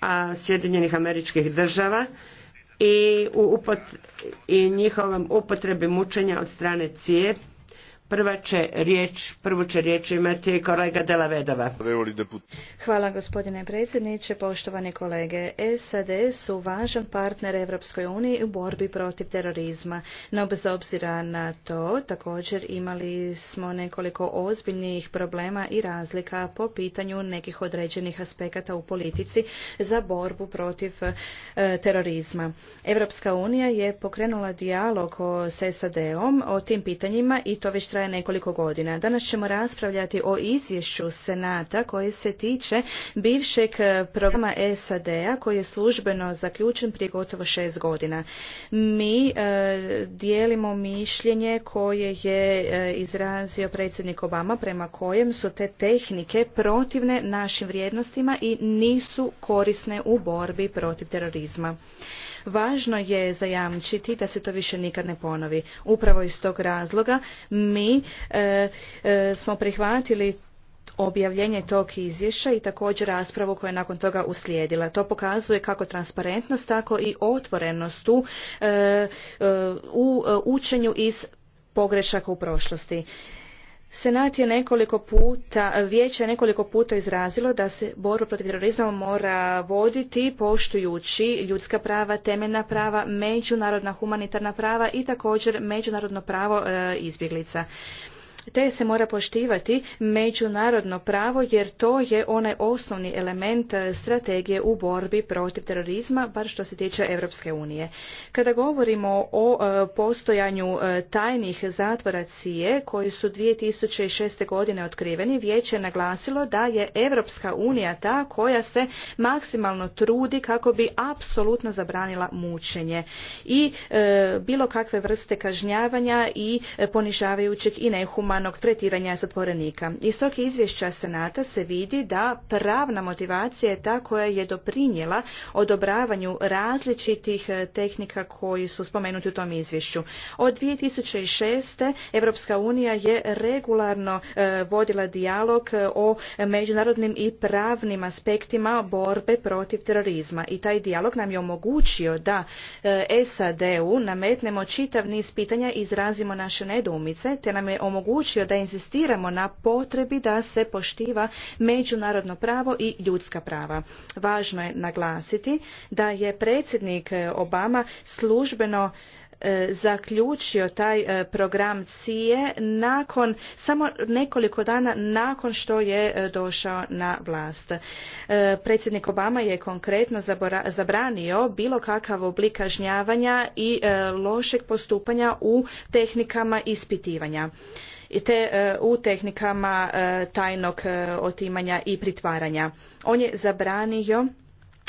a Sjedinjenih američkih država i, u upot, i njihovom upotrebi mučenja od strane CIA Prva će riječ, prvu će riječ imati kolega Dela Vedova. Hvala gospodine predsjedniče, poštovane kolege. SAD su važan partner Evropskoj uniji u borbi protiv terorizma. No bez obzira na to, također imali smo nekoliko ozbiljnih problema i razlika po pitanju nekih određenih aspekata u politici za borbu protiv e, terorizma. Evropska unija je pokrenula dijalog s SAD-om o tim pitanjima i to već traje nekoliko godina. Danas ćemo raspravljati o izvješću Senata koje se tiče bivšeg eh, programa SAD-a koji je službeno zaključen prije gotovo šest godina. Mi eh, dijelimo mišljenje koje je eh, izrazio predsjednik Obama prema kojem su te tehnike protivne našim vrijednostima i nisu korisne u borbi protiv terorizma. Važno je zajamčiti da se to više nikad ne ponovi. Upravo iz tog razloga mi e, e, smo prihvatili objavljenje tog izvješća i također raspravu koja je nakon toga uslijedila. To pokazuje kako transparentnost, tako i otvorenost u, e, u učenju iz pogrešaka u prošlosti. Senat je nekoliko puta, vijeće nekoliko puta izrazilo da se borba protiv terorizma mora voditi poštujući ljudska prava, temeljna prava, međunarodna humanitarna prava i također međunarodno pravo e, izbjeglica te se mora poštivati međunarodno pravo jer to je onaj osnovni element e, strategije u borbi protiv terorizma, bar što se tiče Europske unije. Kada govorimo o e, postojanju e, tajnih zatvora koji su 2006. godine otkriveni, vijeće je naglasilo da je Europska unija ta koja se maksimalno trudi kako bi apsolutno zabranila mučenje i bilo kakve vrste kažnjavanja i ponižavajućeg i nehuma nehumanog tretiranja zatvorenika. Iz tog izvješća Senata se vidi da pravna motivacija je ta koja je doprinijela odobravanju različitih e, tehnika koji su spomenuti u tom izvješću. Od 2006. Europska unija je regularno e, vodila dijalog e, o međunarodnim i pravnim aspektima borbe protiv terorizma i taj dijalog nam je omogućio da SAD-u nametnemo čitav niz pitanja i izrazimo naše nedoumice te nam je omogućio odlučio da inzistiramo na potrebi da se poštiva međunarodno pravo i ljudska prava. Važno je naglasiti da je predsjednik e, Obama službeno e, zaključio taj e, program CIE nakon, samo nekoliko dana nakon što je došao na vlast. Predsjednik Obama je konkretno zabranio bilo kakav oblik kažnjavanja i lošeg postupanja u tehnikama ispitivanja te e, u tehnikama e, tajnog e, otimanja i pritvaranja. On je zabranio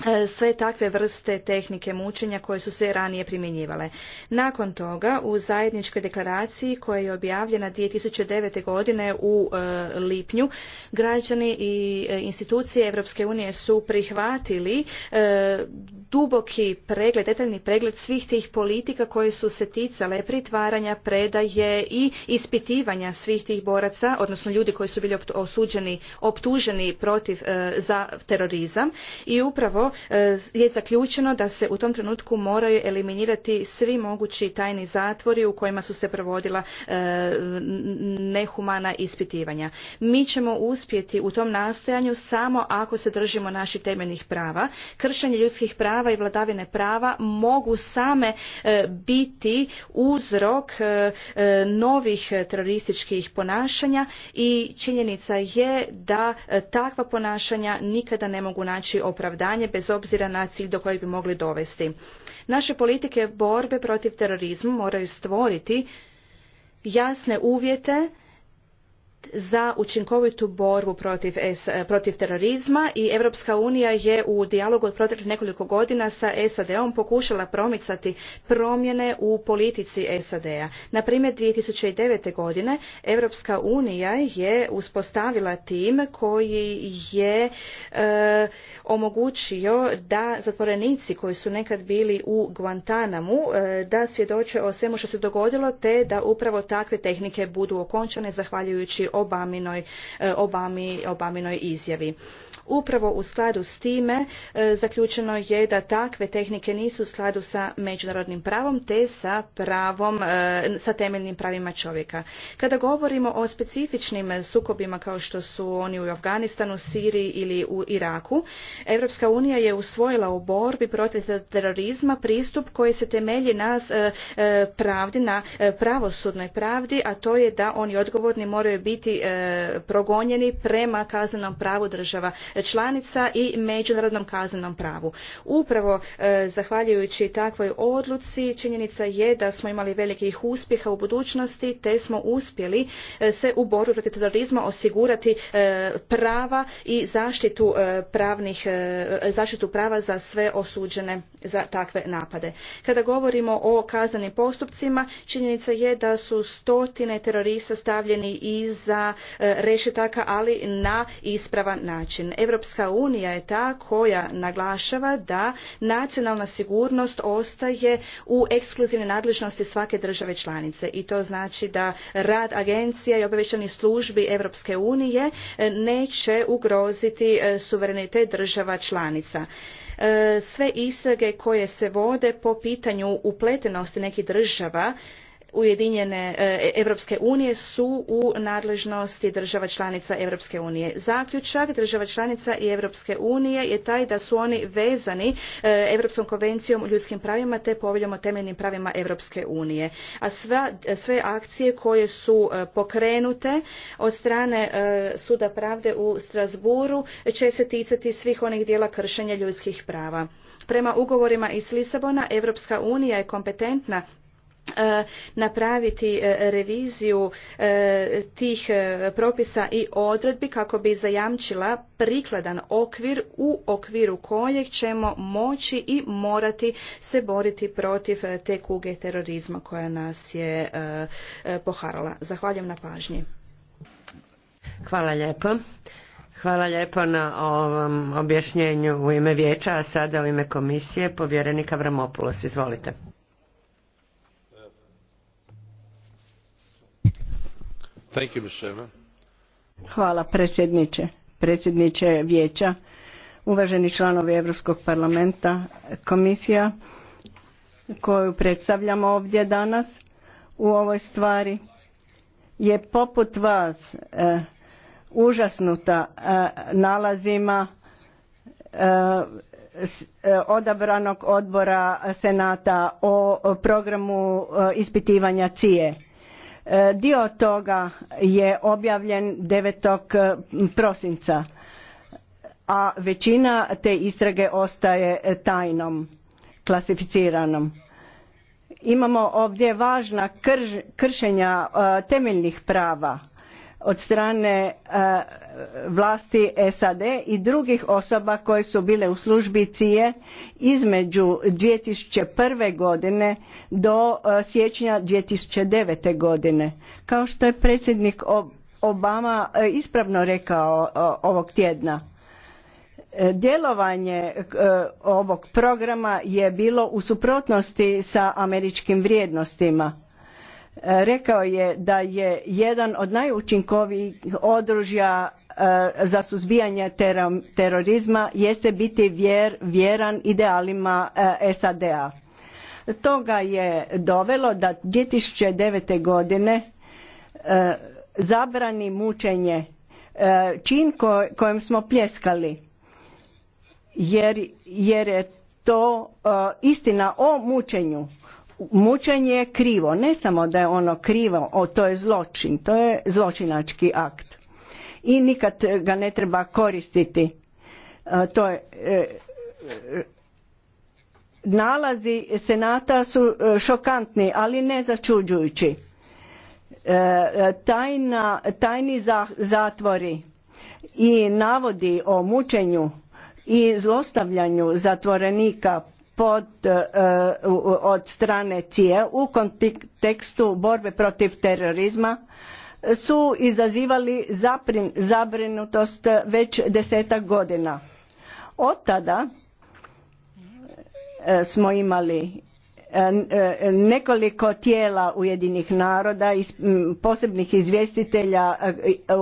E, sve takve vrste tehnike mučenja koje su se ranije primjenjivale. Nakon toga u zajedničkoj deklaraciji koja je objavljena 2009. godine u e, lipnju građani i e, institucije Europske unije su prihvatili duboki pregled, detaljni pregled svih tih politika koje su se ticale pritvaranja, predaje i ispitivanja svih tih boraca, odnosno ljudi koji su bili osuđeni, optuženi protiv za terorizam i upravo E, je zaključeno da se u tom trenutku moraju eliminirati svi mogući tajni zatvori u kojima su se provodila e, nehumana ispitivanja. Mi ćemo uspjeti u tom nastojanju samo ako se držimo naših temeljnih prava. Kršenje ljudskih prava i vladavine prava mogu same e, biti uzrok novih terorističkih ponašanja i činjenica je da takva ponašanja nikada ne mogu naći opravdanje bez obzira na cilj do kojeg bi mogli dovesti. Naše politike borbe protiv terorizma moraju stvoriti jasne uvjete za učinkovitu borbu protiv, eh, terorizma i europska unija je u dijalogu od proteklih nekoliko godina sa sad om pokušala promicati promjene u politici sad a. na primjer. two thousand godine europska unija je uspostavila tim koji je eh, omogućio da zatvorenici koji su nekad bili u guantanamu eh, da svjedoče o svemu što se dogodilo te da upravo takve tehnike budu okončane zahvaljujući Obaminoj, e, Obaminoj izjavi. Upravo u skladu s time e, zaključeno je da takve tehnike nisu u skladu sa međunarodnim pravom te sa pravom, e, sa temeljnim pravima čovjeka. Kada govorimo o specifičnim sukobima kao što su oni u Afganistanu, Siriji ili u Iraku, Europska unija je usvojila u borbi protiv terorizma pristup koji se temelji na pravdi, na pravosudnoj pravdi, a to je da oni odgovorni moraju biti biti e, progonjeni prema kaznenom pravu država članica i međunarodnom kaznenom pravu. Upravo e, zahvaljujući takvoj odluci činjenica je da smo imali velikih uspjeha u budućnosti te smo uspjeli e, se u borbi protiv terorizma osigurati prava i zaštitu pravnih zaštitu prava za sve osuđene za takve napade. Kada govorimo o kaznenim postupcima, činjenica je da su stotine terorista stavljeni iz za e, rešetaka, ali na ispravan način. Europska unija je ta koja naglašava da nacionalna sigurnost ostaje u ekskluzivnoj nadležnosti svake države članice i to znači da rad agencija i obavještajnih službi Europske unije e, neće ugroziti e, suverenitet država članica sve istrage koje se vode po pitanju upletenosti nekih država Ujedinjene Europske unije su u nadležnosti država članica Europske unije. Zaključak država članica i Europske unije je taj da su oni vezani Europskom konvencijom o ljudskim pravima te poveljom o temeljnim pravima Europske unije. A sve akcije koje su e, pokrenute od strane e, Suda pravde u Strasbourgu će se ticati svih onih dijela kršenja ljudskih prava. Prema ugovorima iz Lisabona Europska unija je kompetentna E, napraviti e, reviziju e, tih propisa i odredbi kako bi zajamčila prikladan okvir u okviru kojeg ćemo moći i morati se boriti protiv te kuge terorizma koja nas je poharala. Zahvaljujem na pažnji. Hvala lijepo. Hvala lijepo na ovom objašnjenju u ime vijeća, a sada u ime komisije povjerenika Vramopulos. Izvolite. Thank Hvala predsjedniče, predsjedniče vijeća, uvaženi članovi Europskog parlamenta, komisija koju predstavljamo ovdje danas u ovoj stvari je poput vas e, užasnuta e, nalazima e, odabranog odbora senata o programu ispitivanja cije E, dio toga je objavljen 9. E, prosinca, a većina te istrage ostaje e, tajnom, klasificiranom. Imamo ovdje važna kršenja temeljnih prava od strane e, vlasti SAD i drugih osoba koje su bile u službi CIE između 2001. godine do e, siječnja 2009. godine. Kao što je predsjednik Obama e, ispravno rekao ovog tjedna, djelovanje ovog programa je bilo u suprotnosti sa američkim vrijednostima E, rekao je da je jedan od najučinkovijih odružja e, za suzbijanje terorizma jeste biti vjer, vjeran idealima e, SAD-a. Toga je dovelo da 2009. godine zabrani mučenje čin kojem smo pljeskali jer je to istina o mučenju Mučenje je krivo, ne samo da je ono krivo, o, to je zločin, to je zločinački akt. I nikad ga ne treba koristiti. E, to je e, e, nalazi senata su šokantni, ali ne začuđujući. Tajna, tajni zatvori i navodi o mučenju i zlostavljanju zatvorenika E, e, od strane CIE u kontekstu borbe protiv terorizma su izazivali zabrinutost već desetak godina. Od tada e, smo imali nekoliko tijela Ujedinih naroda i posebnih izvjestitelja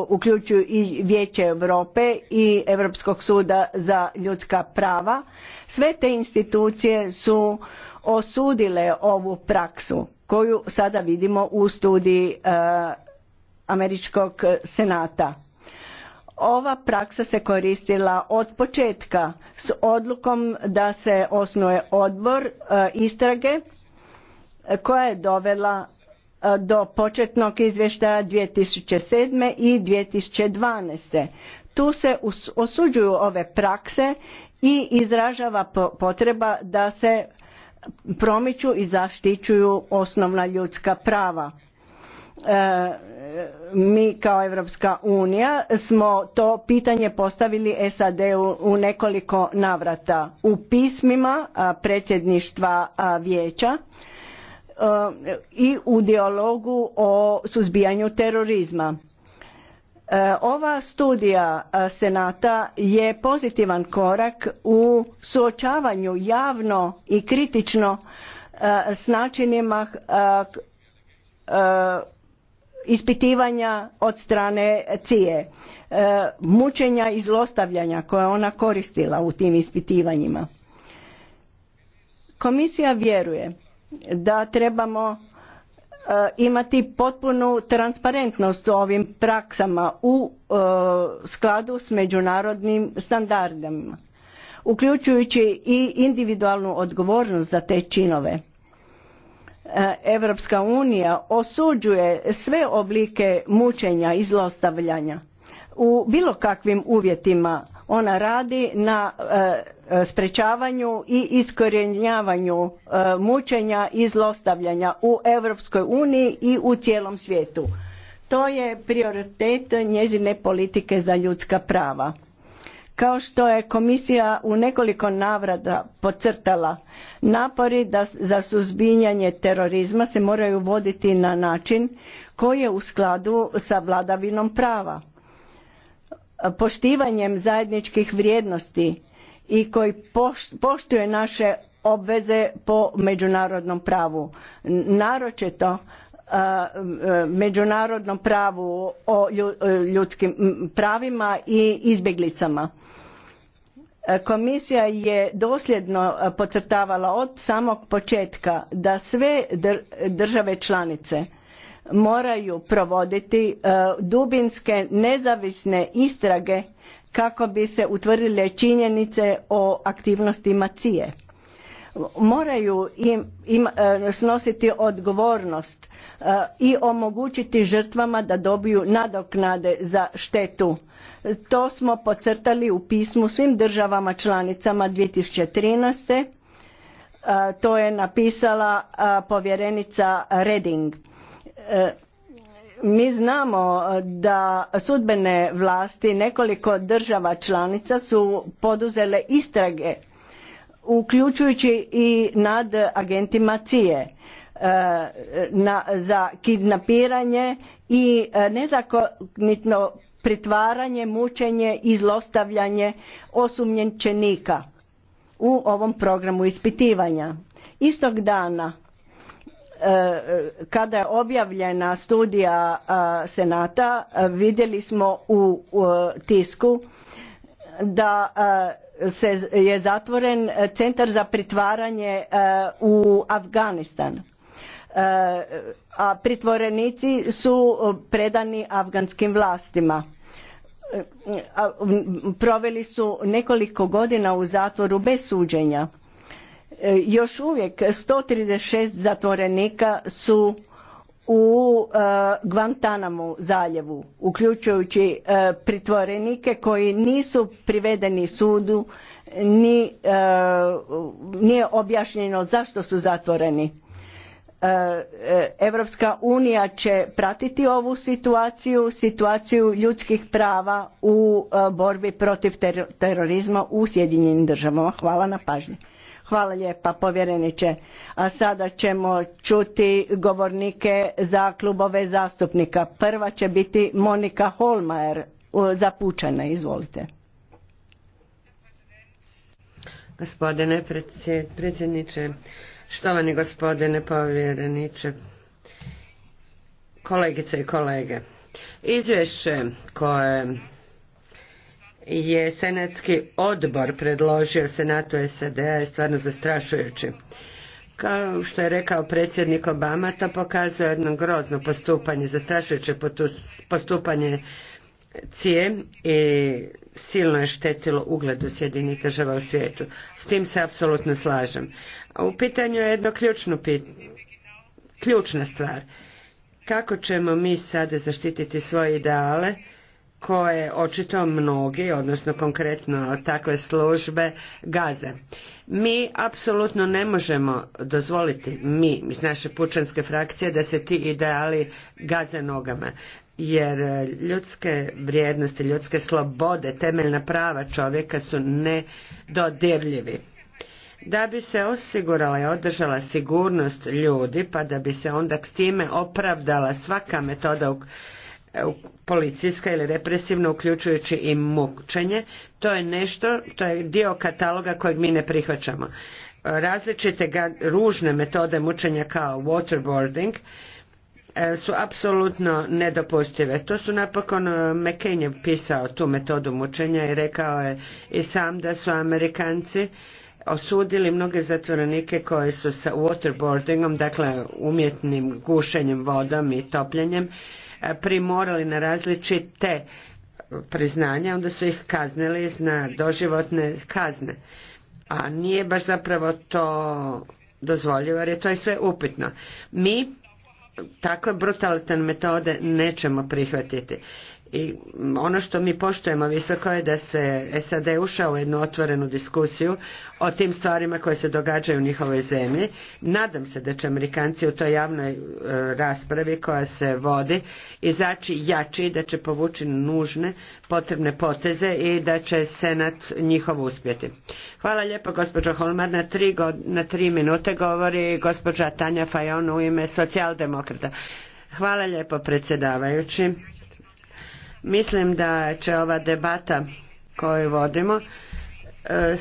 uključuju i Vijeće Europe i Europskog suda za ljudska prava sve te institucije su osudile ovu praksu koju sada vidimo u studiji e, Američkog senata. Ova praksa se koristila od početka s odlukom da se osnuje odbor e, istrage koja je dovela e, do početnog izvještaja 2007. i 2012. Tu se osuđuju ove prakse i izražava potreba da se promiču i zaštićuju osnovna ljudska prava. E, mi kao Europska unija smo to pitanje postavili SAD-u u nekoliko navrata u pismima predsjedništva vijeća e, i u dijalogu o suzbijanju terorizma E, ova studija e, Senata je pozitivan korak u suočavanju javno i kritično e, s načinima ispitivanja od strane Cije, mučenja i zlostavljanja koje ona koristila u tim ispitivanjima. Komisija vjeruje da trebamo E, imati potpunu transparentnost u ovim praksama u e, skladu s međunarodnim standardima uključujući i individualnu odgovornost za te činove. Europska unija osuđuje sve oblike mučenja i zlostavljanja u bilo kakvim uvjetima ona radi na e, e, sprečavanju i iskorjenjavanju e, mučenja i zlostavljanja u Europskoj uniji i u cijelom svijetu. To je prioritet njezine politike za ljudska prava. Kao što je komisija u nekoliko navrata podcrtala, napori da za suzbijanje terorizma se moraju voditi na način koji je u skladu sa vladavinom prava poštivanjem zajedničkih vrijednosti i koji poštuje naše obveze po međunarodnom pravu naročito međunarodnom pravu o ljudskim pravima i izbjeglicama komisija je dosljedno podcrtavala od samog početka da sve države članice moraju provoditi e, dubinske nezavisne istrage kako bi se utvrdile činjenice o aktivnostima cije moraju im, e, snositi odgovornost e, i omogućiti žrtvama da dobiju nadoknade za štetu to smo podcrtali u pismu svim državama članicama 2013. to je napisala povjerenica Reding mi znamo eh, da sudbene vlasti nekoliko država članica su poduzele istrage uključujući i nad agentima e, eh, za kidnapiranje i eh, nezakonito pritvaranje mučenje i zlostavljanje osumnjenčenika u ovom programu ispitivanja istog dana E, kada je objavljena studija e, senata e, vidjeli smo u tisku da je zatvoren centar za pritvaranje u Afganistan a pritvorenici su predani afganskim vlastima proveli su nekoliko godina u zatvoru bez suđenja E, još uvijek 136 zatvorenika su u e, Guantanamu zaljevu, uključujući e, pritvorenike koji nisu privedeni sudu, ni, nije objašnjeno zašto su zatvoreni. Europska unija će pratiti ovu situaciju, situaciju ljudskih prava u borbi protiv terorizma u Sjedinjenim državama. Hvala na pažnji. Hvala lijepa povjereniče. A sada ćemo čuti govornike za klubove zastupnika. Prva će biti Monika Holmajer za Pučane. Izvolite. Gospodine predsjedniče, štovani gospodine povjereniče, kolegice i kolege. Izvješće koje je senatski odbor predložio senatu SAD-a je stvarno zastrašujući. Kao što je rekao predsjednik Obama, to pokazuje jedno grozno postupanje, zastrašujuće postupanje cije i silno je štetilo ugledu Sjedinjenih država u svijetu. S tim se apsolutno slažem. u pitanju je jedno ključno ključna stvar. Kako ćemo mi sada zaštititi svoje ideale koje očito mnogi, odnosno konkretno takve službe, gaze. Mi apsolutno ne možemo dozvoliti, mi iz naše pučanske frakcije, da se ti ideali gaze nogama. Jer e, ljudske vrijednosti, ljudske slobode, temeljna prava čovjeka su nedodirljivi. Da bi se osigurala i održala sigurnost ljudi, pa da bi se onda s time opravdala svaka metoda policijska ili represivna uključujući i mučenje to je nešto to je dio kataloga kojeg mi ne prihvaćamo različite ružne metode mučenja kao waterboarding e, su apsolutno nedopustive. To su napokon e, McCain pisao tu metodu mučenja i rekao je i sam da su Amerikanci osudili mnoge zatvorenike koji su sa waterboardingom, dakle umjetnim gušenjem vodom i topljenjem, primorali na različite priznanja, onda su ih kaznili na doživotne kazne. A nije baš zapravo to dozvoljivo, jer je to i sve upitno. Mi takve brutalne metode nećemo prihvatiti. I ono što mi poštujemo visoko je da se SAD ušao u jednu otvorenu diskusiju o tim stvarima koje se događaju u njihovoj zemlji. Nadam se da će Amerikanci u toj javnoj e, raspravi koja se vodi izaći jači i da će povući nužne potrebne poteze i da će Senat njihov uspjeti. Hvala lijepo gospođo Holmar. Na tri, na tri minute govori gospođa Tanja Fajon u ime socijaldemokrata. Hvala lijepo predsjedavajući. Mislim da će ova debata koju vodimo e,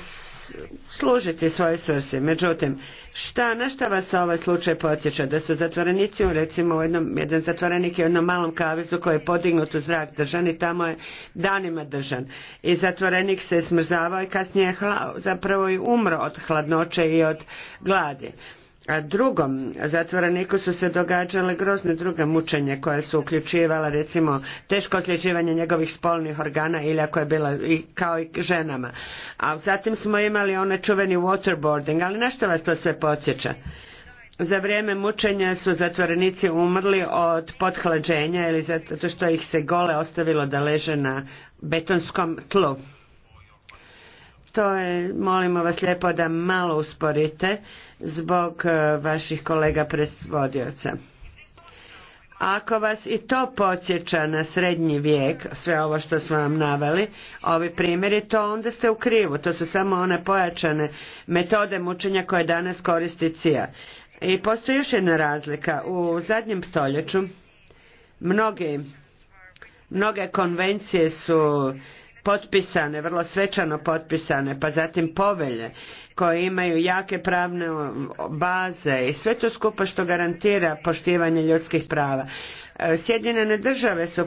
služiti svoje svrsi. Međutim, šta, na šta vas ovaj slučaj podsjeća? Da su zatvorenici, recimo jednom, jedan zatvorenik je u jednom malom kavezu koji je podignut u zrak držan i tamo je danima držan. I zatvorenik se smrzavao i kasnije je hla, zapravo i umro od hladnoće i od gladi a drugom zatvoreniku su se događale grozne druge mučenje koja su uključivala recimo teško ozljeđivanje njegovih spolnih organa ili ako je bila i, kao i ženama. A zatim smo imali onaj čuveni waterboarding, ali na što vas to sve podsjeća? Za vrijeme mučenja su zatvorenici umrli od pothlađenja ili zato što ih se gole ostavilo da leže na betonskom tlu to je, molimo vas lijepo da malo usporite zbog e, vaših kolega predvodioca. Ako vas i to podsjeća na srednji vijek, sve ovo što smo vam naveli, ovi primjeri, to onda ste u krivu. To su samo one pojačane metode mučenja koje danas koristi CIA. I postoji još jedna razlika. U zadnjem stoljeću mnoge, mnoge konvencije su potpisane, vrlo svečano potpisane, pa zatim povelje koje imaju jake pravne baze i sve to skupa što garantira poštivanje ljudskih prava. E, Sjedinjene države su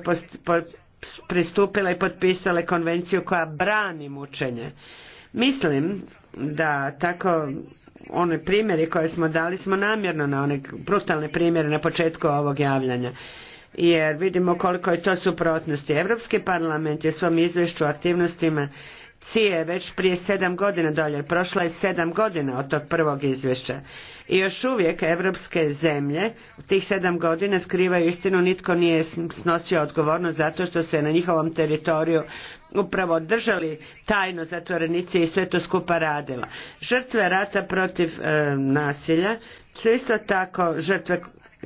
pristupile i potpisale konvenciju koja brani mučenje. Mislim da tako one primjeri koje smo dali smo namjerno na one brutalne primjere na početku ovog javljanja jer vidimo koliko je to suprotnosti. Europski parlament je svom izvješću aktivnostima cije već prije sedam godina dolje, Prošla je sedam godina od tog prvog izvješća. I još uvijek evropske zemlje u tih sedam godina skrivaju istinu, nitko nije snosio odgovornost zato što se na njihovom teritoriju upravo držali tajno zatvorenici i sve to skupa radilo. Žrtve rata protiv e, nasilja su isto tako žrtve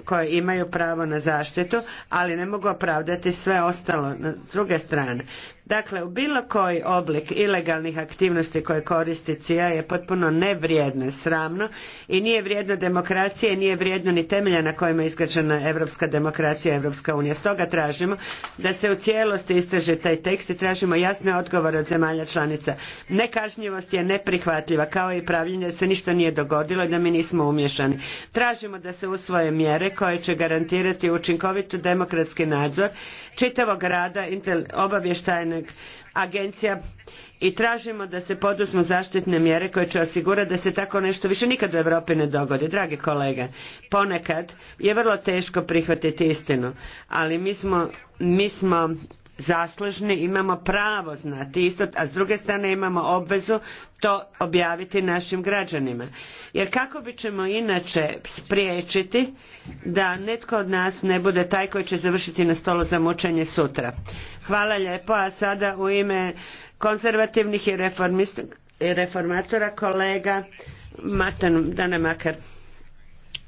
koje imaju pravo na zaštitu, ali ne mogu opravdati sve ostalo s druge strane. Dakle, u bilo koji oblik ilegalnih aktivnosti koje koristi CIA je potpuno nevrijedno, sramno i nije vrijedno demokracije, nije vrijedno ni temelja na kojima je iskačena evropska demokracija, Evropska unija. Stoga tražimo da se u cijelosti istraže taj tekst i tražimo jasne odgovore od zemalja članica. Nekažnjivost je neprihvatljiva, kao i pravljenje da se ništa nije dogodilo i da mi nismo umješani. Tražimo da se usvoje mjere koje će garantirati učinkovit demokratski nadzor čitavog rada obavještajnog agencija i tražimo da se poduzmu zaštitne mjere koje će osigurati da se tako nešto više nikad u Europi ne dogodi. Dragi kolege, ponekad je vrlo teško prihvatiti istinu, ali mi smo, mi smo zaslužni, imamo pravo znati isto, a s druge strane imamo obvezu to objaviti našim građanima. Jer kako bi ćemo inače spriječiti da netko od nas ne bude taj koji će završiti na stolu za mučenje sutra. Hvala lijepo, a sada u ime konzervativnih i, reformatora kolega Matan Dane Makar.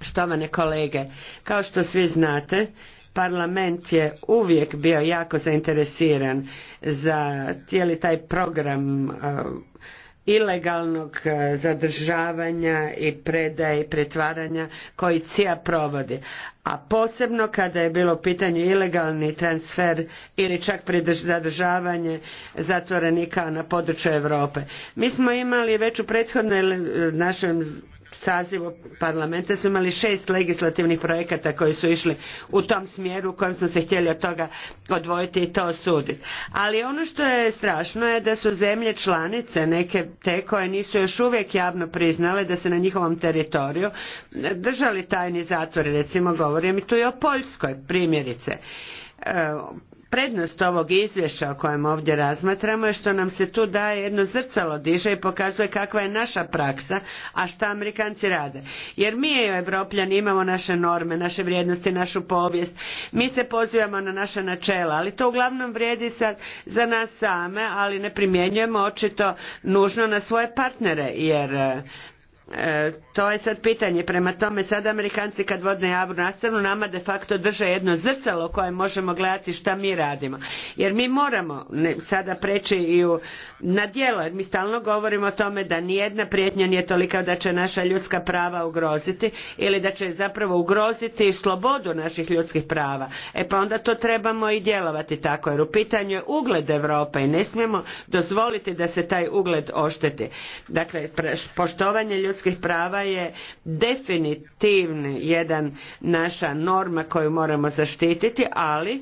Štovane kolege, kao što svi znate, Parlament je uvijek bio jako zainteresiran za cijeli taj program ilegalnog zadržavanja i predaje i pretvaranja koji CIA provodi. A posebno kada je bilo u pitanju ilegalni transfer ili čak zadržavanje zatvorenika na području Europe. Mi smo imali već u prethodnoj našem sazivu parlamenta su imali šest legislativnih projekata koji su išli u tom smjeru u kojem smo se htjeli od toga odvojiti i to osuditi. Ali ono što je strašno je da su zemlje članice, neke te koje nisu još uvijek javno priznale da se na njihovom teritoriju držali tajni zatvori, recimo govorim i tu i o Poljskoj primjerice e, Prednost ovog izvješća o kojem ovdje razmatramo je što nam se tu daje jedno zrcalo diže i pokazuje kakva je naša praksa, a šta Amerikanci rade. Jer mi europljani imamo naše norme, naše vrijednosti, našu povijest, mi se pozivamo na naše načela, ali to uglavnom vrijedi za nas same, ali ne primjenjujemo očito nužno na svoje partnere, jer E, to je sad pitanje. Prema tome, sad Amerikanci kad vode javnu nastavu nama de facto drže jedno zrcalo koje možemo gledati šta mi radimo. Jer mi moramo sada preći i u, na djelo, jer mi stalno govorimo o tome da nijedna prijetnja nije tolika da će naša ljudska prava ugroziti ili da će zapravo ugroziti i slobodu naših ljudskih prava. E pa onda to trebamo i djelovati tako, jer u pitanju je ugled Europe i ne smijemo dozvoliti da se taj ugled ošteti. Dakle, poštovanje ljudskih ljudskih prava je definitivni jedan naša norma koju moramo zaštititi, ali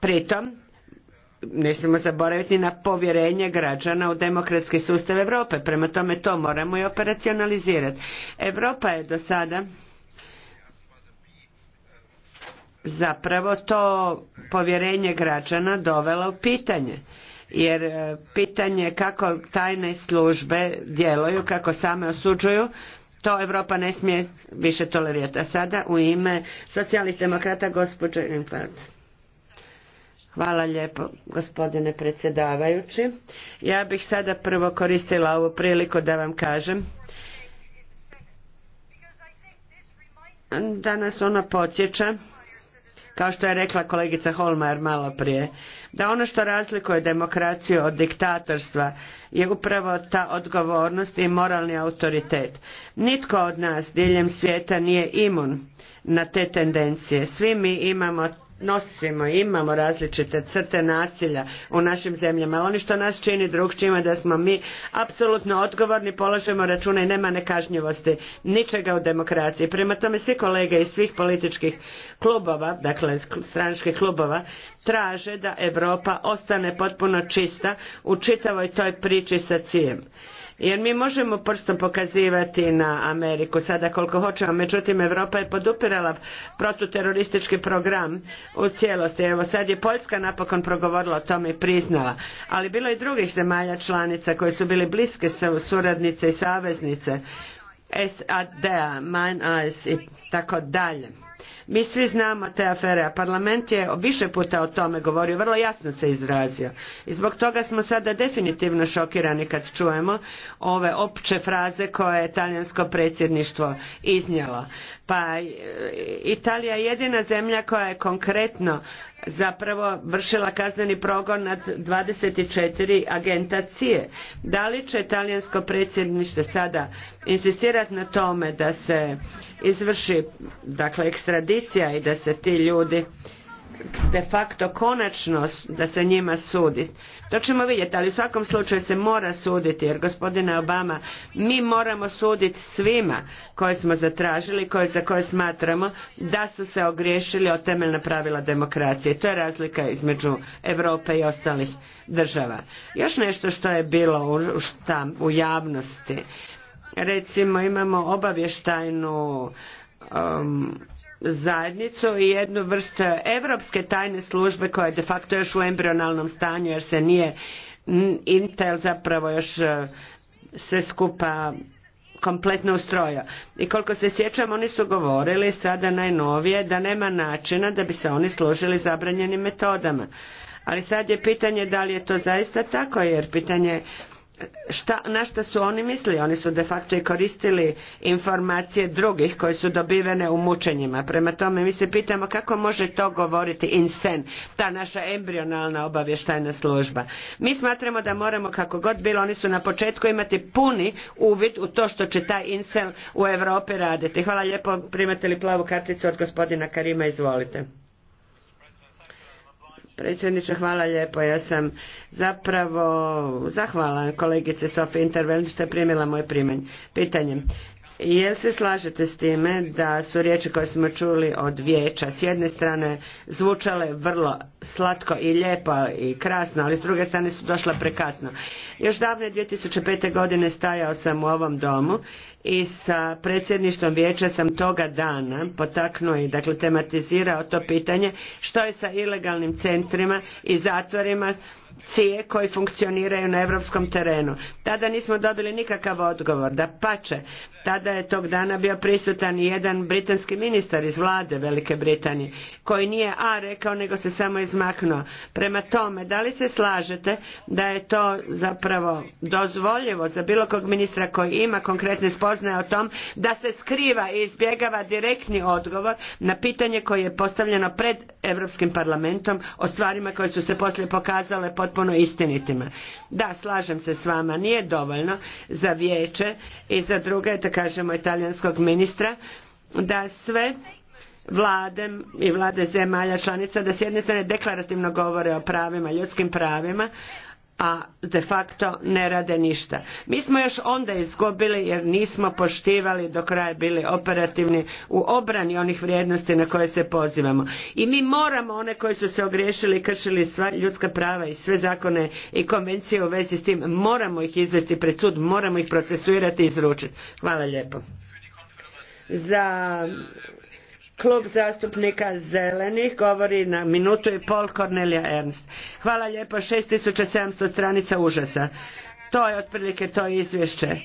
pritom ne smijemo zaboraviti na povjerenje građana u demokratski sustav Europe. Prema tome to moramo i operacionalizirati. Europa je do sada zapravo to povjerenje građana dovela u pitanje jer e, pitanje kako tajne službe djeluju, kako same osuđuju, to Europa ne smije više tolerirati. A sada u ime socijalnih demokrata gospođe Infant. Hvala lijepo gospodine predsjedavajući. Ja bih sada prvo koristila ovu priliku da vam kažem Danas ona podsjeća kao što je rekla kolegica Holmajer maloprije, da ono što razlikuje demokraciju od diktatorstva je upravo ta odgovornost i moralni autoritet. Nitko od nas diljem svijeta nije imun na te tendencije. Svi mi imamo nosimo, imamo različite crte nasilja u našim zemljama. Oni što nas čini drugčijima da smo mi apsolutno odgovorni, polažemo račune i nema nekažnjivosti ničega u demokraciji. Prema tome svi kolege iz svih političkih klubova, dakle stranačkih klubova, traže da Europa ostane potpuno čista u čitavoj toj priči sa cijem. Jer mi možemo prstom pokazivati na Ameriku sada koliko hoćemo, međutim Europa je podupirala protuteroristički program u cijelosti. Evo sad je Poljska napokon progovorila o tome i priznala. Ali bilo je i drugih zemalja članica koje su bile bliske suradnice i saveznice sad Mine Eyes i tako dalje. Mi svi znamo te afere, a parlament je više puta o tome govorio, vrlo jasno se izrazio. I zbog toga smo sada definitivno šokirani kad čujemo ove opće fraze koje je talijansko predsjedništvo iznijelo. Pa e, Italija je jedina zemlja koja je konkretno zapravo vršila kazneni progon nad 24 agenta CIE. Da li će talijansko predsjedništvo sada insistirati na tome da se izvrši dakle ekstradicija i da se ti ljudi de facto konačno da se njima sudi to ćemo vidjeti, ali u svakom slučaju se mora suditi, jer gospodine Obama, mi moramo suditi svima koje smo zatražili, koje, za koje smatramo da su se ogriješili o temeljna pravila demokracije. To je razlika između Europe i ostalih država. Još nešto što je bilo u, javnosti. Recimo imamo obavještajnu um, zajednicu i jednu vrstu europske tajne službe koja je de facto još u embrionalnom stanju jer se nije Intel zapravo još e, sve skupa kompletno ustrojio. I koliko se sjećam, oni su govorili sada najnovije da nema načina da bi se oni služili zabranjenim metodama. Ali sad je pitanje da li je to zaista tako, jer pitanje šta, na što su oni mislili. Oni su de facto i koristili informacije drugih koje su dobivene u mučenjima. Prema tome mi se pitamo kako može to govoriti INSEN, ta naša embrionalna obavještajna služba. Mi smatramo da moramo kako god bilo, oni su na početku imati puni uvid u to što će taj INSEN u Europi raditi. Hvala lijepo, primate li plavu karticu od gospodina Karima, izvolite. Predsjedniče, hvala lijepo. Ja sam zapravo zahvala kolegice Sofi Intervent što je primila moje primanje. Pitanje. Jel se slažete s time da su riječi koje smo čuli od vijeća s jedne strane zvučale vrlo slatko i lijepo i krasno, ali s druge strane su došla prekasno. Još davne 2005. godine stajao sam u ovom domu i sa predsjedništvom vijeća sam toga dana potaknuo i dakle tematizirao to pitanje što je sa ilegalnim centrima i zatvorima cije koji funkcioniraju na europskom terenu. Tada nismo dobili nikakav odgovor, da pače. Tada je tog dana bio prisutan i jedan britanski ministar iz vlade Velike Britanije, koji nije A rekao, nego se samo izmaknuo. Prema tome, da li se slažete da je to zapravo dozvoljivo za bilo kog ministra koji ima konkretne spoznaje o tom, da se skriva i izbjegava direktni odgovor na pitanje koje je postavljeno pred Europskim parlamentom o stvarima koje su se poslije pokazale pod potpuno istinitima. Da, slažem se s vama, nije dovoljno za vijeće i za druge, da kažemo, italijanskog ministra, da sve vlade i vlade zemalja članica da s jedne strane deklarativno govore o pravima, ljudskim pravima, a de facto ne rade ništa. Mi smo još onda izgubili jer nismo poštivali do kraja bili operativni u obrani onih vrijednosti na koje se pozivamo. I mi moramo one koji su se ogriješili i kršili sva ljudska prava i sve zakone i konvencije u vezi s tim, moramo ih izvesti pred sud, moramo ih procesuirati i izručiti. Hvala lijepo. Za Klub zastupnika zelenih govori na minutu i pol Kornelija Ernst. Hvala lijepo, 6700 stranica užasa. To je otprilike to izvješće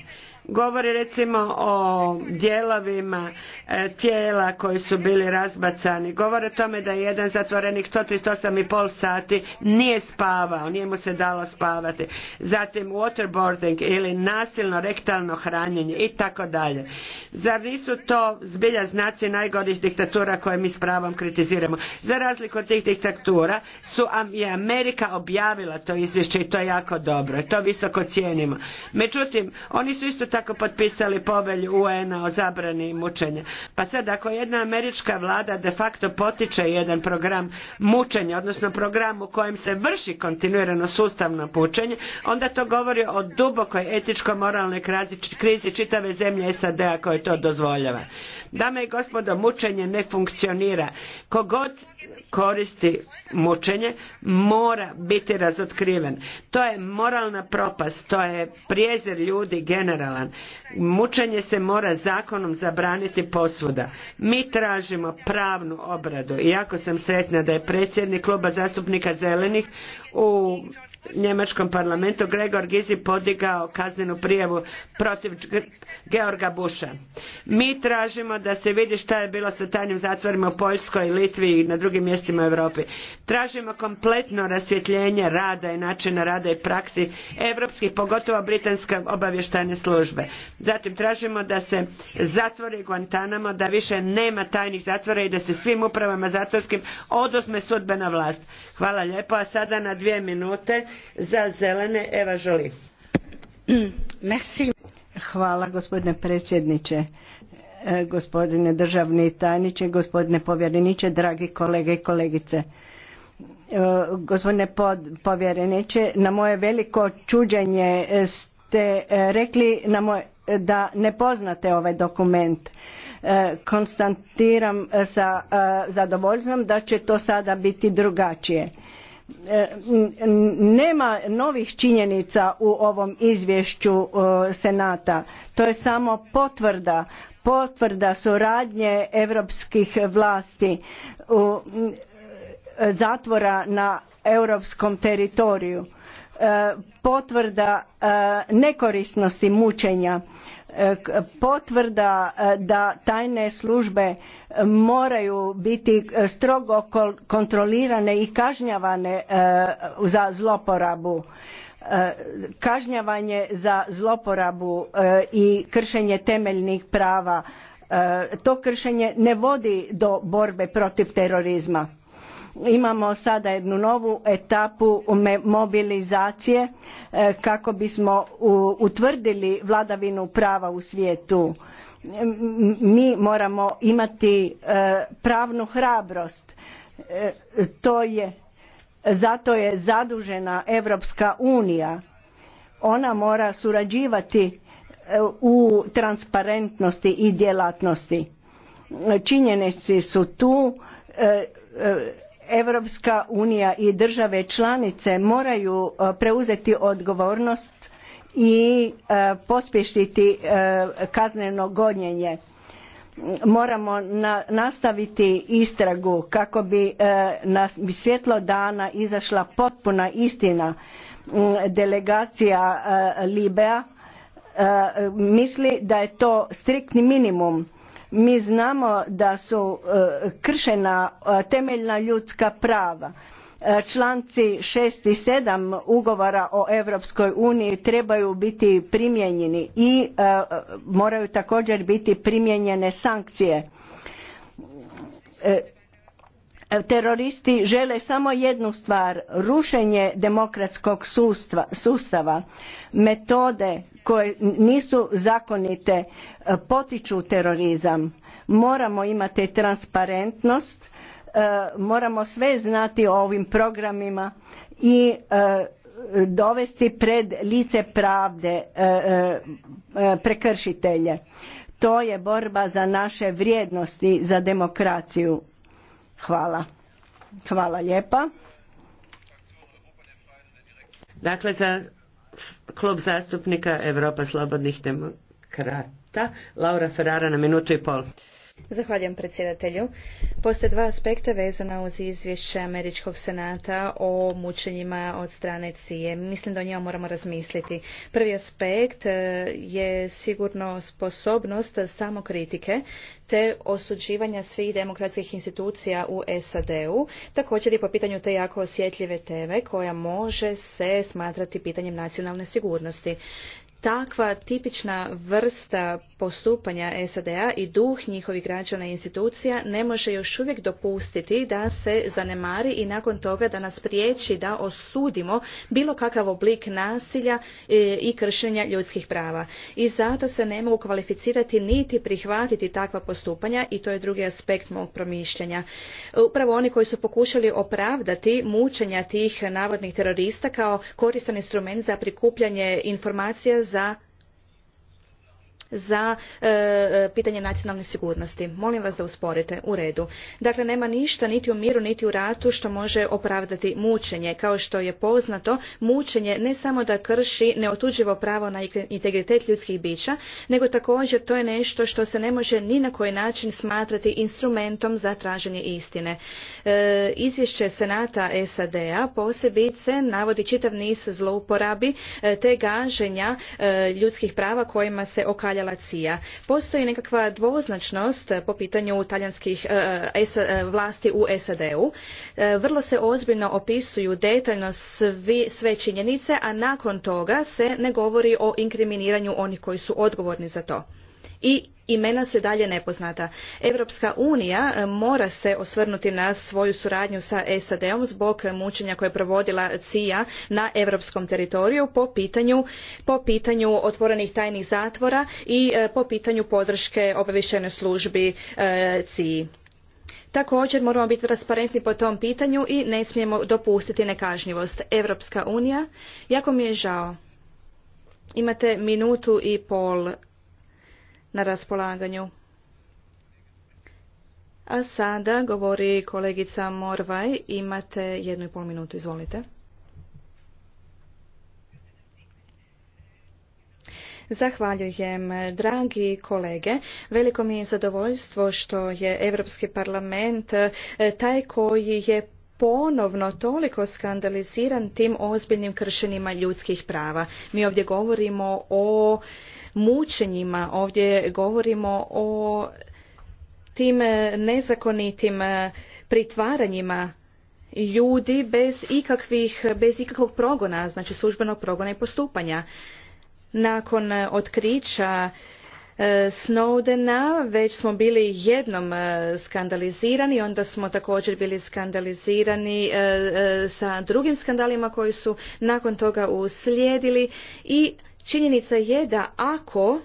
govori recimo o dijelovima e, tijela koji su bili razbacani govore o tome da jedan zatvorenik sto trideset osam sati nije spavao nije mu se dalo spavati zatim waterboarding ili nasilno rektalno hranjenje i tako dalje zar nisu to zbilja znaci najgorih diktatura koje mi s pravom kritiziramo za razliku od tih diktatura su je Amerika objavila to izvješće i to je jako dobro to visoko cijenimo međutim oni su isto tako potpisali povelju UN-a o zabrani mučenja. Pa sad ako jedna američka vlada de facto potiče jedan program mučenja, odnosno program u kojem se vrši kontinuirano sustavno pučenje, onda to govori o dubokoj etičko-moralnoj krizi čitave zemlje SAD-a koje to dozvoljava. Dame i gospodo, mučenje ne funkcionira. Kogod koristi mučenje mora biti razotkriven. To je moralna propast, to je prijezir ljudi generalan. Mučenje se mora zakonom zabraniti posvuda. Mi tražimo pravnu obradu i jako sam sretna da je predsjednik kluba zastupnika zelenih u njemačkom parlamentu Gregor Gizi podigao kaznenu prijavu protiv Georga Busha. Mi tražimo da se vidi šta je bilo sa tajnim zatvorima u Poljskoj, Litvi i na drugim mjestima u Europi. Tražimo kompletno rasvjetljenje rada i načina rada i praksi europskih, pogotovo britanske obavještajne službe. Zatim tražimo da se zatvori Guantanamo, da više nema tajnih zatvora i da se svim upravama zatvorskim oduzme sudbena vlast. Hvala lijepo, a sada na dvije minute za zelene Hvala gospodine predsjedniče, e, gospodine državni tajniče, gospodine povjereniče, dragi kolege i kolegice. E, gospodine povjereniče, na moje veliko čuđenje e, ste rekli da ne poznate ovaj dokument. konstatiram sa zadovoljstvom da će to sada biti drugačije E, nema novih činjenica u ovom izvješću e, senata to je samo potvrda potvrda suradnje europskih vlasti u e, zatvora na europskom teritoriju potvrda nekorisnosti mučenja potvrda da tajne službe moraju biti e, strogo kontrolirane i kažnjavane e, za zloporabu e, kažnjavanje za zloporabu i kršenje temeljnih prava to kršenje ne vodi do borbe protiv terorizma imamo sada jednu novu etapu mobilizacije kako bismo utvrdili vladavinu prava u svijetu mi moramo imati e, pravnu hrabrost e, to je zato je zadužena Europska unija ona mora surađivati e, u transparentnosti i djelatnosti činjenici su tu Europska unija i države članice moraju preuzeti odgovornost i e, pospješiti e, kazneno gonjenje moramo nastaviti istragu kako bi e, na svjetlo dana izašla potpuna istina mm, delegacija libea misli da je to striktni minimum mi znamo da su kršena temeljna ljudska prava E, članci šest i sedam ugovora o Europskoj uniji trebaju biti primijenjeni i e, moraju također biti primijenjene sankcije. E, teroristi žele samo jednu stvar, rušenje demokratskog sustava. Metode koje nisu zakonite potiču terorizam. Moramo imati transparentnost E, moramo sve znati o ovim programima i e, dovesti pred lice pravde e, prekršitelje. To je borba za naše vrijednosti, za demokraciju. Hvala. Hvala lijepa. Dakle, za klub zastupnika Europa slobodnih demokrata, Laura Ferrara na minutu i pol. Zahvaljujem predsjedatelju. Postoje dva aspekta vezana uz izvješće Američkog senata o mučenjima od strane CIA. Mislim da o njima moramo razmisliti. Prvi aspekt e, je sigurno sposobnost samokritike te osuđivanja svih demokratskih institucija u SAD-u, također i po pitanju te jako osjetljive teme koja može se smatrati pitanjem nacionalne sigurnosti takva tipična vrsta postupanja SAD-a i duh njihovih građana i institucija ne može još uvijek dopustiti da se zanemari i nakon toga da nas priječi da osudimo bilo kakav oblik nasilja e, i kršenja ljudskih prava. I zato se ne mogu kvalificirati niti prihvatiti takva postupanja i to je drugi aspekt mog promišljanja. Upravo oni koji su pokušali opravdati mučenja tih navodnih terorista kao koristan instrument za prikupljanje informacija za za za e, e, pitanje nacionalne sigurnosti. Molim vas da usporite u redu. Dakle, nema ništa niti u miru niti u ratu što može opravdati mučenje. Kao što je poznato, mučenje ne samo da krši neotuđivo pravo na integritet ljudskih bića, nego također to je nešto što se ne može ni na koji način smatrati instrumentom za traženje istine. E, izvješće Senata SAD-a posebice navodi čitav niz zlouporabi te gaženja ljudskih prava kojima se Postoji nekakva dvoznačnost po pitanju talijanskih e, e, e, vlasti u SAD-u. Vrlo se ozbiljno opisuju detaljno sve činjenice, a nakon toga se ne govori o inkriminiranju onih koji su odgovorni za to i imena su i dalje nepoznata. Europska unija e, mora se osvrnuti na svoju suradnju sa SAD-om zbog mučenja koje je provodila CIA na europskom teritoriju po pitanju, po pitanju otvorenih tajnih zatvora i e, po pitanju podrške obavještajnoj službi e, CIA također moramo biti transparentni po tom pitanju i ne smijemo dopustiti nekažnjivost europska unija jako mi je žao imate minutu i pol na raspolaganju. A sada govori kolegica Morvaj, imate jednu i pol minutu, izvolite. Zahvaljujem, dragi kolege. Veliko mi je zadovoljstvo što je Europski parlament e, taj koji je ponovno toliko skandaliziran tim ozbiljnim kršenima ljudskih prava. Mi ovdje govorimo o mučenjima, ovdje govorimo o tim nezakonitim pritvaranjima ljudi bez ikakvih, bez ikakvog progona, znači službenog progona i postupanja. Nakon otkrića e, Snowdena već smo bili jednom e, skandalizirani, onda smo također bili skandalizirani e, sa drugim skandalima koji su nakon toga uslijedili i Činjenica je da ako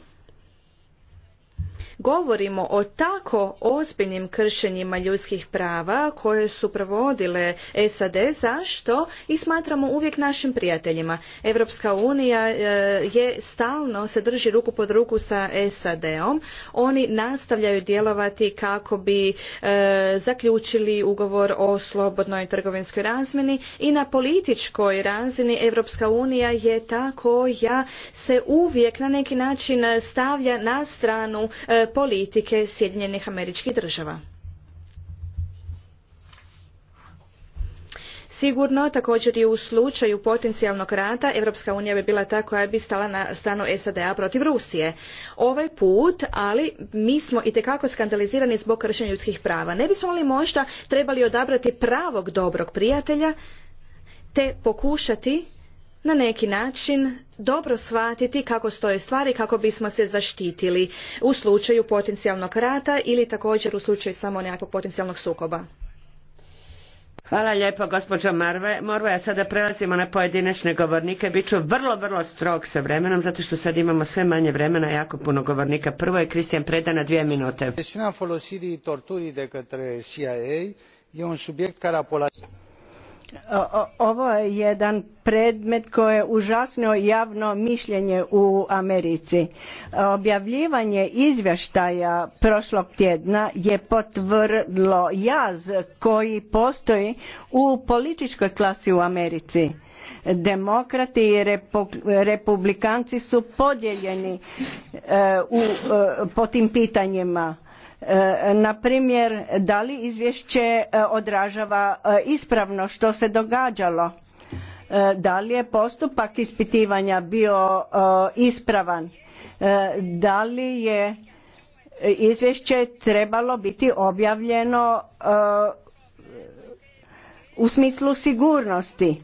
govorimo o tako ozbiljnim kršenjima ljudskih prava koje su provodile SAD zašto i smatramo uvijek našim prijateljima. Europska unija e, je stalno se drži ruku pod ruku sa SAD-om. Oni nastavljaju djelovati kako bi e, zaključili ugovor o slobodnoj trgovinskoj razmjeni i na političkoj razini Europska unija je ta koja se uvijek na neki način stavlja na stranu e, politike Sjedinjenih američkih država. Sigurno također i u slučaju potencijalnog rata Evropska unija bi bila ta koja bi stala na stranu SAD-a protiv Rusije. Ovaj put, ali mi smo itekako skandalizirani zbog kršenja ljudskih prava. Ne bismo li možda trebali odabrati pravog dobrog prijatelja te pokušati na neki način dobro shvatiti kako stoje stvari kako bismo se zaštitili u slučaju potencijalnog rata ili također u slučaju samo nekakvog potencijalnog sukoba. Hvala lijepo gospođo Marve. Morve, a sada prelazimo na pojedinačne govornike. Biću vrlo, vrlo strog sa vremenom, zato što sad imamo sve manje vremena, jako puno govornika. Prvo je Kristijan Predana, na dvije minute. de CIA je ovo je jedan predmet koji je užasno javno mišljenje u Americi. Objavljivanje izvještaja prošlog tjedna je potvrdilo jaz koji postoji u političkoj klasi u Americi. Demokrati i republikanci su podijeljeni e, e, po tim pitanjima E, na primjer da li izvješće e, odražava e, ispravno što se događalo da li je postupak ispitivanja bio ispravan da li je izvješće trebalo biti objavljeno u smislu sigurnosti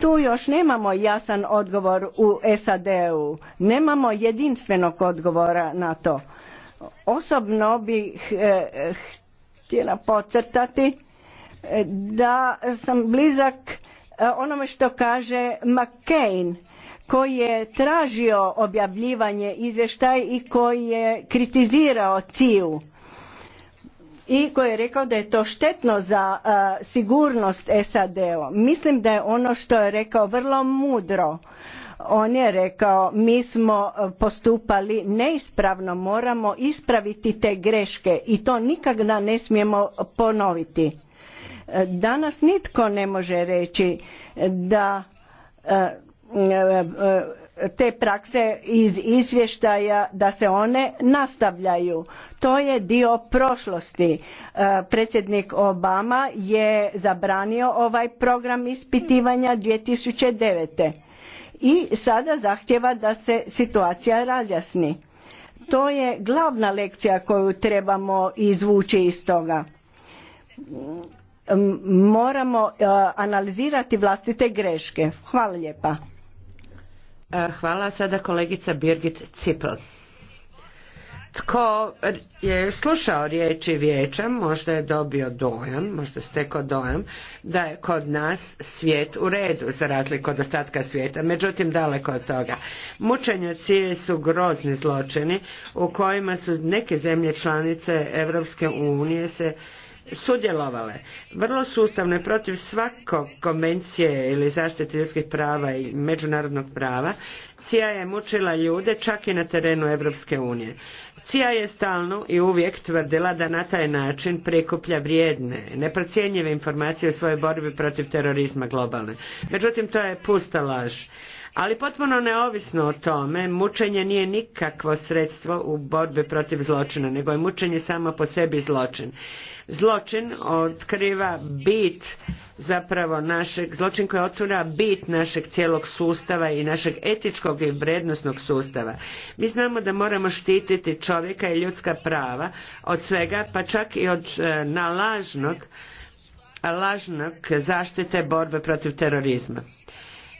tu još nemamo jasan odgovor u SAD-u nemamo jedinstvenog odgovora na to Osobno bih e, htjela podcrtati e, da sam blizak e, onome što kaže McCain koji je tražio objavljivanje izvještaj i koji je kritizirao CIU i koji je rekao da je to štetno za sigurnost SAD-a. Mislim da je ono što je rekao vrlo mudro on je rekao mi smo e, postupali neispravno moramo ispraviti te greške i to nikada ne smijemo ponoviti e, danas nitko ne može reći da e, te prakse iz izvještaja da se one nastavljaju to je dio prošlosti predsjednik obama je zabranio ovaj program ispitivanja 2009 i sada zahtjeva da se situacija razjasni. To je glavna lekcija koju trebamo izvući iz toga. Moramo e, analizirati vlastite greške. Hvala lijepa. E, hvala sada kolegica Birgit Cipro tko je slušao riječi vijeća možda je dobio dojam, možda stekao dojam da je kod nas svijet u redu za razliku od ostatka svijeta, međutim daleko od toga. Mučenja cije su grozni zločini u kojima su neke zemlje članice Europske unije se sudjelovale. Vrlo sustavno je protiv svakog konvencije ili zaštite ljudskih prava i međunarodnog prava CIA je mučila ljude čak i na terenu Europske unije. CIA je stalno i uvijek tvrdila da na taj način prikuplja vrijedne, neprocjenjive informacije o svojoj borbi protiv terorizma globalne. Međutim, to je pusta laž. Ali potpuno neovisno o tome, mučenje nije nikakvo sredstvo u borbi protiv zločina, nego je mučenje samo po sebi zločin. Zločin otkriva bit zapravo našeg, zločin koji otvara bit našeg cijelog sustava i našeg etičkog i vrednostnog sustava. Mi znamo da moramo štititi čovjeka i ljudska prava od svega, pa čak i od e, nalažnog lažnog zaštite borbe protiv terorizma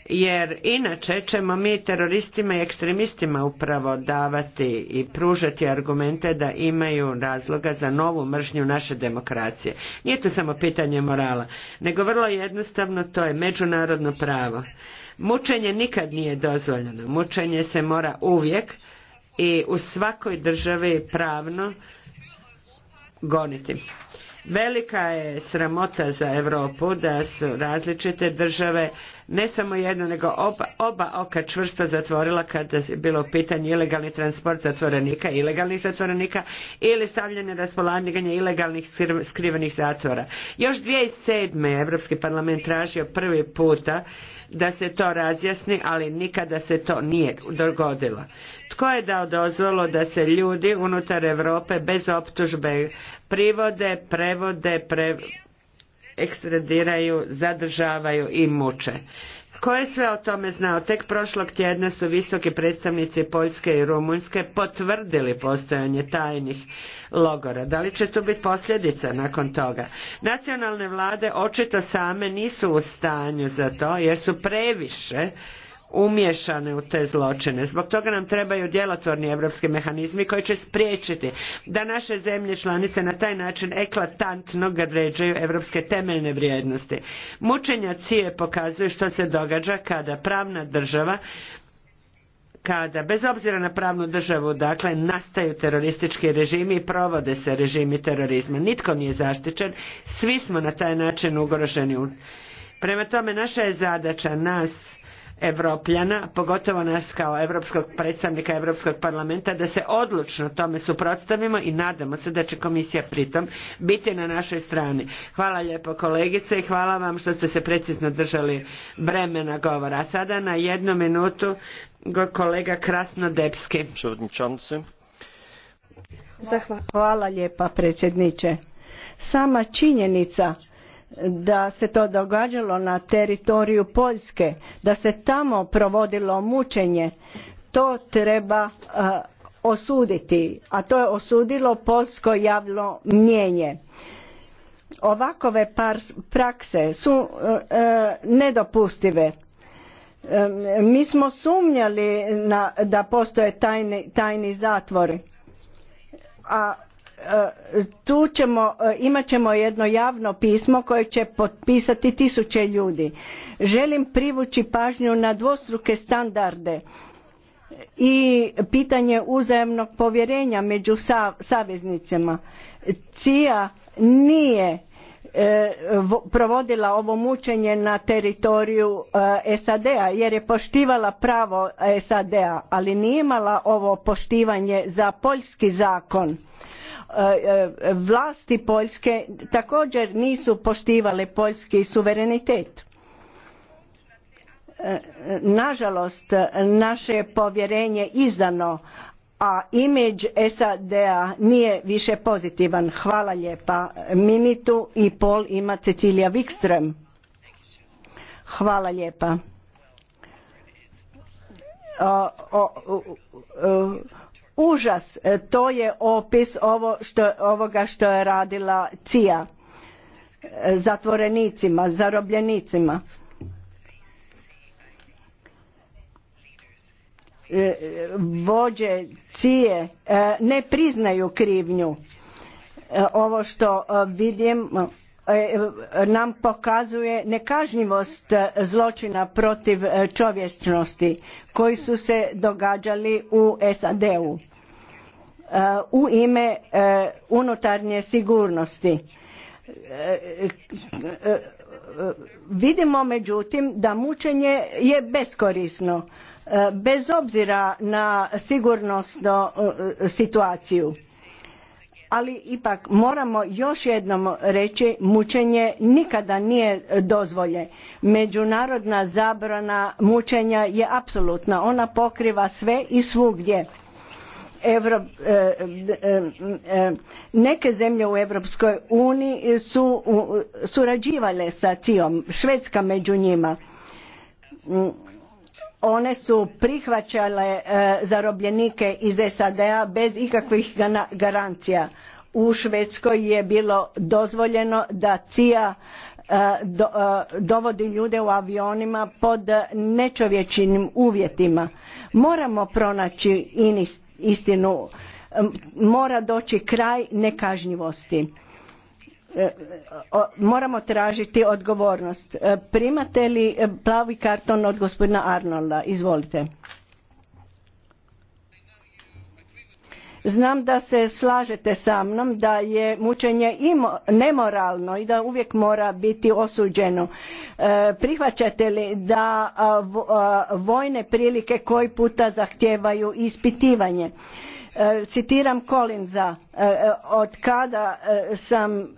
jer inače ćemo mi teroristima i ekstremistima upravo davati i pružati argumente da imaju razloga za novu mržnju naše demokracije. Nije to samo pitanje morala, nego vrlo jednostavno to je međunarodno pravo. Mučenje nikad nije dozvoljeno, mučenje se mora uvijek i u svakoj državi pravno goniti. Velika je sramota za Europu da su različite države ne samo jedno, nego oba, oka čvrsto zatvorila kada je bilo u pitanju ilegalni transport zatvorenika, ilegalnih zatvorenika ili stavljanje raspolaganje ilegalnih skrivenih zatvora. Još 2007. je Europski parlament tražio prvi puta da se to razjasni, ali nikada se to nije dogodilo. Tko je dao dozvolu da se ljudi unutar Europe bez optužbe privode, prevode, pre, ekstradiraju, zadržavaju i muče. Ko je sve o tome znao? Tek prošlog tjedna su visoki predstavnici Poljske i Rumunjske potvrdili postojanje tajnih logora. Da li će tu biti posljedica nakon toga? Nacionalne vlade očito same nisu u stanju za to jer su previše umješane u te zločine. Zbog toga nam trebaju djelotvorni europski mehanizmi koji će spriječiti da naše zemlje članice na taj način eklatantno gređaju europske temeljne vrijednosti. Mučenja cije pokazuju što se događa kada pravna država kada bez obzira na pravnu državu dakle nastaju teroristički režimi i provode se režimi terorizma nitko nije zaštićen svi smo na taj način ugroženi prema tome naša je zadaća nas Evropljana, pogotovo nas kao europskog predstavnika Europskog parlamenta, da se odlučno tome suprotstavimo i nadamo se da će komisija pritom biti na našoj strani. Hvala lijepo kolegice i hvala vam što ste se precizno držali vremena govora. sada na jednu minutu kolega Krasnodepski. Hvala lijepa predsjedniče. Sama činjenica da se to događalo na teritoriju Poljske, da se tamo provodilo mučenje, to treba osuditi, a to je osudilo poljsko javno mnjenje. Ovakove prakse su e, e, nedopustive. E, mi smo sumnjali na, da postoje tajni, tajni zatvori, a tu e, imat ćemo jedno javno pismo koje će potpisati tisuće ljudi. Želim privući pažnju na dvostruke standarde i pitanje uzajemnog povjerenja među saveznicima. CIA nije e, provodila ovo mučenje na teritoriju e, sad a jer je poštivala pravo sad a ali nije imala ovo poštivanje za poljski zakon E, e, vlasti Poljske također nisu poštivale poljski suverenitet. E, nažalost, naše povjerenje izdano, a imidž SAD-a nije više pozitivan. Hvala lijepa. Minitu i pol ima Cecilija Wikström. Hvala lijepa užas e, to je opis ovo što, ovoga što je radila CIA, e, zatvorenicima zarobljenicima e, vođe cije ne priznaju krivnju ovo što vidim E, e, nam pokazuje nekažnjivost e, zločina protiv čovječnosti koji su se događali u SAD-u u ime unutarnje sigurnosti. Vidimo međutim da mučenje je beskorisno bez obzira na sigurnosnu situaciju ali ipak moramo još jednom reći mučenje nikada nije dozvolje. Međunarodna zabrana mučenja je apsolutna, ona pokriva sve i svugdje. E, e, e, neke zemlje u Europskoj uniji su surađivale sa CIOM, Švedska među njima one su prihvaćale e, zarobljenike iz SAD-a bez ikakvih garancija. U Švedskoj je bilo dozvoljeno da CIA e, e, dovodi ljude u avionima pod nečovječinim uvjetima. Moramo pronaći istinu, mora doći kraj nekažnjivosti. E, moramo tražiti odgovornost. E, primate li e, plavi karton od gospodina Arnolda? Izvolite. Znam da se slažete sa mnom da je mučenje nemoralno i da uvijek mora biti osuđeno. Prihvaćate li da vojne prilike koji puta zahtijevaju ispitivanje? E, citiram Collinsa, e, e, od kada sam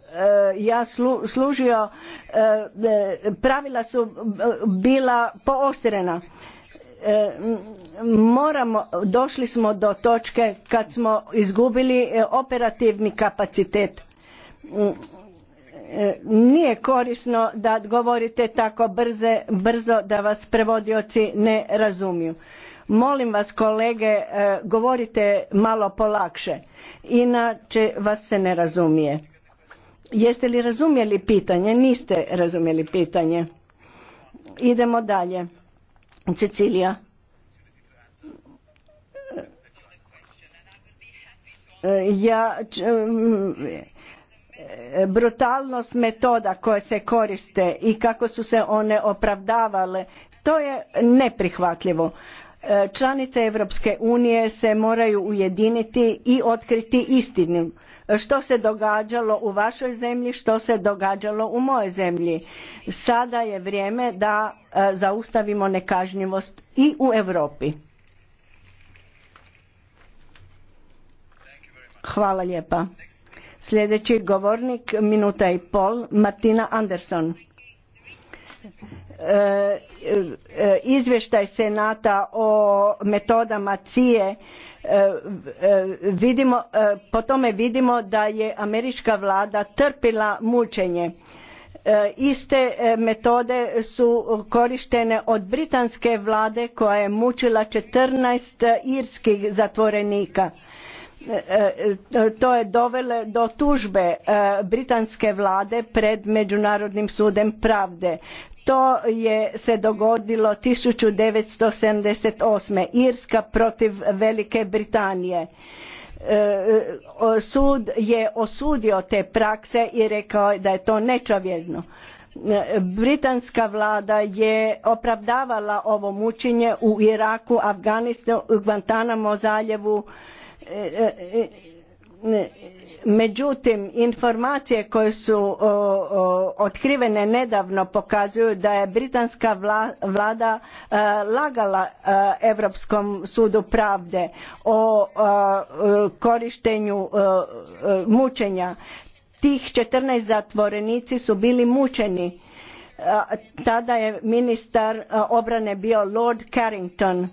ja služio, pravila su bila pooštrena došli smo do točke kad smo izgubili operativni kapacitet. Nije korisno da govorite tako brzo da vas prevodioci ne razumiju. Molim vas kolege, e, govorite malo polakše, inače vas se ne razumije. Jeste li razumjeli pitanje? Niste razumjeli pitanje. Idemo dalje. Cecilija. E, ja, e, brutalnost metoda koje se koriste i kako su se one opravdavale, to je neprihvatljivo. E, članice Europske unije se moraju ujediniti i otkriti istinu što se događalo u vašoj zemlji, što se događalo u mojoj zemlji. Sada je vrijeme da e, zaustavimo nekažnjivost i u Europi. Hvala lijepa. Sljedeći govornik, minuta i pol, Martina Anderson. E, e, izvještaj Senata o metodama CIE e, vidimo, po tome vidimo da je američka vlada trpila mučenje. Iste metode su korištene od britanske vlade koja je mučila 14 irskih zatvorenika E, e, to je dovelo do tužbe e, britanske vlade pred međunarodnim sudom pravde to je se dogodilo 1978. Irska protiv Velike Britanije. Sud je osudio te prakse i rekao da je to nečovjezno. Britanska vlada je opravdavala ovo mučenje u Iraku, Afganistanu, Guantanamo zaljevu Međutim, informacije koje su otkrivene nedavno pokazuju da je britanska vlada e, lagala Europskom sudu pravde o e, korištenju e, mučenja. Tih 14 zatvorenici su bili mučeni. Tada je ministar obrane bio Lord Carrington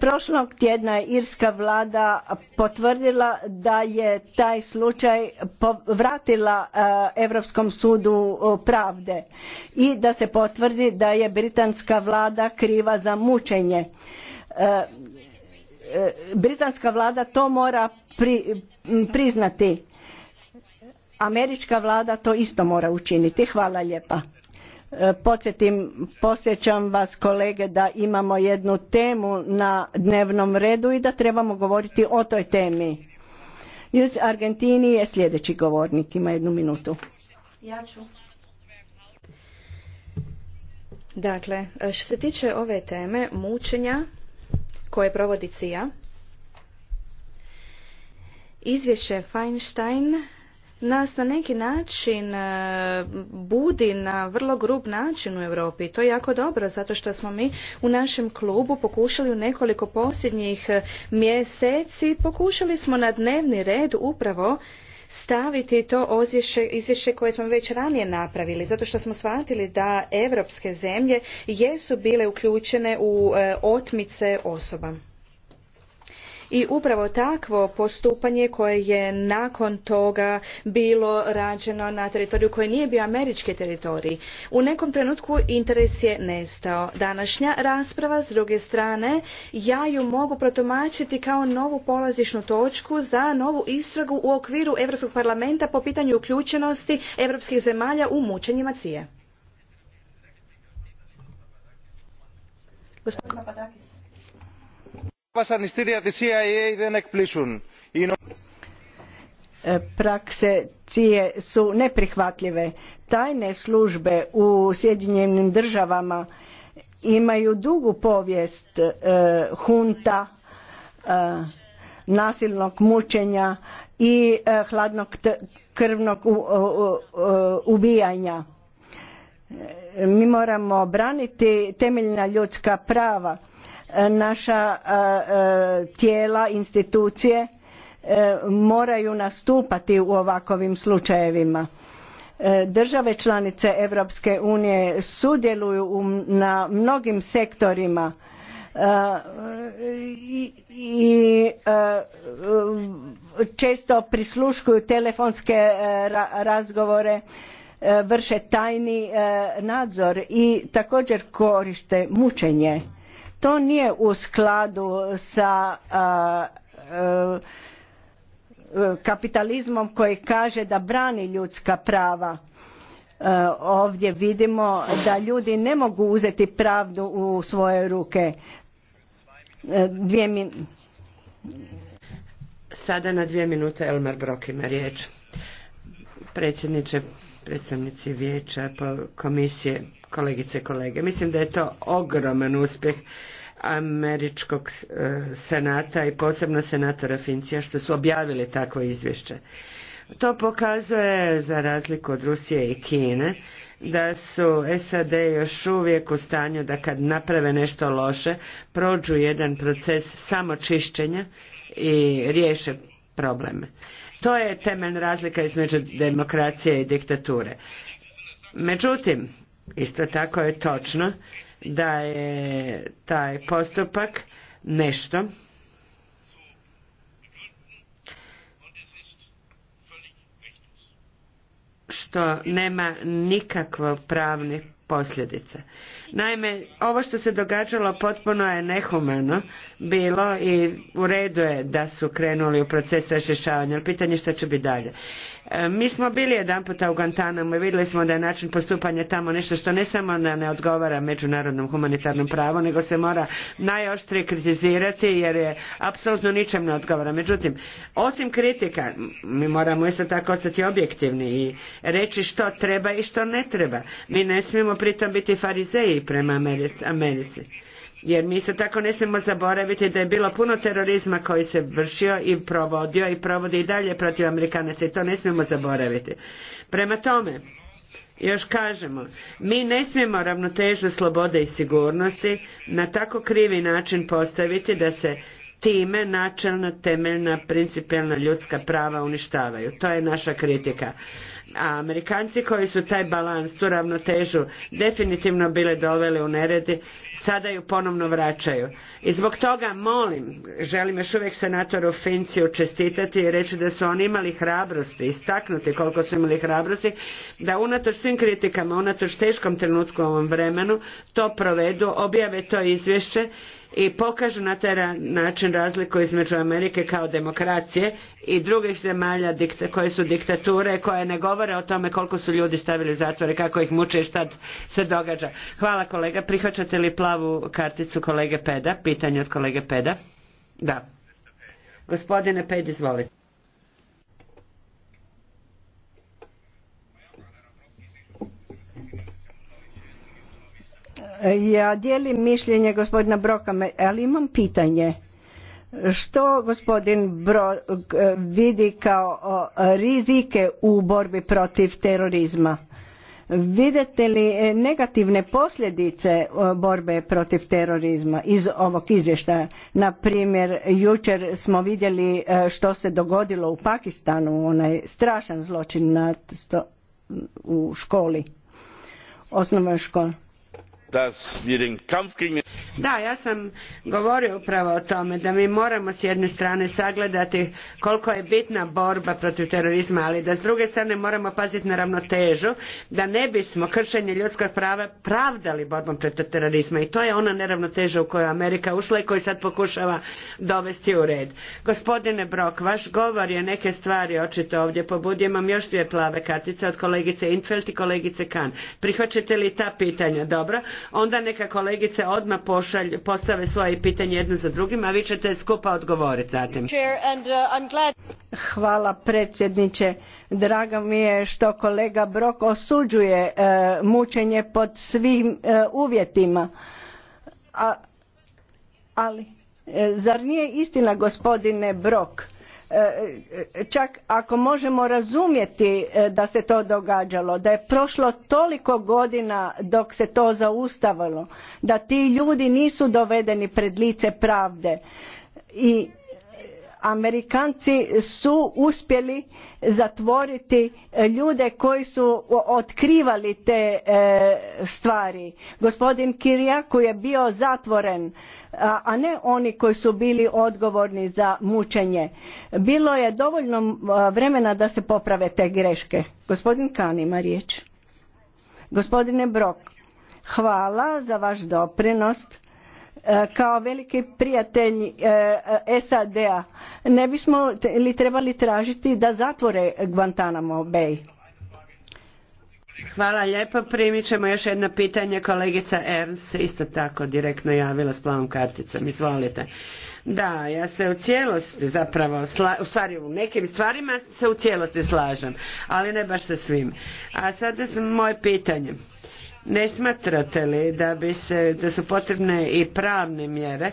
Prošlog tjedna je irska vlada potvrdila da je taj slučaj vratila Europskom sudu e, pravde i da se potvrdi da je britanska vlada kriva za mučenje. E, e, britanska vlada to mora priznati. Američka vlada to isto mora učiniti. Hvala lijepa. E, podsjećam posjećam vas kolege da imamo jednu temu na dnevnom redu i da trebamo govoriti o toj temi. Iz Argentini je sljedeći govornik, ima jednu minutu. Ja ću. Dakle, što se tiče ove teme mučenja koje provodi CIA, izvješće Feinstein nas na neki način e, budi na vrlo grub način u Europi. To je jako dobro zato što smo mi u našem klubu pokušali u nekoliko posljednjih e, mjeseci pokušali smo na dnevni red upravo staviti to izvješće, izvješće koje smo već ranije napravili zato što smo shvatili da europske zemlje jesu bile uključene u e, otmice osoba i upravo takvo postupanje koje je nakon toga bilo rađeno na teritoriju koji nije bio američki teritorij. U nekom trenutku interes je nestao. Današnja rasprava s druge strane ja ju mogu protumačiti kao novu polazišnu točku za novu istragu u okviru Europskog parlamenta po pitanju uključenosti europskih zemalja u mučenjima cije. CIA Prakse cije su neprihvatljive. Tajne službe u Sjedinjenim državama imaju dugu povijest e, hunta, e, nasilnog mučenja i e, hladnog krvnog ubijanja. Mi moramo braniti temeljna ljudska prava naša tijela, institucije e, moraju nastupati u ovakvim slučajevima. E, države članice Europske unije sudjeluju na mnogim sektorima e, i, i često prisluškuju telefonske razgovore, vrše tajni nadzor i također koriste mučenje to nije u skladu sa kapitalizmom koji kaže da brani ljudska prava. ovdje vidimo da ljudi ne mogu uzeti pravdu u svoje ruke. Dvije Sada na dvije minute Elmar Brok ima riječ. Predsjedniče, predstavnici vijeća, komisije, kolegice i kolege. Mislim da je to ogroman uspjeh američkog e, senata i posebno senatora Fincija što su objavili takvo izvješće. To pokazuje, za razliku od Rusije i Kine, da su SAD još uvijek u stanju da kad naprave nešto loše, prođu jedan proces samočišćenja i riješe probleme. To je temeljna razlika između demokracije i diktature. Međutim, Isto tako je točno da je taj postupak nešto što nema nikakve pravne posljedice. Naime, ovo što se događalo potpuno je nehumano bilo i u redu je da su krenuli u proces rješavanja, ali pitanje šta će biti dalje. E, mi smo bili jedanput u Guantanamu i vidjeli smo da je način postupanja tamo nešto što ne samo da ne odgovara međunarodnom humanitarnom pravu, nego se mora najoštrije kritizirati jer je apsolutno ničem ne odgovara. Međutim, osim kritika, mi moramo isto tako ostati objektivni i reći što treba i što ne treba. Mi ne smijemo pritom biti farizeji prema Americi. Jer mi isto tako ne smijemo zaboraviti da je bilo puno terorizma koji se vršio i provodio i provodi i dalje protiv Amerikanaca i to ne smijemo zaboraviti. Prema tome, još kažemo, mi ne smijemo ravnotežu slobode i sigurnosti na tako krivi način postaviti da se time načelna, temeljna, principijelna ljudska prava uništavaju. To je naša kritika. A Amerikanci koji su taj balans, tu ravnotežu definitivno bile doveli u neredi sada ju ponovno vraćaju. I zbog toga molim, želim još uvijek senatoru Finciju čestitati i reći da su oni imali hrabrosti, istaknuti koliko su imali hrabrosti, da unatoč svim kritikama, unatoč teškom trenutku u ovom vremenu, to provedu, objave to izvješće i pokažu na taj način razliku između Amerike kao demokracije i drugih zemalja koje su diktature koje ne govore o tome koliko su ljudi stavili u zatvore, kako ih muče i šta se događa. Hvala kolega. Prihvaćate li plavu karticu kolege Peda? Pitanje od kolege Peda? Da. Gospodine Ped, izvolite. E, ja dijelim mišljenje gospodina Broka, ali imam pitanje. Što gospodin Brok vidi kao rizike u borbi protiv terorizma? Vidite li e, negativne posljedice borbe protiv terorizma iz ovog izvještaja? Na primjer, jučer smo vidjeli e, što se dogodilo u Pakistanu, onaj strašan zločin u školi, osnovnoj školi da, ja sam govorio upravo o tome da mi moramo s jedne strane sagledati koliko je bitna borba protiv terorizma, ali da s druge strane moramo paziti na ravnotežu da ne bismo kršenje ljudskih prava pravdali borbom protiv terorizma i to je ona neravnoteža u koju je Amerika ušla i koju sad pokušava dovesti u red. Gospodine Brok, vaš govor je neke stvari očito ovdje pobudio, imam još dvije plave kartice od kolegice Intfeld i kolegice Kan. Prihvaćate li ta pitanja? Dobro onda neka kolegice odmah postave svoje pitanje jedno za drugim, a vi ćete skupa odgovoriti zatim. Uh, Hvala predsjedniče. Drago mi je što kolega Brok osuđuje e, mučenje pod svim e, uvjetima. ali, e, zar nije istina gospodine Brok? E, e, čak ako možemo razumjeti e, da se to događalo da je prošlo toliko godina dok se to zaustavilo da ti ljudi nisu dovedeni pred lice pravde i amerikanci su uspjeli zatvoriti ljude koji su otkrivali te stvari gospodin kirijaku je bio zatvoren a ne oni koji su bili odgovorni za mučenje. Bilo je dovoljno vremena da se poprave te greške. Gospodin Kan ima riječ. Gospodine Brok, hvala za vaš doprinos. E, kao veliki prijatelj e, e, SAD-a. Ne bismo li trebali tražiti da zatvore Guantanamo Bay? Hvala lijepo. Primit ćemo još jedno pitanje. Kolegica Ernst isto tako direktno javila s plavom karticom. Izvolite. Da, ja se u cijelosti zapravo, u stvari u nekim stvarima se u cijelosti slažem, ali ne baš sa svim. A sada moje pitanje. Ne smatrate li da bi se, da su potrebne i pravne mjere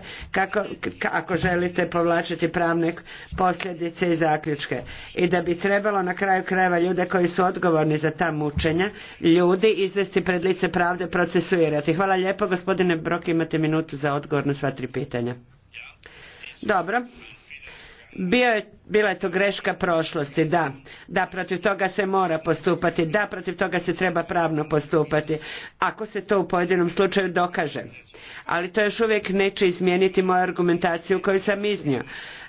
ako želite povlačiti pravne posljedice i zaključke i da bi trebalo na kraju krajeva ljude koji su odgovorni za ta mučenja ljudi izvesti pred lice pravde procesuirati. Hvala lijepo gospodine Brok imate minutu za odgovor na sva tri pitanja. Dobro bila je to greška prošlosti, da. Da, protiv toga se mora postupati, da, protiv toga se treba pravno postupati, ako se to u pojedinom slučaju dokaže. Ali to još uvijek neće izmijeniti moju argumentaciju koju sam iznio.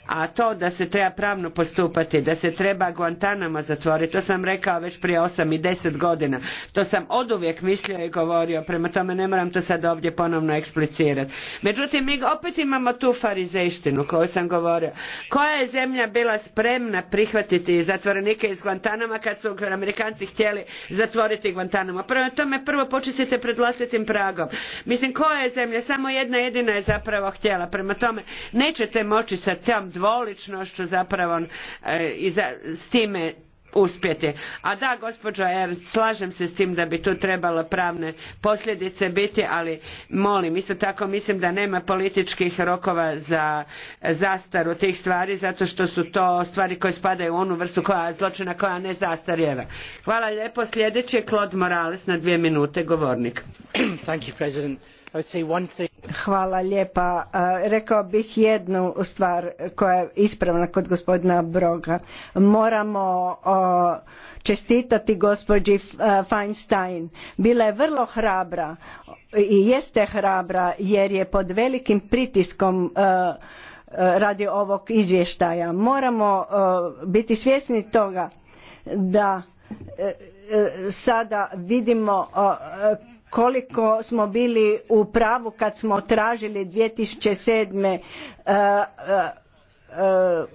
A to da se treba pravno postupati, da se treba Guantanamo zatvoriti, to sam rekao već prije 8 i deset godina. To sam oduvijek mislio i govorio, prema tome ne moram to sad ovdje ponovno eksplicirati. Međutim, mi opet imamo tu farizejštinu koju sam govorio. Koja je zemlja bila spremna prihvatiti zatvorenike iz Guantanama kad su Amerikanci htjeli zatvoriti Guantanamo? Prema tome, prvo počistite pred vlastitim pragom. Mislim, koja je zemlja? Samo jedna jedina je zapravo htjela. Prema tome, nećete moći sa tom dvoličnošću zapravo e, i s time uspjeti. A da, gospođo ja slažem se s tim da bi tu trebalo pravne posljedice biti, ali molim, isto tako mislim da nema političkih rokova za zastaru tih stvari, zato što su to stvari koje spadaju u onu vrstu koja, zločina koja ne zastarijeva. Hvala lijepo. Sljedeći je Claude Morales na dvije minute, govornik. Thank you, Hvala lijepa. E, rekao bih jednu stvar koja je ispravna kod gospodina Broga. Moramo čestitati gospođi e, Feinstein. Bila je vrlo hrabra i jeste hrabra jer je pod velikim pritiskom e, radi ovog izvještaja. Moramo biti svjesni toga da sada vidimo koliko smo bili u pravu kad smo tražili 2007. E, e, e,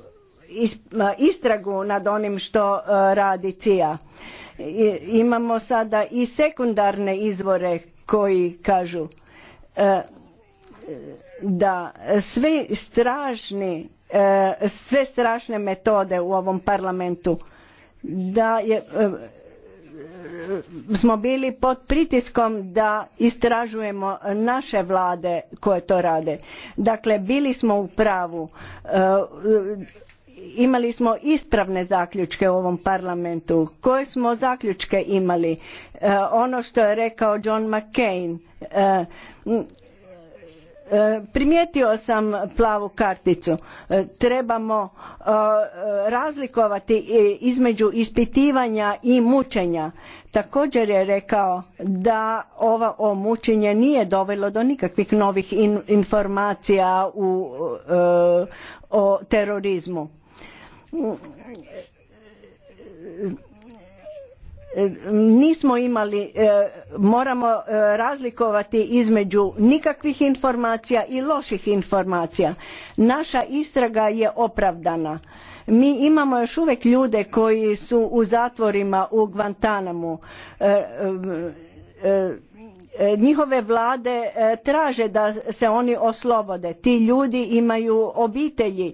istragu nad onim što radi CIA. Imamo sada i sekundarne izvore koji kažu da svi strašni sve strašne metode u ovom parlamentu da je smo bili pod pritiskom da istražujemo naše vlade koje to rade. Dakle, bili smo u pravu, e, imali smo ispravne zaključke u ovom parlamentu. Koje smo zaključke imali? E, ono što je rekao John McCain, e, primijetio sam plavu karticu e, trebamo e, razlikovati e, između ispitivanja i mučenja također je rekao da ovo mučenje nije dovelo do nikakvih novih informacija u, o terorizmu nismo imali, e, moramo e, razlikovati između nikakvih informacija i loših informacija. Naša istraga je opravdana. Mi imamo još uvijek ljude koji su u zatvorima u Guantanamu. E, njihove vlade traže da se oni oslobode. Ti ljudi imaju obitelji.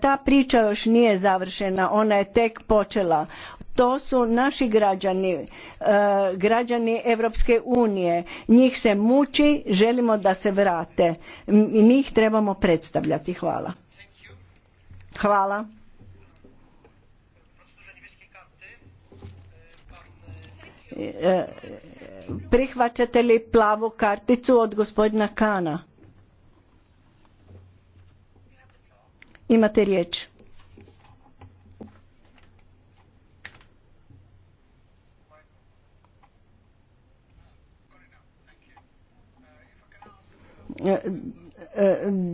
Ta priča još nije završena, ona je tek počela to su naši građani, e, građani Europske unije. Njih se muči, želimo da se vrate. Mi ih trebamo predstavljati. Hvala. Hvala. E, prihvaćate li plavu karticu od gospodina Kana? Imate riječ. E,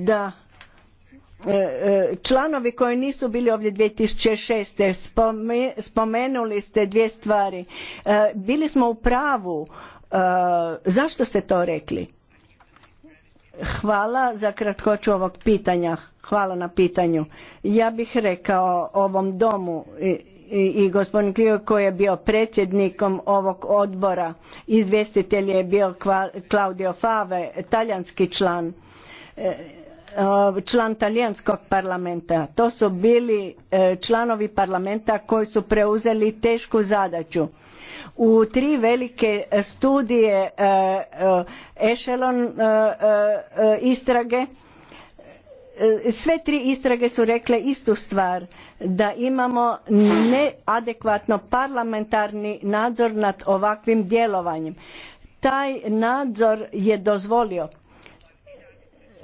da e, e, članovi koji nisu bili ovdje 2006. spomenuli ste dvije stvari. Bili smo u pravu. Zašto ste to rekli? Hvala za kratkoću ovog pitanja. Hvala na pitanju. Ja bih rekao ovom domu i gospodin Klio koji je bio predsjednikom ovog odbora, izvjestitelj je bio Claudio Fave, talijanski član, e, e, član talijanskog parlamenta. To su bili e, članovi parlamenta koji su preuzeli tešku zadaću. U tri velike studije Echelon istrage E, sve tri istrage su rekle istu stvar da imamo neadekvatno parlamentarni nadzor nad ovakvim djelovanjem taj nadzor je dozvolio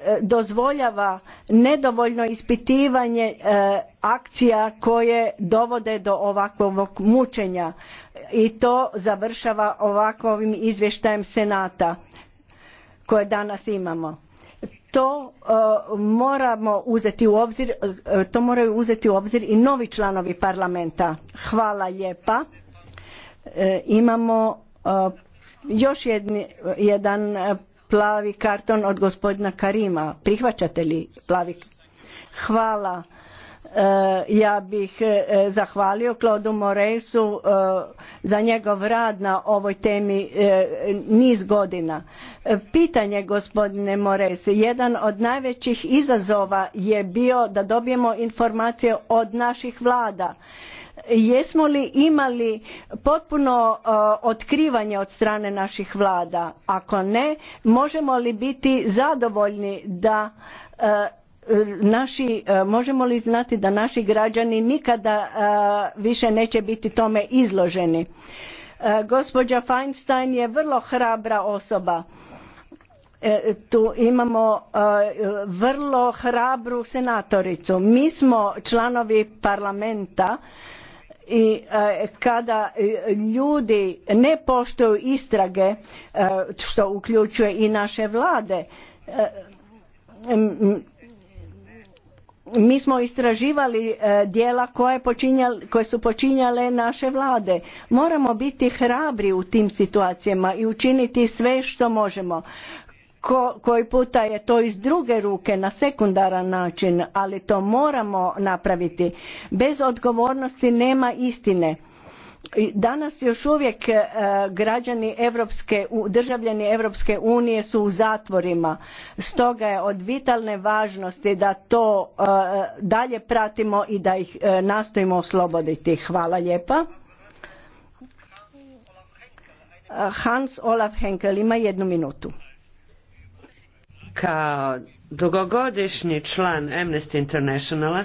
e, dozvoljava nedovoljno ispitivanje e, akcija koje dovode do ovakvog mučenja i to završava ovakvim izvještajem senata koje danas imamo to eh, moramo uzeti u obzir eh, to moraju uzeti u obzir i novi članovi parlamenta hvala lijepa eh, imamo još jedan plavi karton od gospodina Karima prihvaćate li plavi hvala Eh, ja bih eh, eh, zahvalio Klodu Moresu za njegov rad na ovoj temi niz godina. Pitanje gospodine morese jedan od najvećih izazova je bio da dobijemo informacije od naših vlada. Jesmo li imali potpuno otkrivanje od strane naših vlada? Ako ne, možemo li biti zadovoljni da naši, e, možemo li znati da naši građani nikada e, više neće biti tome izloženi. E, gospođa Feinstein je vrlo hrabra osoba. Tu imamo vrlo hrabru senatoricu. Mi smo članovi parlamenta i kada ljudi ne poštuju istrage, što uključuje i naše vlade, mi smo istraživali e, djela koje, su počinjale naše vlade moramo biti hrabri u tim situacijama i učiniti sve što možemo koji puta je to iz druge ruke na sekundaran način ali to moramo napraviti bez odgovornosti nema istine danas još uvijek e, građani europske državljani europske unije su u zatvorima stoga je od vitalne važnosti da to e, dalje pratimo i da ih e, nastojimo osloboditi hvala lijepa Hans Olaf Henkel ima jednu minutu kao dugogodišnji član Amnesty Internationala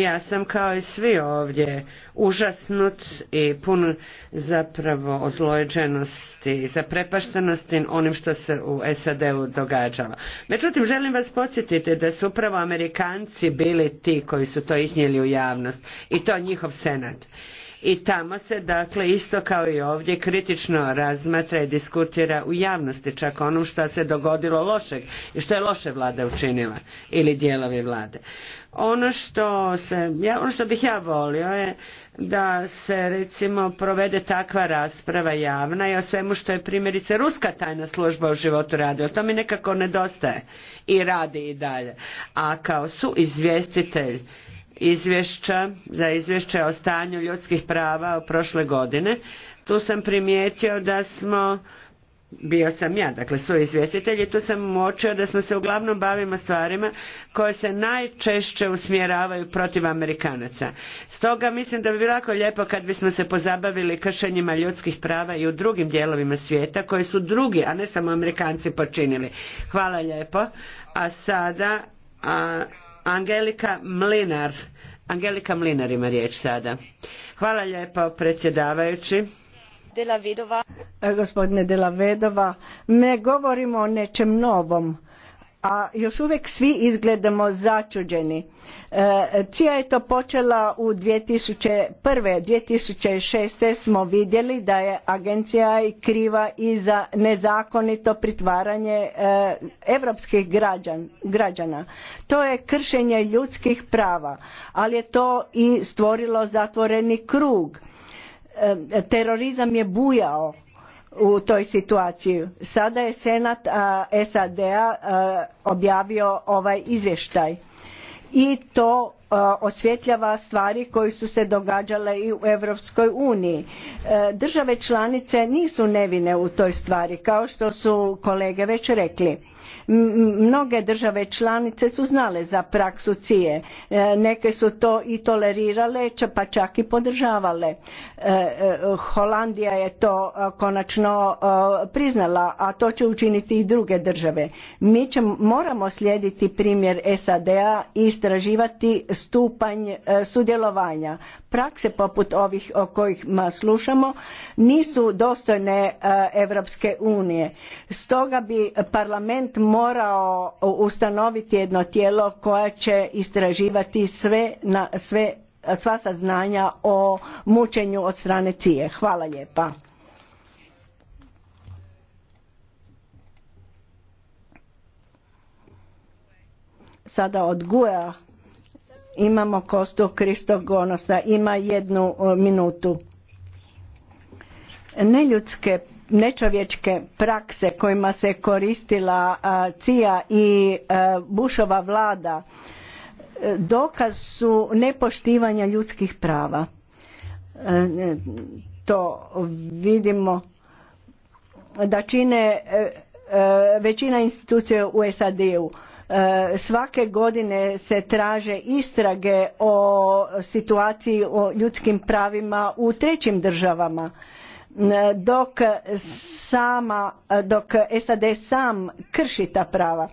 ja sam kao i svi ovdje užasnut i pun zapravo ozlojeđenosti i zaprepaštenosti onim što se u SAD-u događava. Međutim, želim vas podsjetiti da su upravo Amerikanci bili ti koji su to iznijeli u javnost i to njihov senat i tamo se dakle isto kao i ovdje kritično razmatra i diskutira u javnosti čak onom što se dogodilo lošeg i što je loše vlada učinila ili dijelovi vlade. Ono što, se, ja, ono što bih ja volio je da se recimo provede takva rasprava javna i o svemu što je primjerice ruska tajna služba u životu radi. O to mi nekako nedostaje i radi i dalje. A kao su izvjestitelj izvješća, za izvješće o stanju ljudskih prava od prošle godine. Tu sam primijetio da smo bio sam ja, dakle su i tu sam uočio da smo se uglavnom bavimo stvarima koje se najčešće usmjeravaju protiv Amerikanaca. Stoga mislim da bi bilo jako lijepo kad bismo se pozabavili kršenjima ljudskih prava i u drugim dijelovima svijeta koje su drugi, a ne samo Amerikanci počinili. Hvala lijepo. A sada Angelika Mlinar. Angelika Mlinar ima riječ sada. Hvala lijepo predsjedavajući. Dela Vidova. E, gospodine Dela Vedova, ne govorimo o nečem novom a još uvijek svi izgledamo začuđeni. E, Cija je to počela u 2001. 2006. smo vidjeli da je agencija i kriva i za nezakonito pritvaranje europskih građan, građana. To je kršenje ljudskih prava, ali je to i stvorilo zatvoreni krug. E, terorizam je bujao u toj situaciji. Sada je Senat SAD-a objavio ovaj izvještaj i to osvjetljava stvari koje su se događale i u Europskoj uniji. E, države članice nisu nevine u toj stvari, kao što su kolege već rekli Mnoge države članice su znale za praksu cije, e, neke su to i tolerirale, pa čak i podržavale. E, e, Holandija je to konačno priznala, a to će učiniti i druge države. Mi moramo slijediti primjer SAD-a i istraživati stupanj sudjelovanja. Prakse poput ovih o kojima slušamo nisu dostojne Europske unije. Stoga bi parlament morao ustanoviti jedno tijelo koje će istraživati sva saznanja o mučenju od strane cije. Hvala lijepa. Sada od Guja imamo Kostu Gonosa, Ima jednu minutu. Neljudske nečovječke prakse kojima se koristila CIA i Bushova vlada e, dokaz su nepoštivanja ljudskih prava. E, to vidimo da čine e, većina institucija u SAD-u. Svake godine se traže istrage o situaciji o ljudskim pravima u trećim državama dok sama dok SAD sam krši ta prava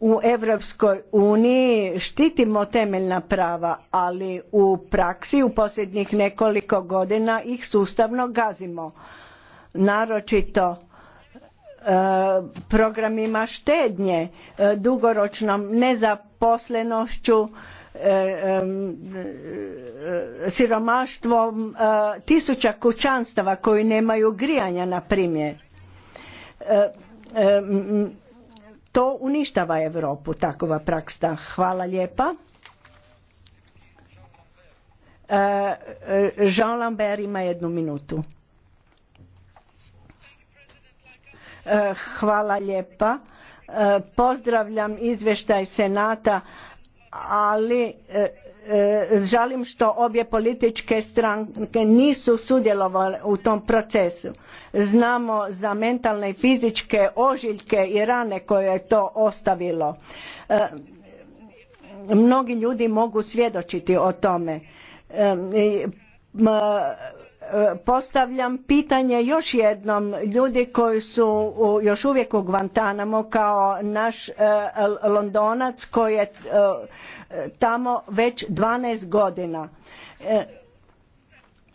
u Europskoj uniji štitimo temeljna prava, ali u praksi u posljednjih nekoliko godina ih sustavno gazimo. Naročito e, programima štednje, e, dugoročnom nezaposlenošću, E, e, e, siromaštvom tisuća kućanstava koji nemaju grijanja na primjer to uništava Europu takova praksa hvala lijepa Jean Lambert ima jednu minutu hvala lijepa pozdravljam izvještaj senata ali e, e, žalim što obje političke stranke nisu sudjelovale u tom procesu. Znamo za mentalne i fizičke ožiljke i rane koje je to ostavilo. E, mnogi ljudi mogu svjedočiti o tome E, postavljam pitanje još jednom ljudi koji su još uvijek u Guantanamo kao naš e, londonac koji je e, tamo već 12 godina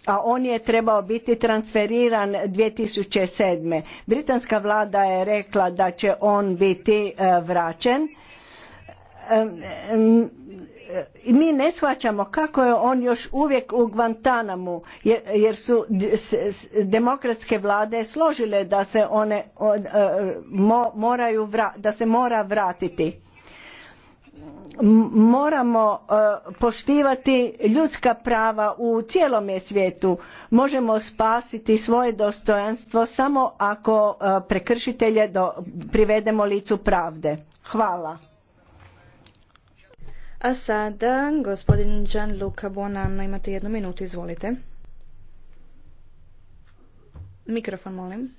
a on je trebao biti transferiran 2007. Britanska vlada je rekla da će on biti vraćen mi ne shvaćamo kako je on još uvijek u Guantanamu jer su demokratske vlade složile da se one e, moraju da se mora vratiti moramo e, poštivati ljudska prava u cijelom svijetu možemo spasiti svoje dostojanstvo samo ako e, prekršitelje privedemo licu pravde hvala a sada gospodin Gianluca Buonanno, imate jednu minutu, izvolite. Mikrofon molim.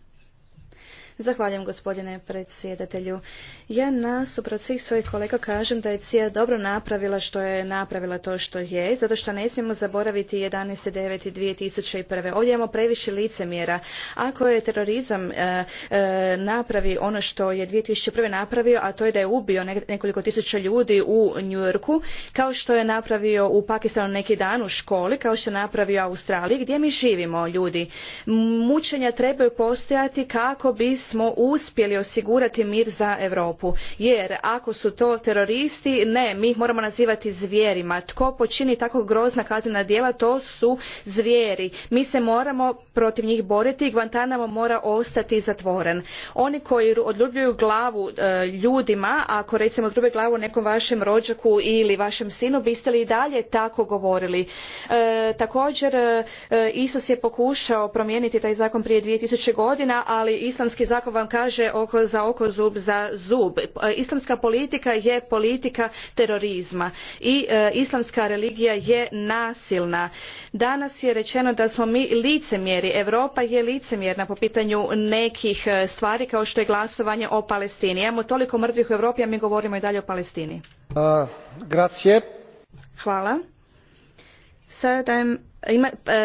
Zahvaljujem gospodine predsjedatelju. Ja nasuprot svih svojih kolega kažem da je CIA dobro napravila što je napravila to što je, zato što ne smijemo zaboraviti 11.9.2001. Ovdje imamo previše licemjera. Ako je terorizam e, e, napravi ono što je 2001. napravio, a to je da je ubio nekoliko tisuća ljudi u Njurku, kao što je napravio u Pakistanu neki dan u školi, kao što je napravio u Australiji, gdje mi živimo ljudi. Mučenja trebaju postojati kako bi smo uspjeli osigurati mir za europu jer ako su to teroristi ne mi ih moramo nazivati zvijerima tko počini tako grozna kaznena djela to su zvijeri mi se moramo protiv njih boriti i guantanamo mora ostati zatvoren oni koji odljubljuju glavu e, ljudima ako recimo odljube glavu nekom vašem rođaku ili vašem sinu biste li i dalje tako govorili e, također e, isus je pokušao promijeniti taj zakon prije dvije tisuće godina ali islamski kako vam kaže oko za oko zub za zub islamska politika je politika terorizma i e, islamska religija je nasilna danas je rečeno da smo mi licemjeri europa je licemjerna po pitanju nekih e, stvari kao što je glasovanje o palestini imamo toliko mrtvih u europi a mi govorimo i dalje o palestini e, hvala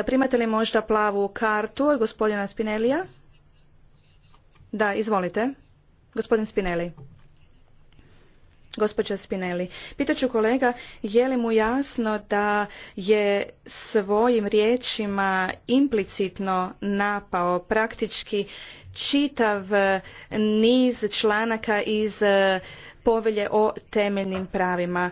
primate li možda plavu kartu od gospodina Spinelija? Da, izvolite. Gospodin Spinelli. Gospođa Spinelli, pitaću kolega je li mu jasno da je svojim riječima implicitno napao praktički čitav niz članaka iz e, povelje o temeljnim pravima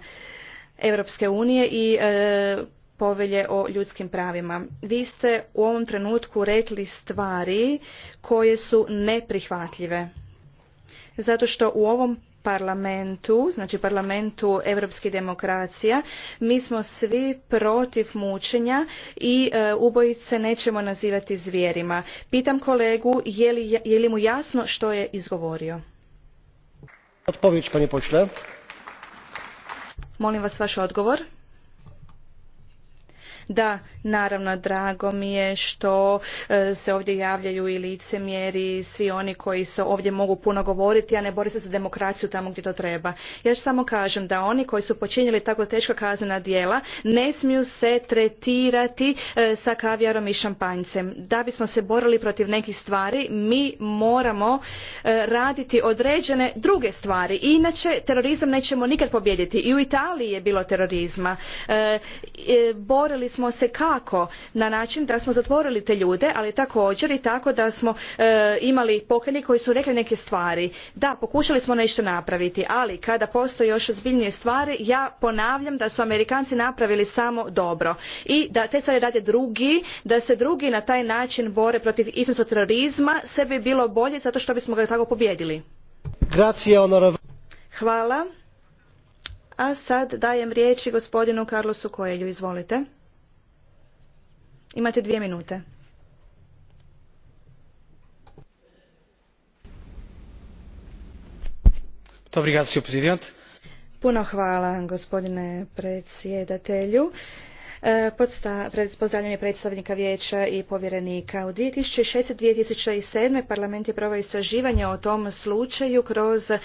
Europske unije i e, povelje o ljudskim pravima. Vi ste u ovom trenutku rekli stvari koje su neprihvatljive. Zato što u ovom parlamentu, znači parlamentu europskih demokracija, mi smo svi protiv mučenja i e, ubojice nećemo nazivati zvijerima. Pitam kolegu je li, mu jasno što je izgovorio? Molim vas vaš odgovor. Da, naravno, drago mi je što e, se ovdje javljaju i licemjeri, svi oni koji se ovdje mogu puno govoriti, a ne bore se za demokraciju tamo gdje to treba. Ja samo kažem da oni koji su počinili tako teška kaznena djela ne smiju se tretirati e, sa kavijarom i šampanjcem. Da bismo se borili protiv nekih stvari, mi moramo e, raditi određene druge stvari. Inače, terorizam nećemo nikad pobijediti. I u Italiji je bilo terorizma. Borili smo se kako na način da smo zatvorili te ljude ali također i tako da smo e, imali pokajnike koji su rekli neke stvari da pokušali smo nešto napraviti ali kada postoje još ozbiljnije stvari ja ponavljam da su amerikanci napravili samo dobro i da te stvari rade drugi da se drugi na taj način bore protiv islamskog terorizma sve bi bilo bolje zato što bismo ga tako pobijedili hvala a sad dajem riječi gospodinu Carlosu Koelju. Izvolite. Imate dvije minute. Puno hvala gospodine predsjedatelju. E, pozdravljanje predstavnika vijeća i povjerenika. U 2006. 2007. parlament je proveo istraživanje o tom slučaju kroz e,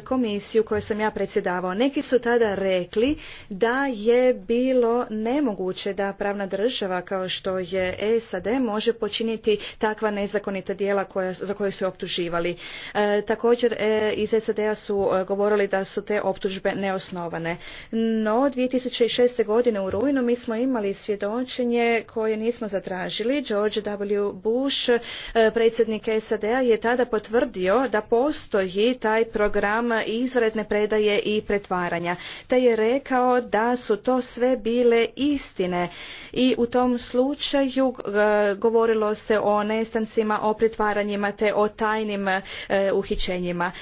komisiju kojoj sam ja predsjedavao. Neki su tada rekli da je bilo nemoguće da pravna država kao što je SAD može počiniti takva nezakonita djela za koje su optuživali. E, također iz SAD-a su govorili da su te optužbe neosnovane. No 2006. godine u rujnu mi smo imali svjedočenje koje nismo zatražili. George W. Bush, e, predsjednik SAD-a, je tada potvrdio da postoji taj program izvredne predaje i pretvaranja. Te je rekao da su to sve bile istine i u tom slučaju e, govorilo se o nestancima, o pretvaranjima te o tajnim e, uhićenjima.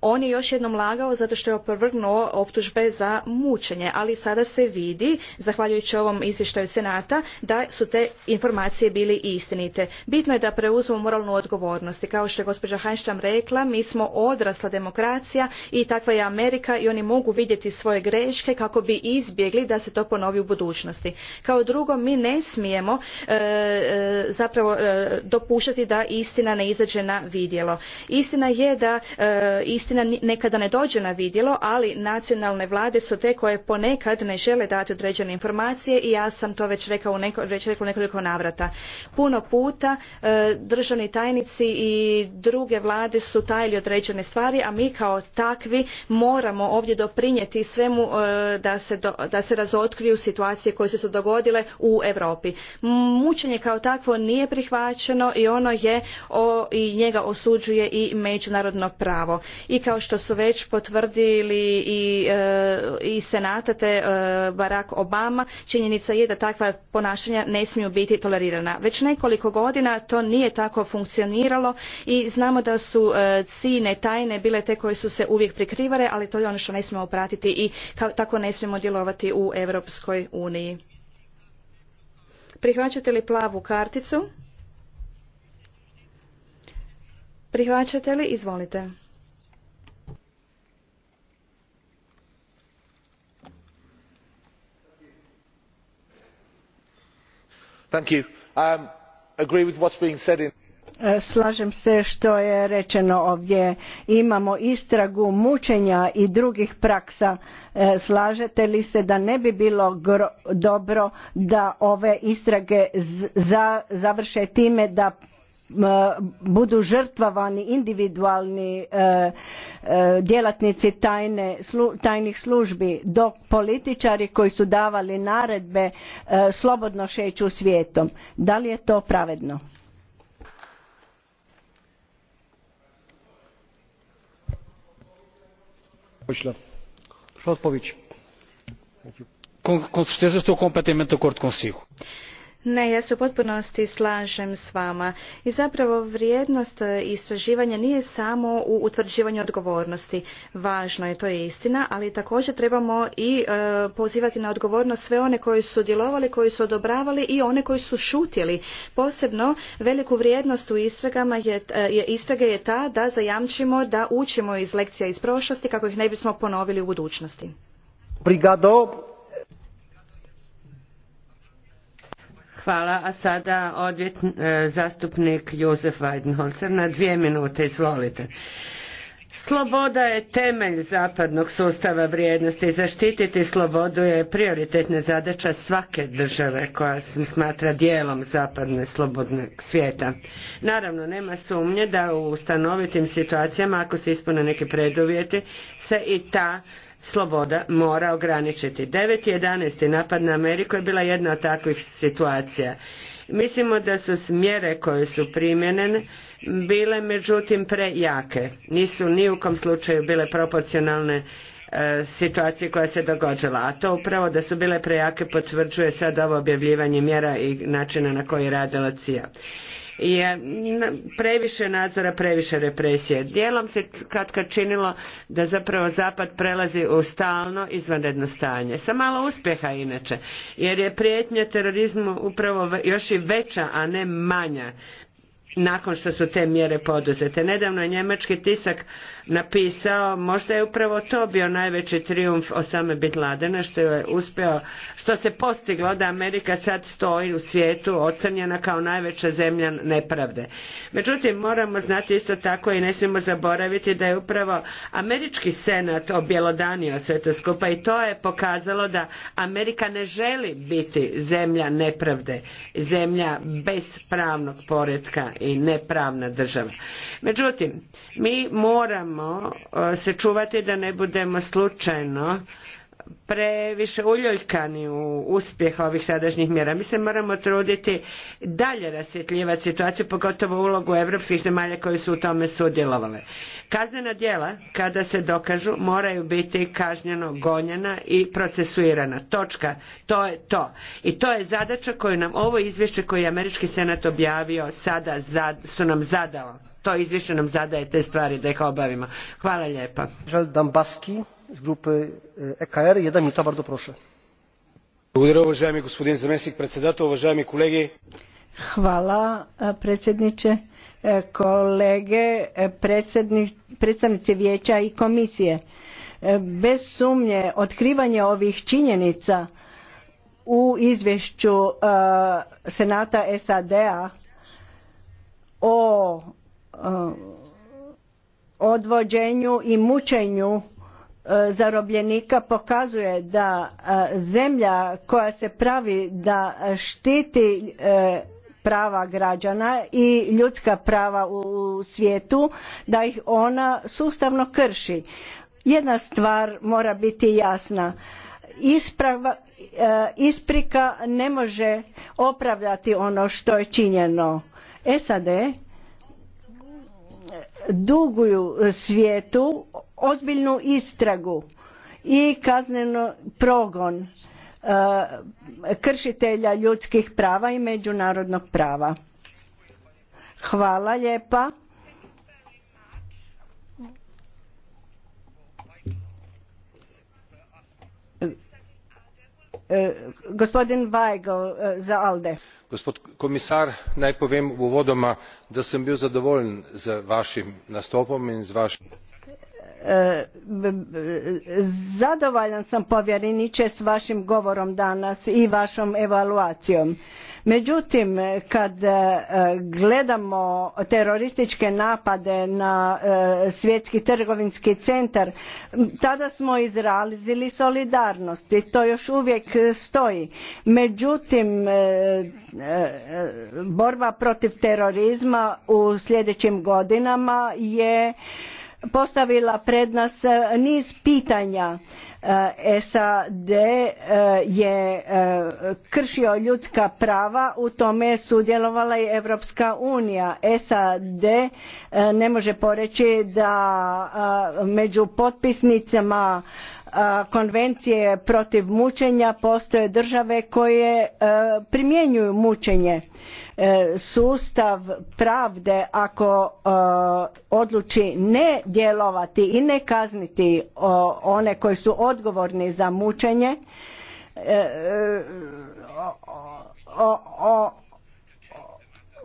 On je još jednom lagao zato što je opovrgnuo optužbe za mučenje, ali sada se vidi, zahvaljujući ovom izvještaju Senata, da su te informacije bili istinite. Bitno je da preuzmu moralnu odgovornost i kao što je gospođa Hanšćam rekla, mi smo odrasla demokracija i takva je Amerika i oni mogu vidjeti svoje greške kako bi izbjegli da se to ponovi u budućnosti. Kao drugo, mi ne smijemo e, e, zapravo e, dopuštati da istina ne izađe na vidjelo. Istina je da istina nekada ne dođe na vidjelo ali nacionalne vlade su te koje ponekad ne žele dati određene informacije i ja sam to već rekla u nekoliko navrata puno puta e, državni tajnici i druge vlade su tajili određene stvari a mi kao takvi moramo ovdje doprinijeti svemu e, da, se razotkriju situacije koje su se dogodile u europi mučenje kao takvo nije prihvaćeno i ono je i njega osuđuje i međunarodno pravo kao što su već potvrdili i, e, i senata te e, Barack Obama, činjenica je da takva ponašanja ne smiju biti tolerirana. Već nekoliko godina to nije tako funkcioniralo i znamo da su cine e, tajne bile te koje su se uvijek prikrivale, ali to je ono što ne smijemo pratiti i tako ne smijemo djelovati u Europskoj uniji. Prihvaćate li plavu karticu? Prihvaćate li? Izvolite. Um, e, slažem se što je rečeno ovdje imamo istragu mučenja i drugih praksa e, slažete li se da ne bi bilo dobro da ove istrage završe time da E, budu žrtvovani individualni e, e, djelatnici tajne, tajnih službi do političari koji su davali naredbe slobodno šeću svijetom. Da li je to pravedno? Com certeza estou completamente de acordo consigo. Ne, ja se u potpunosti slažem s vama. I zapravo vrijednost e, istraživanja nije samo u utvrđivanju odgovornosti. Važno je, to je istina, ali također trebamo i e, pozivati na odgovornost sve one koji su djelovali, koji su odobravali i one koji su šutjeli. Posebno veliku vrijednost u istragama je, e, je, istrage je ta da zajamčimo da učimo iz lekcija iz prošlosti kako ih ne bismo ponovili u budućnosti. Brigado Hvala, a sada e, zastupnik Josef Weidenholzer na dvije minute, izvolite. Sloboda je temelj zapadnog sustava vrijednosti. i Zaštititi slobodu je prioritetna zadaća svake države koja se smatra dijelom zapadne slobodnog svijeta. Naravno, nema sumnje da u ustanovitim situacijama, ako se ispune neki preduvjeti, se i ta sloboda mora ograničiti. 9.11. napad na Ameriku je bila jedna od takvih situacija. Mislimo da su smjere koje su primjenene bile međutim prejake. Nisu ni u kom slučaju bile proporcionalne e, situacije koja se događala. A to upravo da su bile prejake potvrđuje sad ovo objavljivanje mjera i načina na koji je radila CIA je previše nadzora, previše represije. Dijelom se kad činilo da zapravo zapad prelazi u stalno izvanredno stanje. Sa malo uspjeha inače, jer je prijetnja terorizmu upravo još i veća, a ne manja nakon što su te mjere poduzete. Nedavno je njemački tisak napisao, možda je upravo to bio najveći trijumf Osame Bin Ladena što je uspio, što se postiglo da Amerika sad stoji u svijetu ocrnjena kao najveća zemlja nepravde. Međutim, moramo znati isto tako i ne smijemo zaboraviti da je upravo američki senat objelodanio sve to skupa i to je pokazalo da Amerika ne želi biti zemlja nepravde, zemlja bez pravnog poretka i nepravna država. Međutim, mi moramo moramo se čuvati da ne budemo slučajno previše uljuljkani u uspjeh ovih sadašnjih mjera. Mi se moramo truditi dalje rasvjetljivati situaciju, pogotovo ulogu europskih zemalja koje su u tome sudjelovale. Kaznena djela, kada se dokažu, moraju biti kažnjeno gonjena i procesuirana. Točka. To je to. I to je zadaća koju nam ovo izvješće koje je Američki senat objavio sada su nam zadao. To izvješće nam zadaje te stvari da ih obavimo. Hvala lijepa gospodine predsjedavajući uvaženi kolege hvala e, predsjedniče kolege predstavnici vijeća i komisije. E, bez sumnje otkrivanje ovih činjenica u izvješću e, senata sad a o odvođenju i mučenju E, zarobljenika pokazuje da e, zemlja koja se pravi da štiti e, prava građana i ljudska prava u svijetu da ih ona sustavno krši jedna stvar mora biti jasna isprika ne može opravdati ono što je činjeno sad duguju svijetu ozbiljnu istragu i kazneno progon e, kršitelja ljudskih prava i međunarodnog prava. Hvala lijepa. Eh, gospodin Weigl eh, za ALDEF. Gospod komisar, naj povem uvodoma, da sem bil zadovoljen z vašim nastopom in z vašim zadovoljan sam povjereniče s vašim govorom danas i vašom evaluacijom. Međutim, kad e, gledamo terorističke napade na e, svjetski trgovinski centar, tada smo izrazili solidarnost i to još uvijek stoji. Međutim, e, borba protiv terorizma u sljedećim godinama je postavila pred nas e, niz pitanja. E, SAD e, je kršio ljudska prava, u tome je sudjelovala i Europska unija. SAD ne može poreći da među potpisnicama konvencije protiv mučenja postoje države koje primjenjuju mučenje E, sustav pravde ako e, odluči ne djelovati i ne kazniti one koji su odgovorni za mučenje e,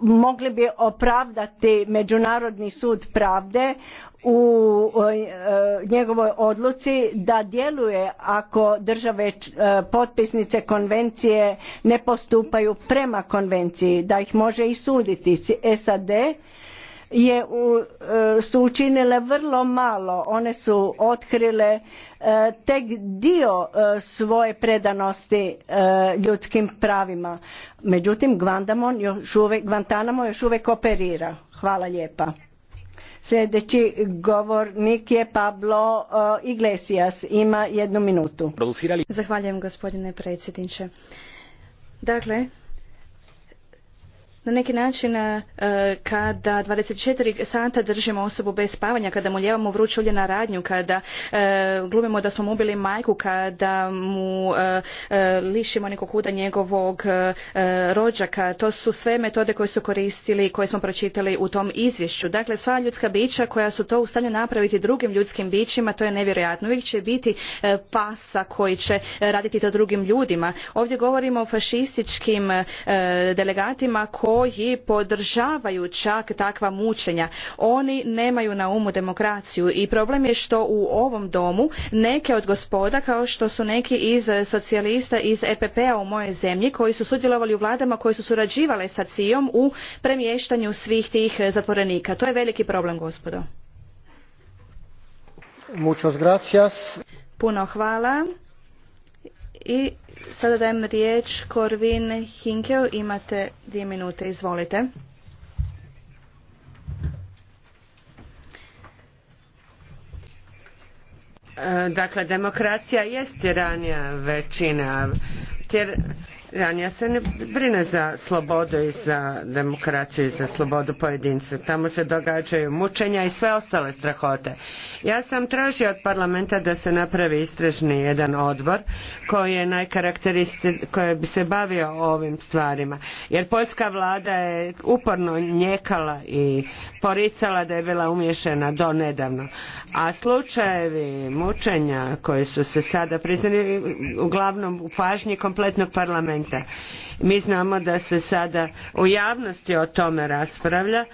mogli bi opravdati međunarodni sud pravde u e, njegovoj odluci da djeluje ako države e, potpisnice konvencije ne postupaju prema konvenciji da ih može i suditi SAD je u, e, su učinile vrlo malo one su otkrile tek dio svoje predanosti ljudskim pravima međutim Guantanamo još uvijek, još uvijek operira hvala lijepa Sljedeći govornik je Pablo e, Iglesias. Ima jednu minutu. Zahvaljujem gospodine predsjedniče. Dakle, na neki način e, kada 24 sata držimo osobu bez spavanja, kada mu ljevamo vruć ulje na radnju, kada e, glumimo da smo mu ubili majku, kada mu e, lišimo nekog kuda njegovog rođaka, to su sve metode koje su koristili i koje smo pročitali u tom izvješću. Dakle, sva ljudska bića koja su to u stanju napraviti drugim ljudskim bićima, to je nevjerojatno. Uvijek će biti pasa koji će raditi to drugim ljudima. Ovdje govorimo o fašističkim delegatima koji koji podržavaju čak takva mučenja oni nemaju na umu demokraciju i problem je što u ovom domu neke od gospoda kao što su neki iz socijalista iz EPP-a u mojoj zemlji koji su sudjelovali u vladama koje su surađivale sa CIO-om u premještanju svih tih zatvorenika to je veliki problem gospodo Puno hvala. I sada dajem riječ Korvin Hinkel, imate dvije minute, izvolite. E, dakle, demokracija jest tiranija većina ja se ne brine za slobodu i za demokraciju i za slobodu pojedinca. Tamo se događaju mučenja i sve ostale strahote. Ja sam tražio od parlamenta da se napravi istražni jedan odbor koji je najkarakteristi, koji bi se bavio ovim stvarima. Jer poljska vlada je uporno njekala i poricala da je bila umješena do nedavno. A slučajevi mučenja koji su se sada priznali uglavnom u pažnji kompletnog parlamenta mi znamo da se sada u javnosti o tome raspravlja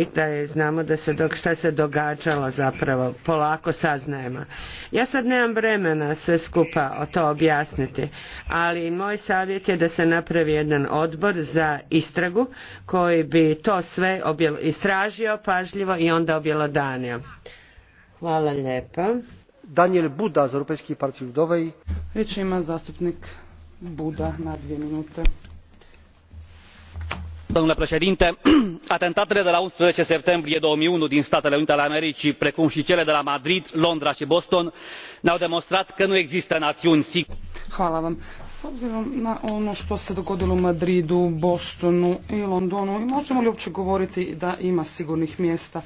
i da je, znamo da se dok šta se događalo zapravo polako saznajemo. Ja sad nemam vremena sve skupa o to objasniti, ali moj savjet je da se napravi jedan odbor za istragu koji bi to sve objel, istražio pažljivo i onda objelodanio. Hvala lijepa. Daniel Buda z Europejskiej Partii Ludowej. ima zastupnik Buda na minute. Domnule președinte, atentatele de la unsprezece septembrie din Statele Unite ale Americii, precum și cele de la Madrid, Londra și Boston, ne-au demonstrat că nu există națiuni sigure. na ono što se dogodilo možemo li govoriti da ima sigurnih mjesta?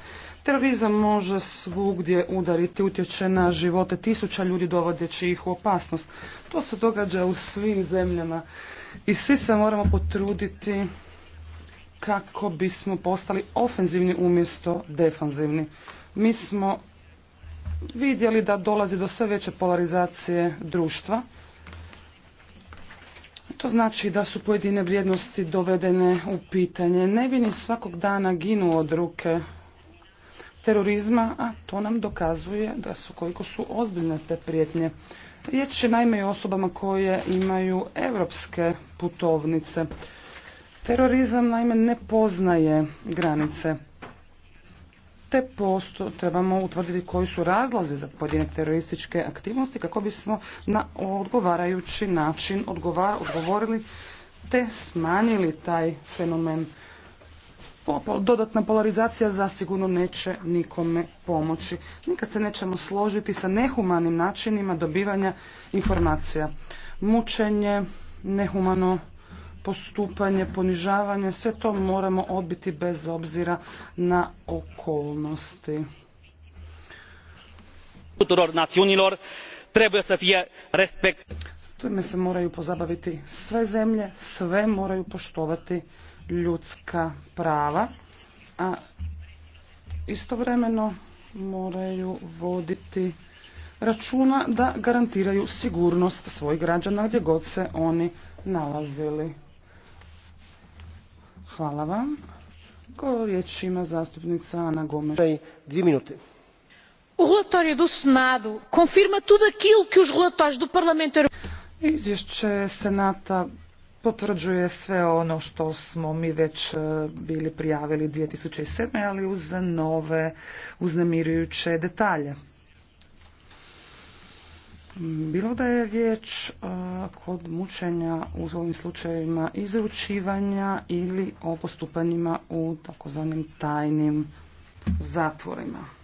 Terorizam može svugdje udariti, utječe na živote tisuća ljudi dovodeći ih u opasnost. To se događa u svim zemljama i svi se moramo potruditi kako bismo postali ofenzivni umjesto defanzivni. Mi smo vidjeli da dolazi do sve veće polarizacije društva. To znači da su pojedine vrijednosti dovedene u pitanje. Ne Nevini svakog dana ginu od ruke terorizma, a to nam dokazuje da su koliko su ozbiljne te prijetnje. Riječ je naime i osobama koje imaju europske putovnice. Terorizam naime ne poznaje granice. Te posto trebamo utvrditi koji su razlozi za pojedine terorističke aktivnosti kako bismo na odgovarajući način odgovorili te smanjili taj fenomen dodatna polarizacija zasigurno neće nikome pomoći. Nikad se nećemo složiti sa nehumanim načinima dobivanja informacija. Mučenje, nehumano postupanje, ponižavanje, sve to moramo odbiti bez obzira na okolnosti. Tuturor națiunilor trebuie să S time se moraju pozabaviti sve zemlje, sve moraju poštovati ljudska prava, a istovremeno moraju voditi računa da garantiraju sigurnost svojih građana gdje god se oni nalazili. Hvala vam. Ko riječ ima zastupnica Ana Gomes? Dvije minute. O relatório do Senado confirma tudo aquilo que os relatórios do Parlamento Europeu. Izvješće Senata potvrđuje sve ono što smo mi već e, bili prijavili 2007. ali uz nove uznemirujuće detalje. Bilo da je riječ e, kod mučenja u ovim slučajevima izručivanja ili o postupanjima u takozvanim tajnim zatvorima.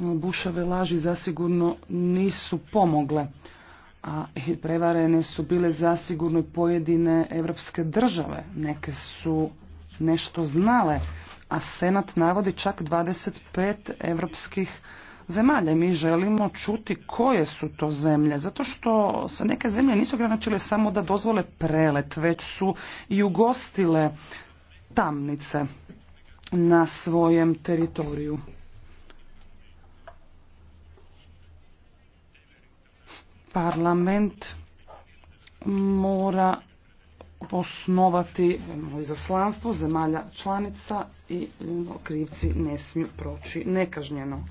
Bušave laži zasigurno nisu pomogle, a prevarene su bile zasigurno pojedine evropske države. Neke su nešto znale, a Senat navodi čak 25 evropskih zemalja. Mi želimo čuti koje su to zemlje, zato što se neke zemlje nisu ograničile samo da dozvole prelet, već su i ugostile tamnice na svojem teritoriju. parlament mora osnovati izaslanstvo zemalja članica i krivci ne smiju proći nekažnjeno.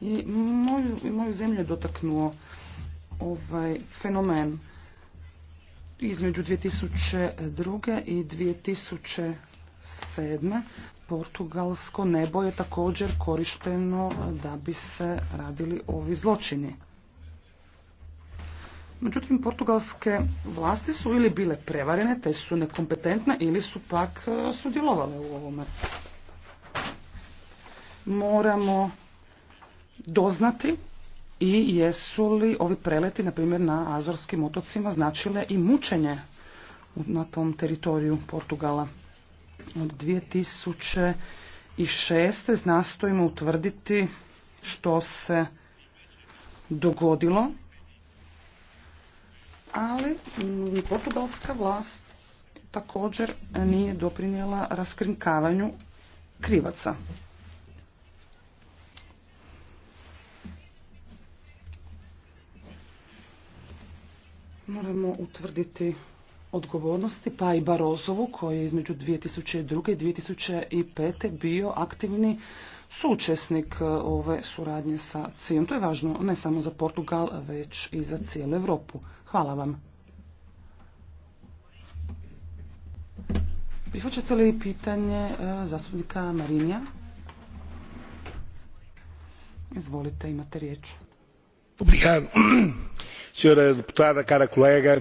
I moju, moju zemlju je dotaknuo ovaj fenomen između 2002. i 2000 2007. Portugalsko nebo je također korišteno da bi se radili ovi zločini. Međutim, portugalske vlasti su ili bile prevarene, te su nekompetentne, ili su pak e, sudjelovale u ovome. Moramo doznati i jesu li ovi preleti, na primjer na Azorskim otocima, značile i mučenje na tom teritoriju Portugala od 2006. nastojimo utvrditi što se dogodilo, ali portugalska vlast također nije doprinijela raskrinkavanju krivaca. Moramo utvrditi odgovornosti, pa i Barozovu koji je između 2002. i 2005. bio aktivni sučesnik e, ove suradnje sa CIM. To je važno ne samo za Portugal, već i za cijelu Europu. Hvala vam. Prihvaćate li pitanje e, zastupnika Marinja? Izvolite, imate riječ. Obrigado. Senhora deputada, cara colega,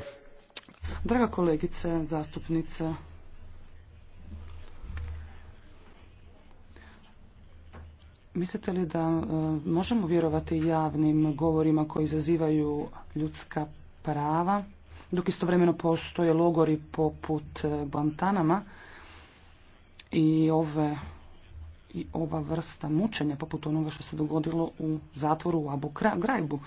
Draga kolegice, zastupnice, mislite li da e, možemo vjerovati javnim govorima koji izazivaju ljudska prava, dok istovremeno postoje logori poput e, Guantanama i ove i ova vrsta mučenja poput onoga što se dogodilo u zatvoru u Abu Grajbu.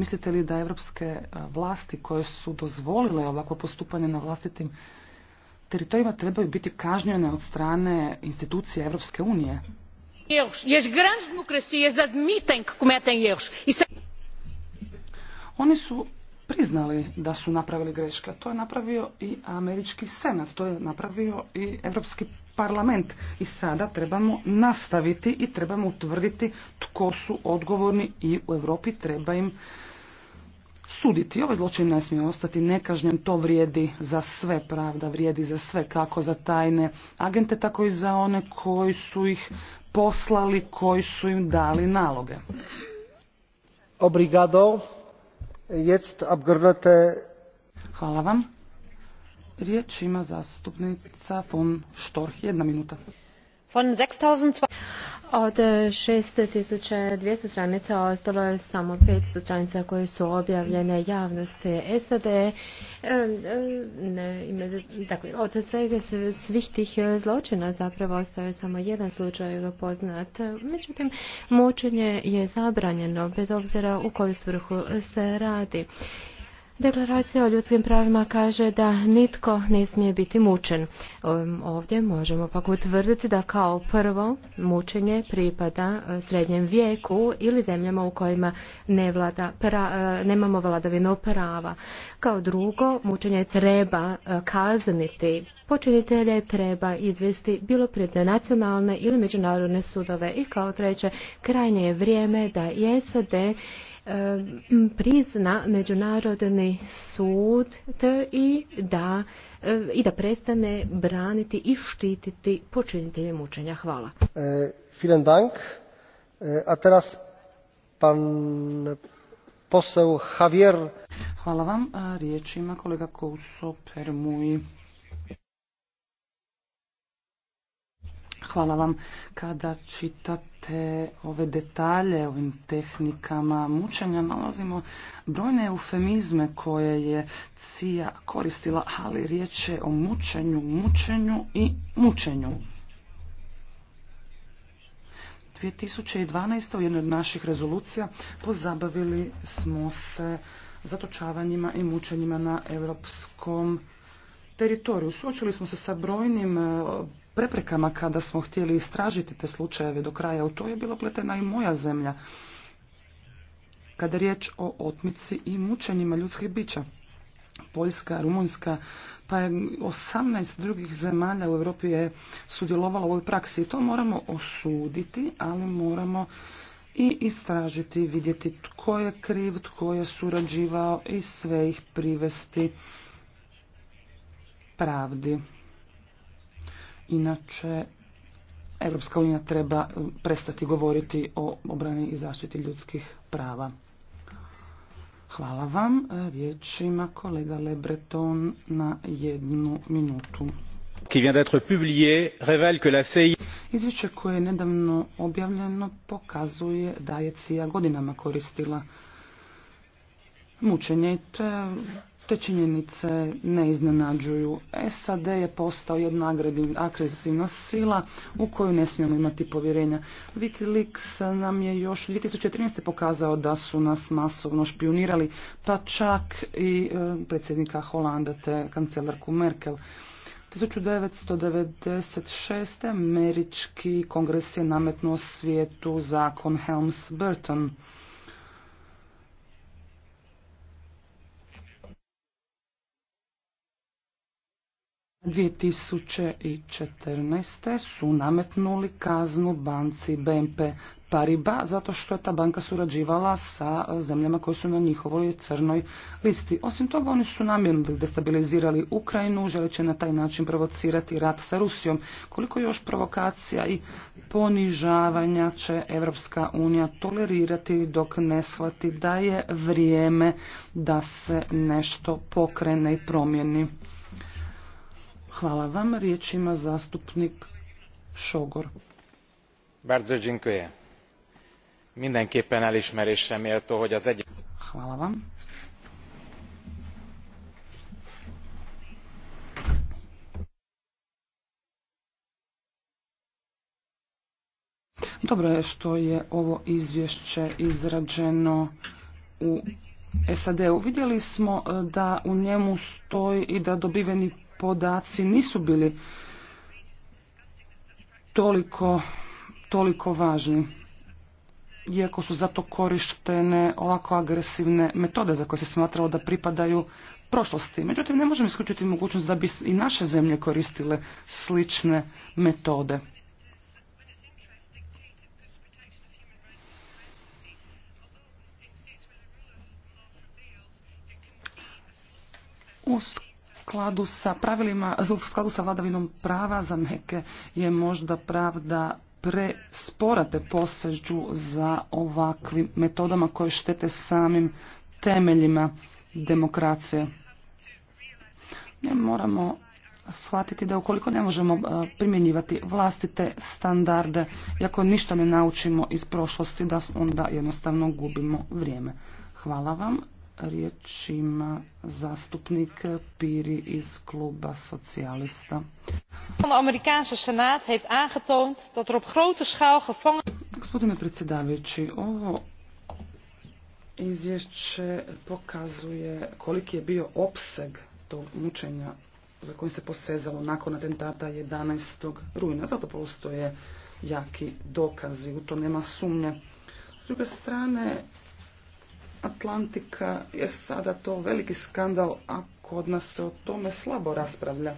Mislite li da evropske e, vlasti koje su dozvolile ovako postupanje na vlastitim teritorijima trebaju biti kažnjene od strane institucije Evropske unije? Oni su priznali da su napravili greške. To je napravio i američki senat, to je napravio i Evropski parlament. I sada trebamo nastaviti i trebamo utvrditi tko su odgovorni i u Europi treba im suditi. Ovaj zločin ne smije ostati nekažnjen, to vrijedi za sve pravda, vrijedi za sve, kako za tajne agente, tako i za one koji su ih poslali, koji su im dali naloge. Obrigado. Jetzt abgeordnete... Hvala vam. Riječ ima zastupnica von Storch. Jedna minuta. Von od 6200 stranica ostalo je samo 500 stranica koje su objavljene javnosti e SAD. E, e, ne, od svega svih tih zločina zapravo ostao je samo jedan slučaj poznat. Međutim, mučenje je zabranjeno bez obzira u koju svrhu se radi. Deklaracija o ljudskim pravima kaže da nitko ne smije biti mučen. Ehm, ovdje možemo pak utvrditi da kao prvo mučenje pripada e, srednjem vijeku ili zemljama u kojima ne vlada e, nemamo vladavinu prava. Kao drugo, mučenje treba e, kazniti. Počinitelje treba izvesti bilo pred nacionalne ili međunarodne sudove. I kao treće, krajnje je vrijeme da SAD E, prizna međunarodni sud i da, e, i da prestane braniti i štititi počinitelje mučenja. Hvala. E, vielen dank. a teraz pan Javier. Hvala vam. A riječ ima kolega Kouso Permuji. Hvala vam. Kada čitate ove detalje ovim tehnikama mučenja, nalazimo brojne eufemizme koje je Cija koristila, ali riječ je o mučenju, mučenju i mučenju. 2012. u jednoj od naših rezolucija pozabavili smo se zatočavanjima i mučenjima na europskom teritoriju. Suočili smo se sa brojnim e, preprekama kada smo htjeli istražiti te slučajeve do kraja. U to je bilo pletena i moja zemlja kada je riječ o otmici i mučenjima ljudskih bića. Poljska, Rumunjska, pa je 18 drugih zemalja u Europi je sudjelovalo u ovoj praksi. to moramo osuditi, ali moramo i istražiti, vidjeti tko je kriv, tko je surađivao i sve ih privesti pravdi. Inače, Europska unija treba eh, prestati govoriti o obrani i zaštiti ljudskih prava. Hvala vam. Eh, riječ ima kolega Lebreton na jednu minutu. Izvješće koje je nedavno objavljeno pokazuje da je CIA godinama koristila mučenje te činjenice ne iznenađuju. SAD je postao jedna agresivna sila u koju ne smijemo imati povjerenja. Wikileaks nam je još 2013. pokazao da su nas masovno špionirali, pa čak i e, predsjednika Holanda te kancelarku Merkel. 1996. američki kongres je nametnuo svijetu zakon Helms-Burton 2014. su nametnuli kaznu banci BNP pariba zato što je ta banka surađivala sa zemljama koje su na njihovoj crnoj listi. Osim toga oni su namjerno destabilizirali Ukrajinu, želeći na taj način provocirati rat sa Rusijom. Koliko još provokacija i ponižavanja će Evropska unija tolerirati dok ne shvati da je vrijeme da se nešto pokrene i promjeni. Hvala vam. Riječ ima zastupnik Šogor. Bardzo dziękuję. Mindenképpen elismerésre méltó, hogy az egy... Hvala vam. Dobro je što je ovo izvješće izrađeno u SAD-u. Vidjeli smo e, da u njemu stoji i da dobiveni podaci nisu bili toliko, toliko važni. Iako su zato korištene ovako agresivne metode za koje se smatralo da pripadaju prošlosti. Međutim, ne možemo isključiti mogućnost da bi i naše zemlje koristile slične metode. U skladu sa pravilima, u skladu sa vladavinom prava za neke je možda pravda presporate posežu za ovakvim metodama koje štete samim temeljima demokracije. Ne moramo shvatiti da ukoliko ne možemo e, primjenjivati vlastite standarde, i ako ništa ne naučimo iz prošlosti, da onda jednostavno gubimo vrijeme. Hvala vam riječ ima zastupnik Piri iz kluba socijalista. senat heeft er Gospodine predsjedavajući, ovo izvješće pokazuje koliki je bio opseg tog mučenja za koji se posezalo nakon atentata 11. rujna. Zato postoje jaki dokazi, u to nema sumnje. S druge strane, Atlantika je sada to veliki skandal, a kod nas se o tome slabo raspravlja.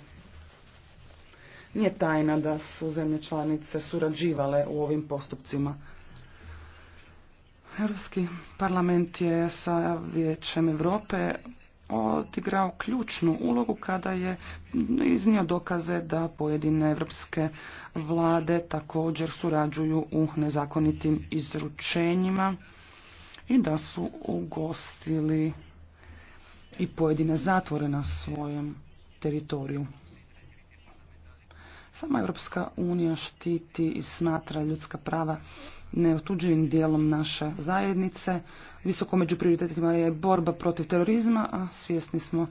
Nije tajna da su zemlje članice surađivale u ovim postupcima. Europski parlament je sa Vijećem Europe odigrao ključnu ulogu kada je iznio dokaze da pojedine evropske vlade također surađuju u nezakonitim izručenjima i da su ugostili i pojedine zatvore na svojem teritoriju. Sama Europska unija štiti i smatra ljudska prava neotuđivim dijelom naše zajednice. Visoko među prioritetima je borba protiv terorizma, a svjesni smo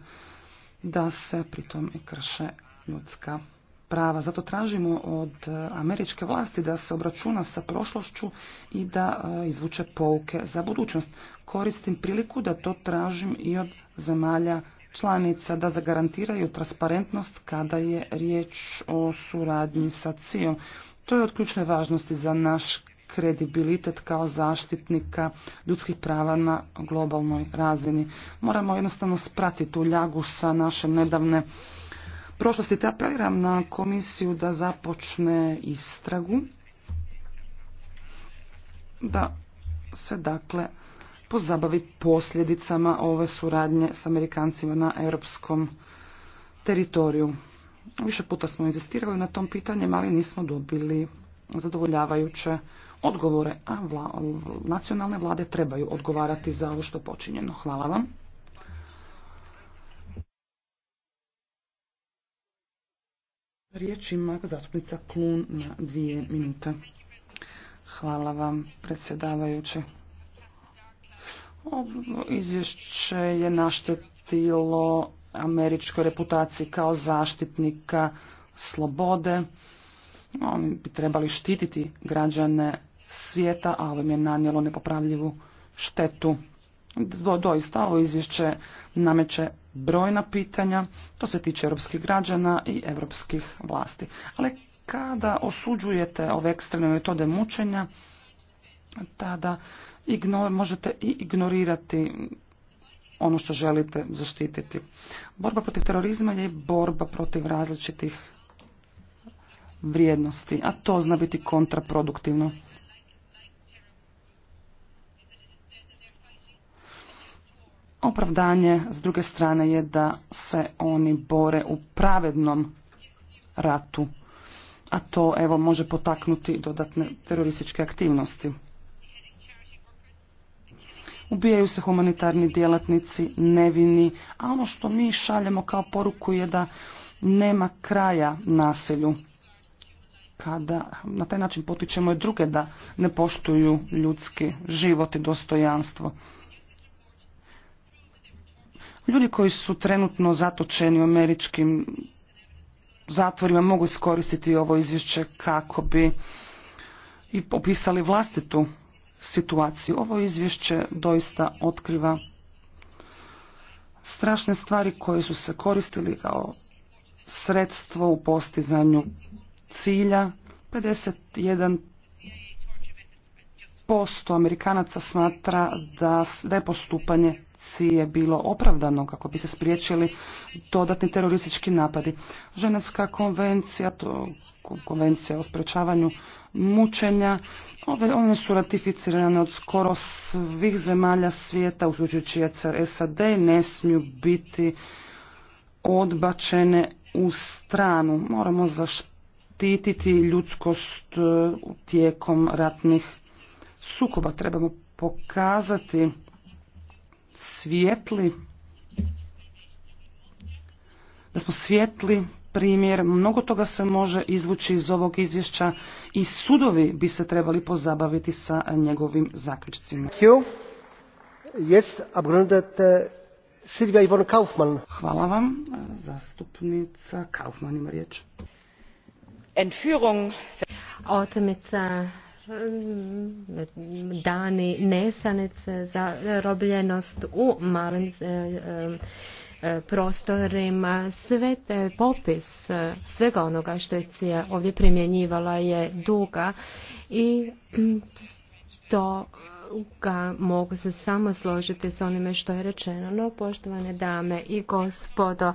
da se pritom i krše ljudska prava. Zato tražimo od e, američke vlasti da se obračuna sa prošlošću i da e, izvuče pouke za budućnost. Koristim priliku da to tražim i od zemalja članica da zagarantiraju transparentnost kada je riječ o suradnji sa CIO. To je od ključne važnosti za naš kredibilitet kao zaštitnika ljudskih prava na globalnoj razini. Moramo jednostavno spratiti tu ljagu sa naše nedavne prošlosti, te apeliram na komisiju da započne istragu, da se dakle pozabavi posljedicama ove suradnje s Amerikancima na europskom teritoriju. Više puta smo inzistirali na tom pitanjem, ali nismo dobili zadovoljavajuće odgovore, a nacionalne vlade trebaju odgovarati za ovo što počinjeno. Hvala vam. Riječ ima zastupnica Klun na dvije minute. Hvala vam, predsjedavajući. Ovo izvješće je naštetilo američkoj reputaciji kao zaštitnika slobode. Oni bi trebali štititi građane svijeta, a ovim je nanijelo nepopravljivu štetu. Doista ovo izvješće nameće brojna pitanja, to se tiče europskih građana i europskih vlasti. Ali kada osuđujete ove ekstremne metode mučenja, tada možete i ignorirati ono što želite zaštititi. Borba protiv terorizma je borba protiv različitih vrijednosti, a to zna biti kontraproduktivno. Opravdanje s druge strane je da se oni bore u pravednom ratu, a to evo može potaknuti dodatne terorističke aktivnosti. Ubijaju se humanitarni djelatnici, nevini, a ono što mi šaljemo kao poruku je da nema kraja nasilju. Kada na taj način potičemo i druge da ne poštuju ljudski život i dostojanstvo. Ljudi koji su trenutno zatočeni u američkim zatvorima mogu iskoristiti ovo izvješće kako bi i popisali vlastitu situaciju. Ovo izvješće doista otkriva strašne stvari koje su se koristili kao sredstvo u postizanju cilja. 51% Amerikanaca smatra da, da je postupanje je bilo opravdano kako bi se spriječili dodatni teroristički napadi. Ženevska konvencija, to konvencija o sprečavanju mučenja, ove, one su ratificirane od skoro svih zemalja svijeta, uključujući SAD, ne smiju biti odbačene u stranu. Moramo zaštititi ljudskost e, tijekom ratnih sukoba. Trebamo pokazati svijetli da smo svijetli primjer, mnogo toga se može izvući iz ovog izvješća i sudovi bi se trebali pozabaviti sa njegovim zaključcima. Hvala vam. Zastupnica Kaufmann ima riječ. Entführung. Otmica Eh, dani nesanice zarobljenost u malim eh, eh, prostorima, sve te popis svega onoga što je ovdje primjenjivala je duga i to ga mogu se samo složiti s onime što je rečeno. No, poštovane dame i gospodo,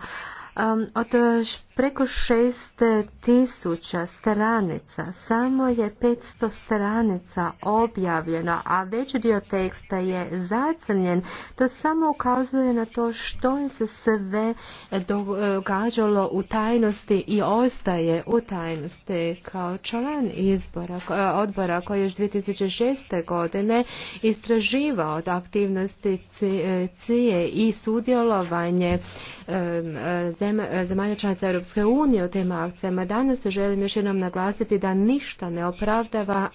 od e, preko šest tisuća stranica, samo je 500 stranica objavljeno, a već dio teksta je zacrnjen. To samo ukazuje na to što je se sve e, e, događalo u tajnosti i ostaje u tajnosti. Kao član izbora, odbora koji je još 2006. godine istraživao aktivnosti CIE i sudjelovanje E, e, zemalja članica Europske unije o tim akcijama. Danas želim još jednom naglasiti da ništa ne opravdava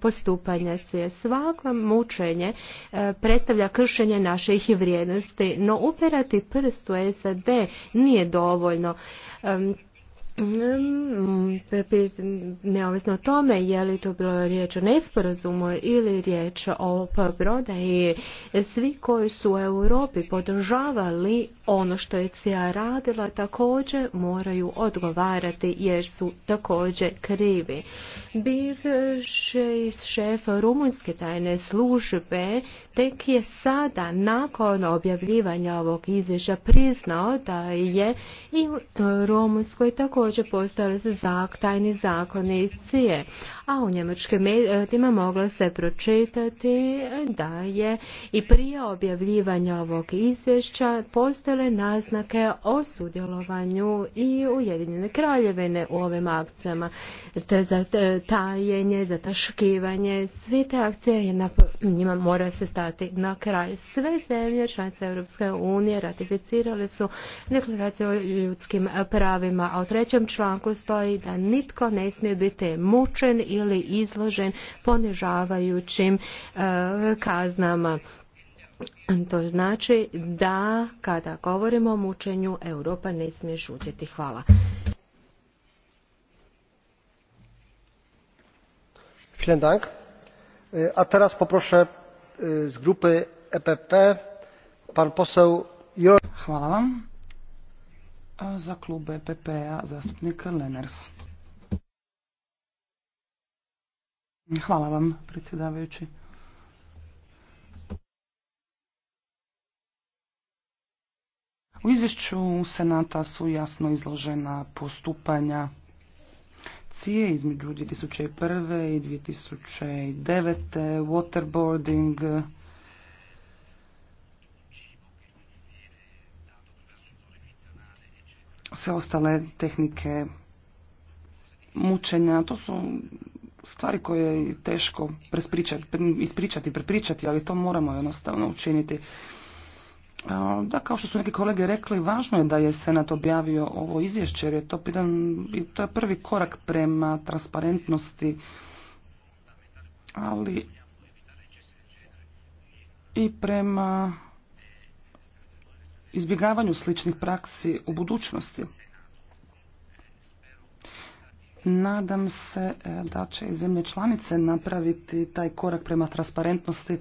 postupanje. Svako mučenje e, predstavlja kršenje naših vrijednosti, no upirati prst u SAD nije dovoljno. Mm, mm, neovisno o tome je li to bilo riječ o nesporazumu ili riječ o prodaji, svi koji su u Europi podržavali ono što je CIA radila također moraju odgovarati jer su također krivi. Bivši šef rumunjske tajne službe tek je sada nakon objavljivanja ovog izvješća priznao da je i u Rumunjskoj također također postojali zak, tajni zakoni cije, a u njemačkim medijima moglo se pročitati da je i prije objavljivanja ovog izvješća postale naznake o sudjelovanju i Ujedinjene kraljevine u ovim akcijama, te za e, tajenje, zataškivanje, svi te akcije je njima mora se stati na kraj. Sve zemlje članice Europske unije ratificirale su deklaraciju o ljudskim pravima, a u trećem članku stoji da nitko ne smije biti mučen ili izložen ponižavajućim e, kaznama. To znači da kada govorimo o mučenju Europa ne smije šutjeti. Hvala. Dank. E, a teraz poproszę e, z grupy EPP pan poseł Hvala vam za klub EPP-a zastupnik Lenners. Hvala vam, predsjedavajući. U izvješću Senata su jasno izložena postupanja cije između 2001. i 2009. waterboarding, sve ostale tehnike mučenja, to su stvari koje je teško ispričati, prepričati, ali to moramo jednostavno učiniti. Da, kao što su neki kolege rekli, važno je da je Senat objavio ovo izvješće, jer je to, jedan, to je prvi korak prema transparentnosti, ali i prema izbjegavanju sličnih praksi u budućnosti. Nadam se e, da će i zemlje članice napraviti taj korak prema transparentnosti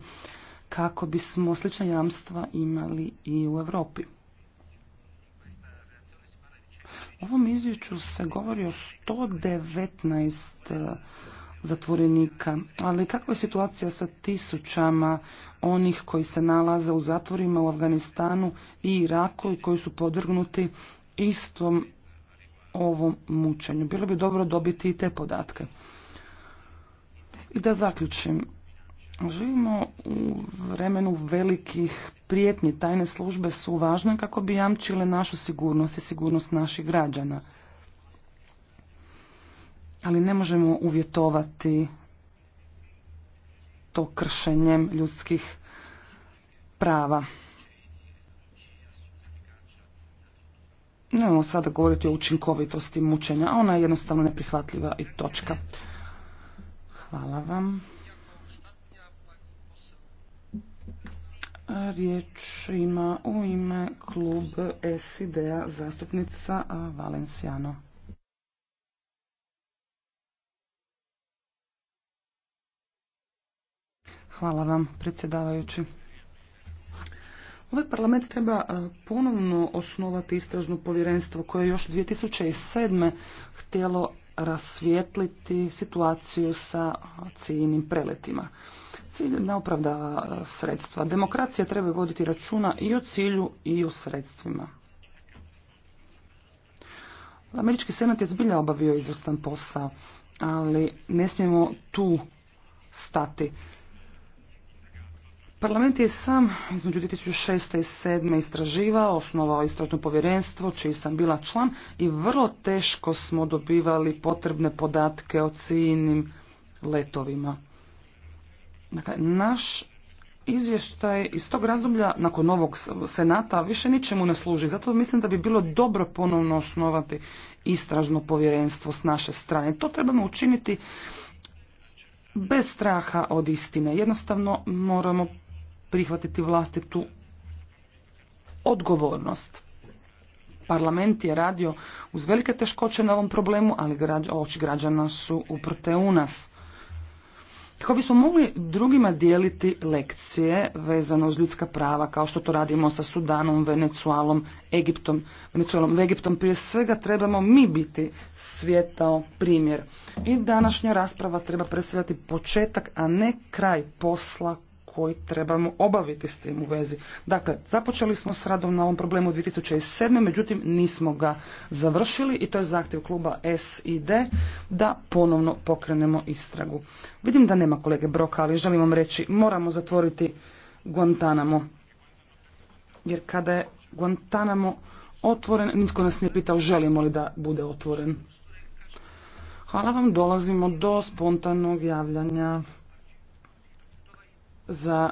kako bismo slična jamstva imali i u Europi. U ovom izvješću se govori o 119 zatvorenika. Ali kakva je situacija sa tisućama onih koji se nalaze u zatvorima u Afganistanu i Iraku i koji su podvrgnuti istom ovom mučenju? Bilo bi dobro dobiti i te podatke. I da zaključim. Živimo u vremenu velikih prijetnji. Tajne službe su važne kako bi jamčile našu sigurnost i sigurnost naših građana ali ne možemo uvjetovati to kršenjem ljudskih prava. Nemamo sada govoriti o učinkovitosti mučenja, a ona je jednostavno neprihvatljiva i točka. Hvala vam. Riječ ima u ime klub SID-a zastupnica Valenciano. Hvala vam, predsjedavajući. Ovaj parlament treba e, ponovno osnovati istražno povjerenstvo koje je još 2007. htjelo rasvijetliti situaciju sa cijenim preletima. Cilj ne opravdava e, sredstva. Demokracija treba voditi računa i o cilju i o sredstvima. Američki senat je zbilja obavio izvrstan posao, ali ne smijemo tu stati. Parlament je sam između 2006. i 2007. istraživao, osnovao istražno povjerenstvo, čiji sam bila član i vrlo teško smo dobivali potrebne podatke o cijenim letovima. Dakle, naš izvještaj iz tog razdoblja nakon novog senata više ničemu ne služi. Zato mislim da bi bilo dobro ponovno osnovati istražno povjerenstvo s naše strane. To trebamo učiniti bez straha od istine. Jednostavno moramo prihvatiti vlastitu odgovornost. Parlament je radio uz velike teškoće na ovom problemu, ali oči građana su uprte u nas. Kako bismo mogli drugima dijeliti lekcije vezano uz ljudska prava, kao što to radimo sa Sudanom, Venecualom, Egiptom, Venecualom, Egiptom, prije svega trebamo mi biti svijetao primjer. I današnja rasprava treba predstavljati početak, a ne kraj posla koji trebamo obaviti s tim u vezi. Dakle, započeli smo s radom na ovom problemu 2007. međutim nismo ga završili i to je zahtjev kluba SID da ponovno pokrenemo istragu. Vidim da nema kolege Broka, ali želim vam reći moramo zatvoriti Guantanamo. Jer kada je Guantanamo otvoren, nitko nas nije pitao želimo li da bude otvoren. Hvala vam, dolazimo do spontanog javljanja za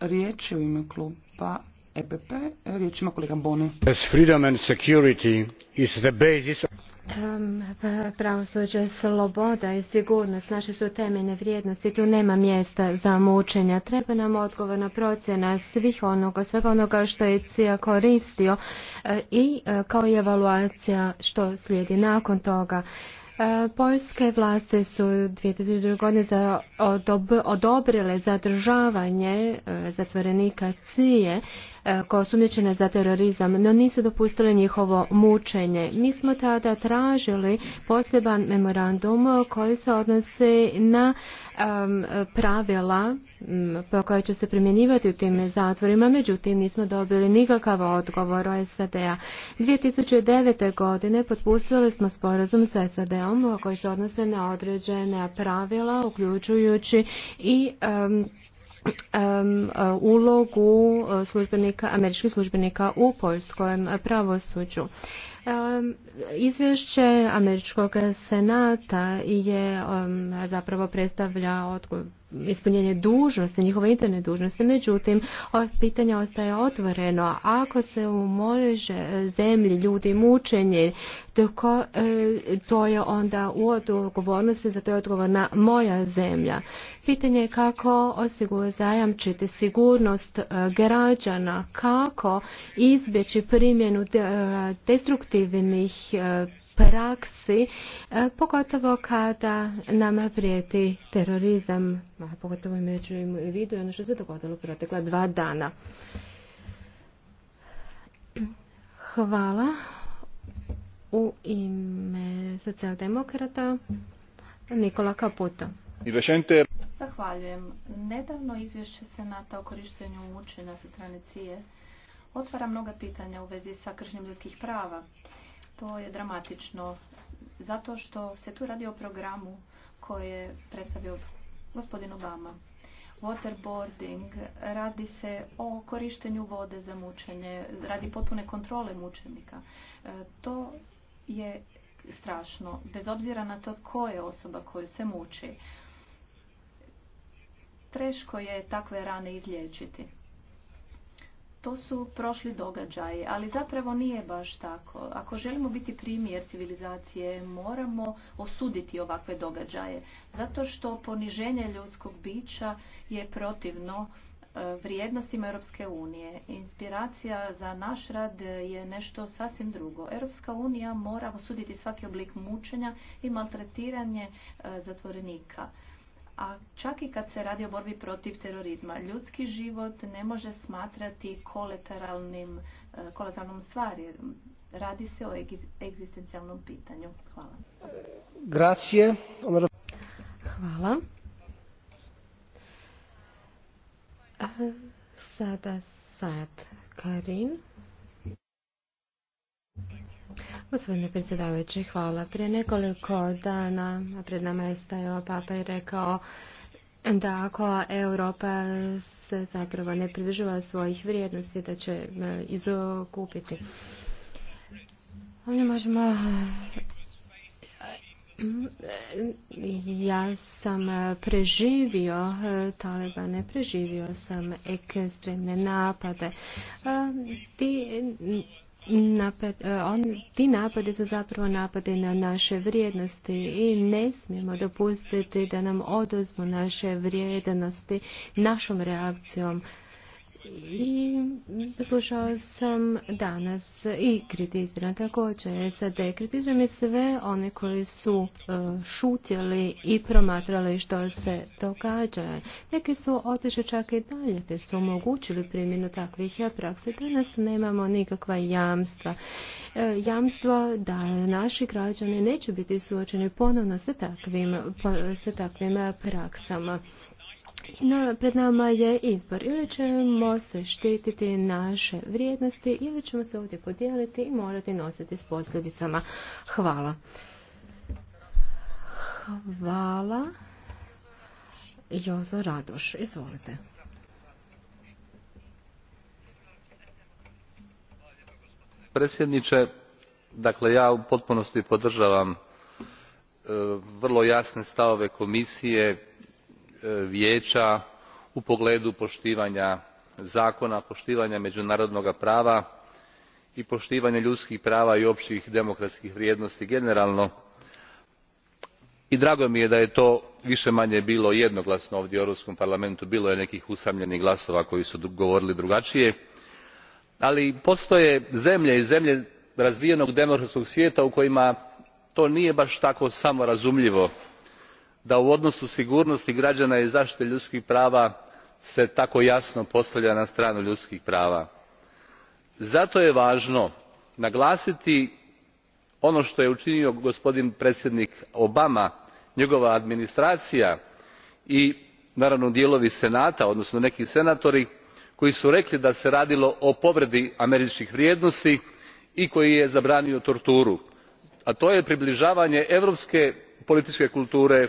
riječ u ime kluba EPP. Riječ ima kolega Boni. Freedom pa, Pravosuđe, sloboda i sigurnost naše su temeljne vrijednosti. Tu nema mjesta za mučenja. Treba nam odgovorna procjena svih onoga, svega onoga što je CIA koristio e, i e, kao i evaluacija što slijedi nakon toga. E, poljske vlasti su 2002. godine za, odobrile zadržavanje e, zatvorenika Cije E, koje su za terorizam, no nisu dopustili njihovo mučenje. Mi smo tada tražili poseban memorandum koji se odnosi na pravila po koje će se primjenjivati u tim zatvorima, međutim nismo dobili nikakav odgovor o SAD-a. 2009. godine potpustili smo sporazum sa SAD-om koji se odnose na određene pravila, uključujući i E, ulogu e, službenika, američkih službenika u poljskom pravosuđu. Izvješće Američkog senata je zapravo predstavlja odgovor ispunjenje dužnosti, njihove interne dužnosti. Međutim, pitanje ostaje otvoreno. Ako se u mojoj zemlji ljudi mučenje, e, to je onda u odgovornosti, za to je odgovorna moja zemlja. Pitanje je kako osigur, zajamčiti sigurnost e, građana, kako izbjeći primjenu e, destruktivnih praksi, e, pogotovo kada nam prijeti terorizam, pogotovo među i vidu ono što se dogodilo protekla dva dana. Hvala u ime socijaldemokrata Nikola Kaputo. Zahvaljujem. Nedavno izvješće Senata o korištenju mučenja sa strane CIE otvara mnoga pitanja u vezi sa kršnjim ljudskih prava. To je dramatično, zato što se tu radi o programu koje je predstavio gospodin Obama. Waterboarding, radi se o korištenju vode za mučenje, radi potpune kontrole mučenika. E, to je strašno, bez obzira na to ko je osoba koju se muči. Treško je takve rane izlječiti to su prošli događaji, ali zapravo nije baš tako. Ako želimo biti primjer civilizacije, moramo osuditi ovakve događaje, zato što poniženje ljudskog bića je protivno e, vrijednostima Europske unije. Inspiracija za naš rad je nešto sasvim drugo. Europska unija mora osuditi svaki oblik mučenja i maltretiranje e, zatvorenika a čak i kad se radi o borbi protiv terorizma. Ljudski život ne može smatrati kolateralnim, e, kolateralnom stvari. Radi se o egzistencijalnom pitanju. Hvala. Hvala. Sada sad Karin. Gospodine predsjedavajući, hvala. Prije nekoliko dana pred nama je stajao papa i rekao da ako Europa se zapravo ne pridržava svojih vrijednosti, da će e, izokupiti. Ovdje ja sam preživio e, Talibane, preživio sam ekstremne napade. Ti Napad, e, on, ti napadi su zapravo napade na naše vrijednosti i ne smijemo dopustiti da nam oduzmu naše vrijednosti našom reakcijom i slušao sam danas i kritiziran također SAD. dekritiziram i sve one koji su e, šutjeli i promatrali što se događa. Neki su otišli čak i dalje te su omogućili primjenu takvih e, praksi. Danas nemamo nikakva jamstva. E, jamstva da naši građani neće biti suočeni ponovno sa takvim praksama pred nama je izbor. Ili ćemo se štititi naše vrijednosti, ili ćemo se ovdje podijeliti i morati nositi s posljedicama. Hvala. Hvala. Jozo Radoš, izvolite. Predsjedniče, dakle ja u potpunosti podržavam e, vrlo jasne stavove komisije E, vijeća u pogledu poštivanja zakona poštivanja međunarodnog prava i poštivanja ljudskih prava i općih demokratskih vrijednosti generalno i drago mi je da je to više-manje bilo jednoglasno ovdje u europskom parlamentu bilo je nekih usamljenih glasova koji su govorili drugačije ali postoje zemlje i zemlje razvijenog demokratskog svijeta u kojima to nije baš tako samorazumljivo da u odnosu sigurnosti građana i zaštite ljudskih prava se tako jasno postavlja na stranu ljudskih prava. zato je važno naglasiti ono što je učinio gospodin predsjednik obama njegova administracija i naravno dijelovi senata odnosno neki senatori koji su rekli da se radilo o povredi američkih vrijednosti i koji je zabranio torturu a to je približavanje europske političke kulture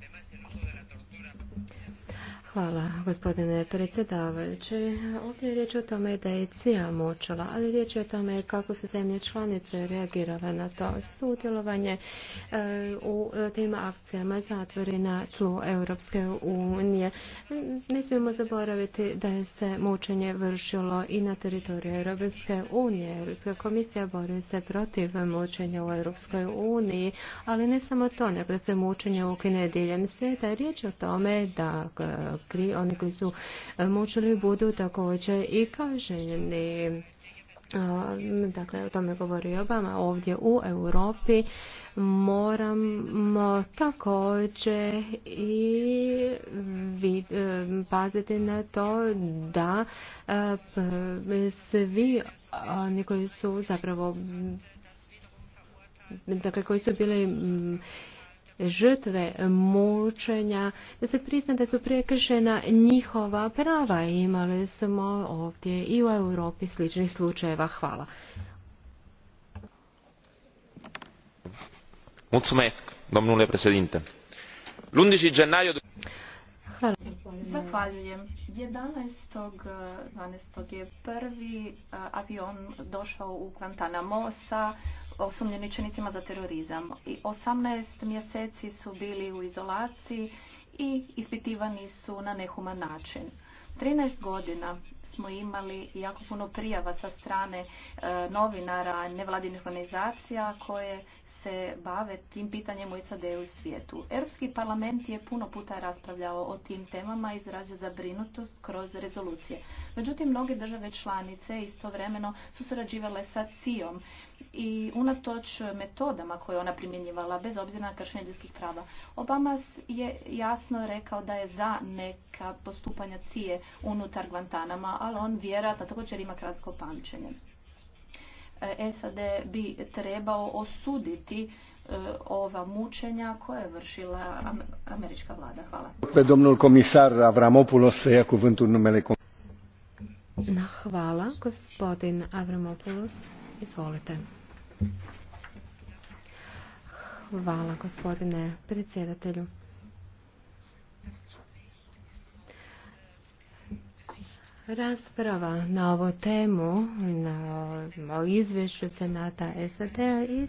Hvala, gospodine predsjedavajući. Ovdje je riječ o tome da je CIA mučila, ali riječ je o tome kako su zemlje članice reagirale na to. Sudjelovanje e, u tim akcijama zatvori na tlu Europske unije. Ne smijemo zaboraviti da je se mučenje vršilo i na teritoriju Europske unije. Europska komisija bori se protiv mučenja u Europskoj uniji, ali ne samo to, nego da se mučenje ukine diljem svijeta. Riječ je o tome da oni koji su e, mučili budu također i kaženi, Dakle, o tome govori Obama. Ovdje u Europi moramo također i e, paziti na to da e, svi oni koji su zapravo dakle koji su bili žrtve mučenja, da se prizna da su prekršena njihova prava. Imali smo ovdje i u Europi sličnih slučajeva. Hvala. Mulțumesc, domnule președinte. L'11 gennaio Hvala. Zahvaljujem. 11.12. je prvi avion došao u Guantanamo sa osumnjičenicima za terorizam. I 18 mjeseci su bili u izolaciji i ispitivani su na nehuman način. 13 godina smo imali jako puno prijava sa strane e, novinara, nevladinih organizacija koje se bave tim pitanjem u SAD-u i svijetu. Europski parlament je puno puta raspravljao o tim temama i izrazio zabrinutost kroz rezolucije. Međutim, mnoge države članice istovremeno su surađivale sa CIOM i unatoč metodama koje ona primjenjivala, bez obzira na kršenje ljudskih prava. Obama je jasno rekao da je za neka postupanja cije unutar Guantanama, ali on vjerojatno također ima kratko pamćenje. E, SAD bi trebao osuditi e, ova mučenja koja je vršila američka vlada. Hvala. komisar Avramopoulos se ja numele Hvala, gospodin Avramopoulos. Izvolite. Hvala, gospodine predsjedatelju. Rasprava na ovu temu, na o izvješću Senata SAD-a je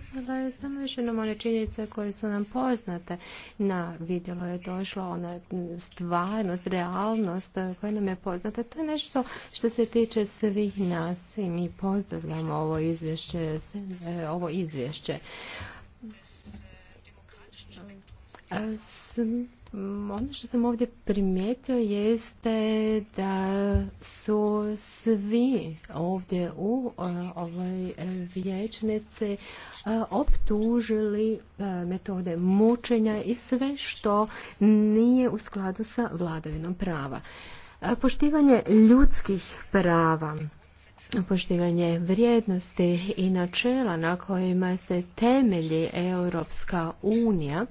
samo još jednom one činjenice koje su nam poznate. Na vidjelo je došla ona stvarnost, realnost koja nam je poznata. To je nešto što se tiče svih nas i mi pozdravljamo ovo izvješće. Ovo izvješće. Ono što sam ovdje primijetio jeste da su svi ovdje u e, ovoj e, vječnici e, optužili metode mučenja i sve što nije u skladu sa vladavinom prava. Poštivanje ljudskih prava poštivanje vrijednosti i načela na kojima se temelji Europska unija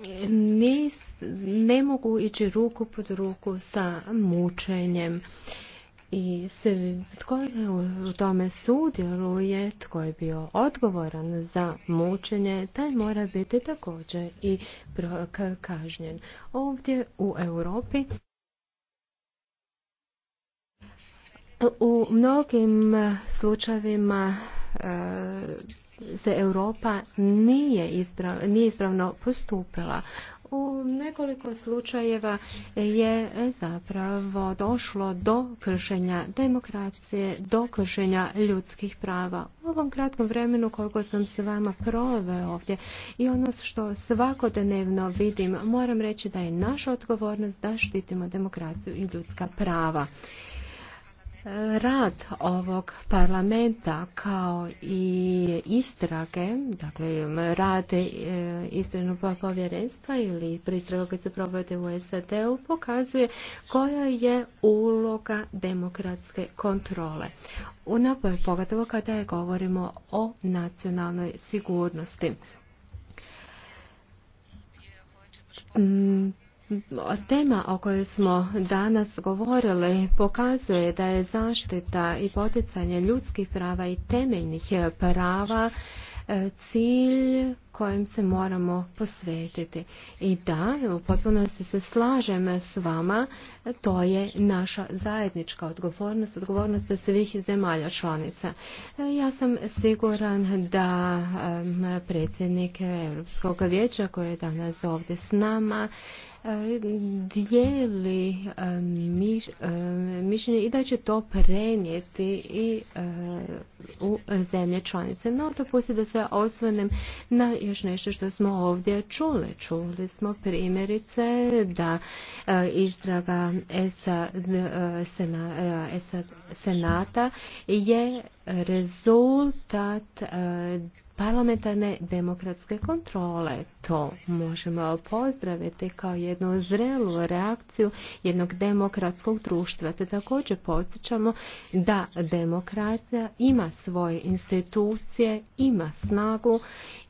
nis, ne mogu ići ruku pod ruku sa mučenjem. I se, tko je u tome sudjeluje, tko je bio odgovoran za mučenje, taj mora biti također i kažnjen. Ovdje u Europi u mnogim slučajevima e, se Europa nije ispravno, nije postupila. U nekoliko slučajeva je zapravo došlo do kršenja demokracije, do kršenja ljudskih prava. U ovom kratkom vremenu koliko sam se vama proveo ovdje i ono što svakodnevno vidim, moram reći da je naša odgovornost da štitimo demokraciju i ljudska prava. Rad ovog parlamenta kao i istrage, dakle rad e, istražnog povjerenstva ili pristraga koje se provode u SAD-u pokazuje koja je uloga demokratske kontrole. je pogotovo kada je govorimo o nacionalnoj sigurnosti. Mm, Tema o kojoj smo danas govorili pokazuje da je zaštita i poticanje ljudskih prava i temeljnih prava e, cilj kojem se moramo posvetiti. I da, u potpunosti se slažem s vama, to je naša zajednička odgovornost, odgovornost svih zemalja članica. E, ja sam siguran da e, predsjednik Europskog vijeća koji je danas ovdje s nama dijeli mišljenje i da će to prenijeti i u zemlje članice. No, to poslije da se osvanem na još nešto što smo ovdje čuli. Čuli smo primjerice da izdrava senata je rezultat parlamentarne demokratske kontrole. To možemo pozdraviti kao jednu zrelu reakciju jednog demokratskog društva. Te također podsjećamo da demokracija ima svoje institucije, ima snagu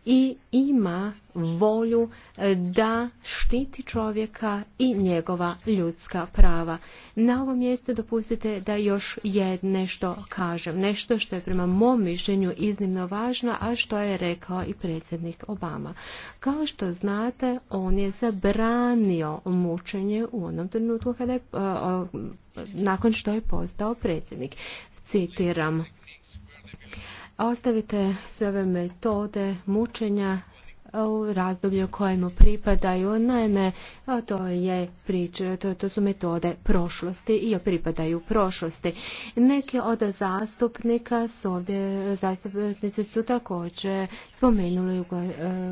i ima volju e, da štiti čovjeka i njegova ljudska prava. Na ovom mjestu dopustite da još jedne nešto kažem, nešto što je prema mom mišljenju iznimno važno, a što je rekao i predsjednik Obama. Kao što znate, on je zabranio mučenje u onom trenutku kada je, e, nakon što je postao predsjednik. Citiram ostavite sve ove metode mučenja u razdoblju kojemu pripadaju. Naime, to je priča, to, to su metode prošlosti i pripadaju prošlosti. Neki od zastupnika su ovdje, zastupnici su također spomenuli e,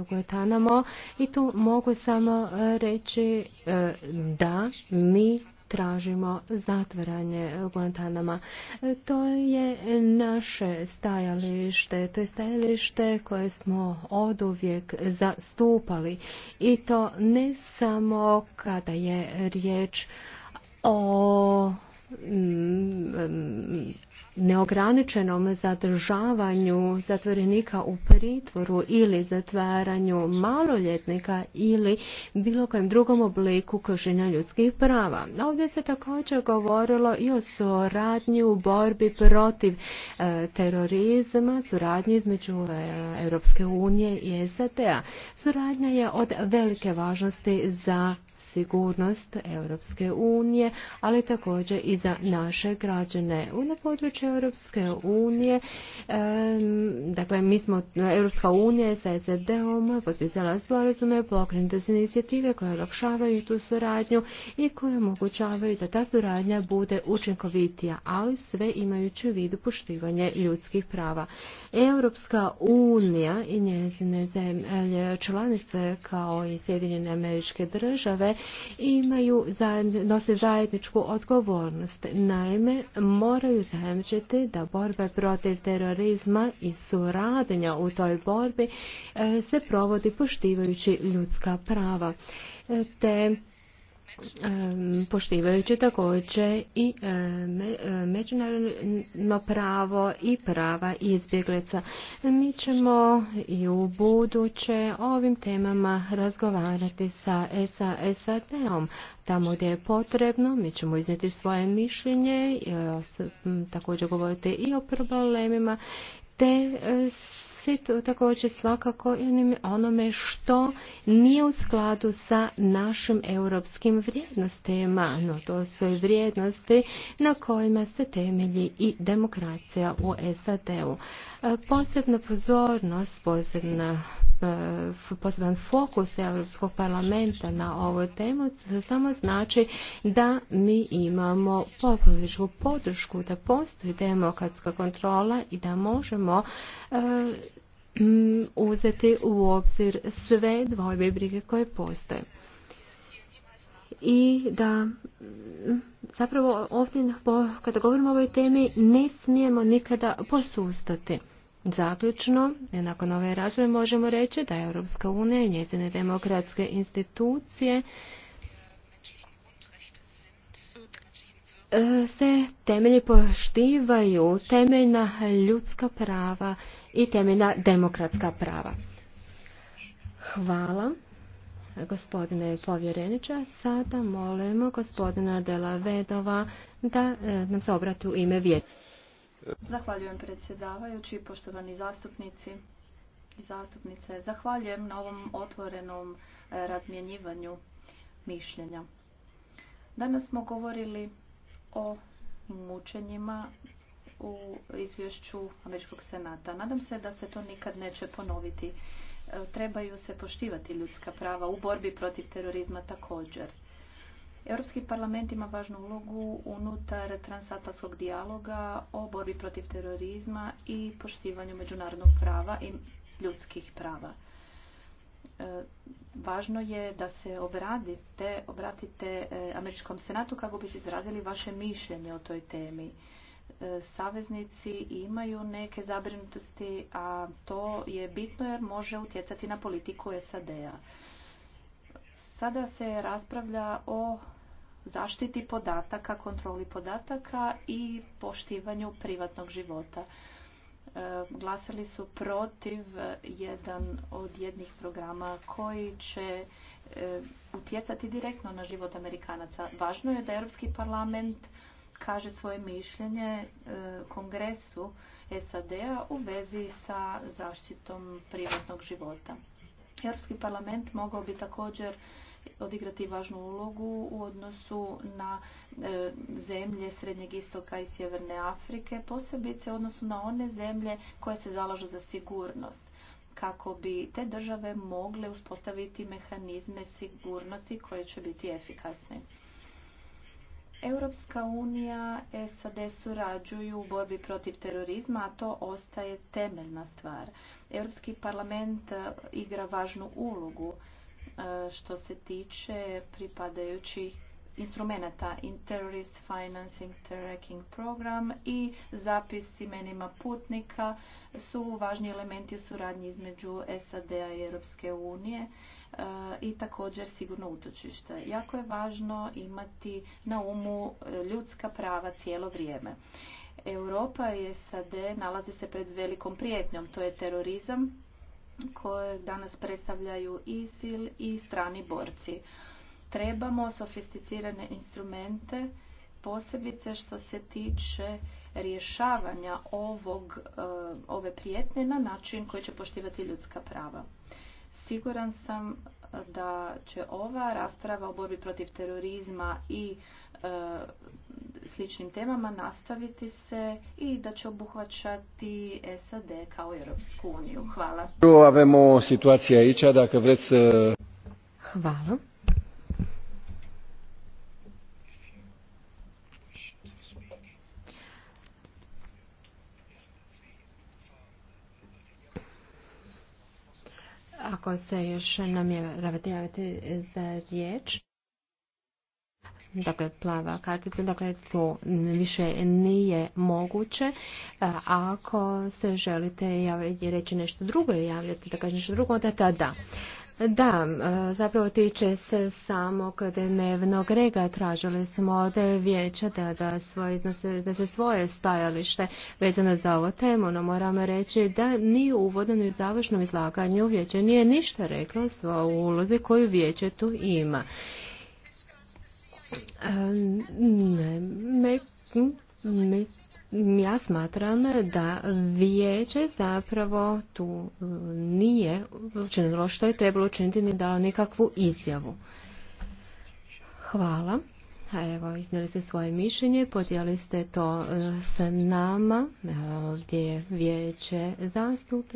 Guantanamo i tu mogu samo reći e, da mi tražimo zatvaranje Guantanama. To je naše stajalište, to je stajalište koje smo oduvijek zastupali i to ne samo kada je riječ o mm, neograničenom zadržavanju zatvorenika u pritvoru ili zatvaranju maloljetnika ili bilo kojem drugom obliku kršenja ljudskih prava. Ovdje se također govorilo i o suradnji u borbi protiv e, terorizma, suradnji između e, Europske unije i SAD-a. Suradnja je od velike važnosti za sigurnost Europske unije, ali također i za naše građane. U području Europske unije. Dakle, mi smo, Europska unija sa ezd om potpisala sporazume, pokrenute su inicijative koje olakšavaju tu suradnju i koje omogućavaju da ta suradnja bude učinkovitija, ali sve imajući u vidu poštivanje ljudskih prava. Europska unija i njezine članice kao i Sjedinjene američke države imaju nose zajedničku odgovornost. Naime, moraju zajamčiti da borba protiv terorizma i suradnja u toj borbi e, se provodi poštivajući ljudska prava e, te poštivajući također i međunarodno pravo i prava izbjeglica. Mi ćemo i u buduće o ovim temama razgovarati sa SAD-om. Tamo gdje je potrebno, mi ćemo iznijeti svoje mišljenje, e, također govoriti i o problemima, te s e, deficit također svakako onome što nije u skladu sa našim europskim vrijednostima. No, to su vrijednosti na kojima se temelji i demokracija u SAD-u. E, posebna pozornost, posebna e, poseban fokus Europskog parlamenta na ovu temu samo znači da mi imamo popoličku podršku, da postoji demokratska kontrola i da možemo e, Mm, uzeti u obzir sve dvojbe i brige koje postoje. I da mm, zapravo ovdje kada govorimo o ovoj temi ne smijemo nikada posustati. Zaključno, nakon ove razvoje možemo reći da je Europska unija i njezine demokratske institucije se temelji poštivaju temeljna ljudska prava i temeljna demokratska prava. Hvala. Gospodine povjereniče, sada molimo gospodina Dela Vedova da e, nam se obrati u ime vijeća. Zahvaljujem predsjedavajući, poštovani zastupnici i zastupnice. Zahvaljujem na ovom otvorenom e, razmjenjivanju mišljenja. Danas smo govorili o mučenjima u izvješću Američkog senata. Nadam se da se to nikad neće ponoviti. E, trebaju se poštivati ljudska prava u borbi protiv terorizma također. Europski parlament ima važnu ulogu unutar transatlantskog dijaloga o borbi protiv terorizma i poštivanju međunarodnog prava i ljudskih prava. E, važno je da se obradite, obratite e, Američkom senatu kako bi se izrazili vaše mišljenje o toj temi. E, saveznici imaju neke zabrinutosti, a to je bitno jer može utjecati na politiku SAD-a. Sada se raspravlja o zaštiti podataka, kontroli podataka i poštivanju privatnog života. E, glasali su protiv e, jedan od jednih programa koji će e, utjecati direktno na život Amerikanaca. Važno je da Europski parlament kaže svoje mišljenje Kongresu SAD-a u vezi sa zaštitom privatnog života. Europski parlament mogao bi također odigrati važnu ulogu u odnosu na e, zemlje Srednjeg istoka i Sjeverne Afrike, posebice u odnosu na one zemlje koje se zalažu za sigurnost kako bi te države mogle uspostaviti mehanizme sigurnosti koje će biti efikasne. Europska unija SAD surađuju u borbi protiv terorizma, a to ostaje temeljna stvar. Europski parlament e, igra važnu ulogu E, što se tiče pripadajućih instrumenta in Terrorist Financing Tracking Program i zapis imenima putnika su važni elementi u suradnji između SAD-a i Europske unije e, i također sigurno utočište. Jako je važno imati na umu e, ljudska prava cijelo vrijeme. Europa i SAD nalaze se pred velikom prijetnjom, to je terorizam koje danas predstavljaju ISIL i strani borci. Trebamo sofisticirane instrumente, posebice što se tiče rješavanja ovog, eh, ove prijetnje na način koji će poštivati ljudska prava. Siguran sam da će ova rasprava o borbi protiv terorizma i E, sličnim temama nastaviti se i da će obuhvaćati SAD kao Europsku uniju. Hvala. Avemo situacija ića, dakle vreți Hvala. Ako se još namjeravate javiti za riječ dakle plava kartica, dakle to više nije moguće. Ako se želite javiti, reći nešto drugo ili javljati da kažete nešto drugo, onda tada. Da, zapravo tiče se samog dnevnog rega. Tražili smo od vijeća da, da, da se svoje stajalište vezano za ovo temu, no moramo reći da ni u uvodnom ni završnom izlaganju vijeće nije ništa reklo svoje ulozi koju vijeće tu ima. Ne, ja smatram da vijeće zapravo tu e, nije učinilo što je trebalo učiniti, ni dalo nikakvu izjavu. Hvala. Evo, iznijeli ste svoje mišljenje, podijeli ste to e, sa nama, e, gdje je vijeće zastup.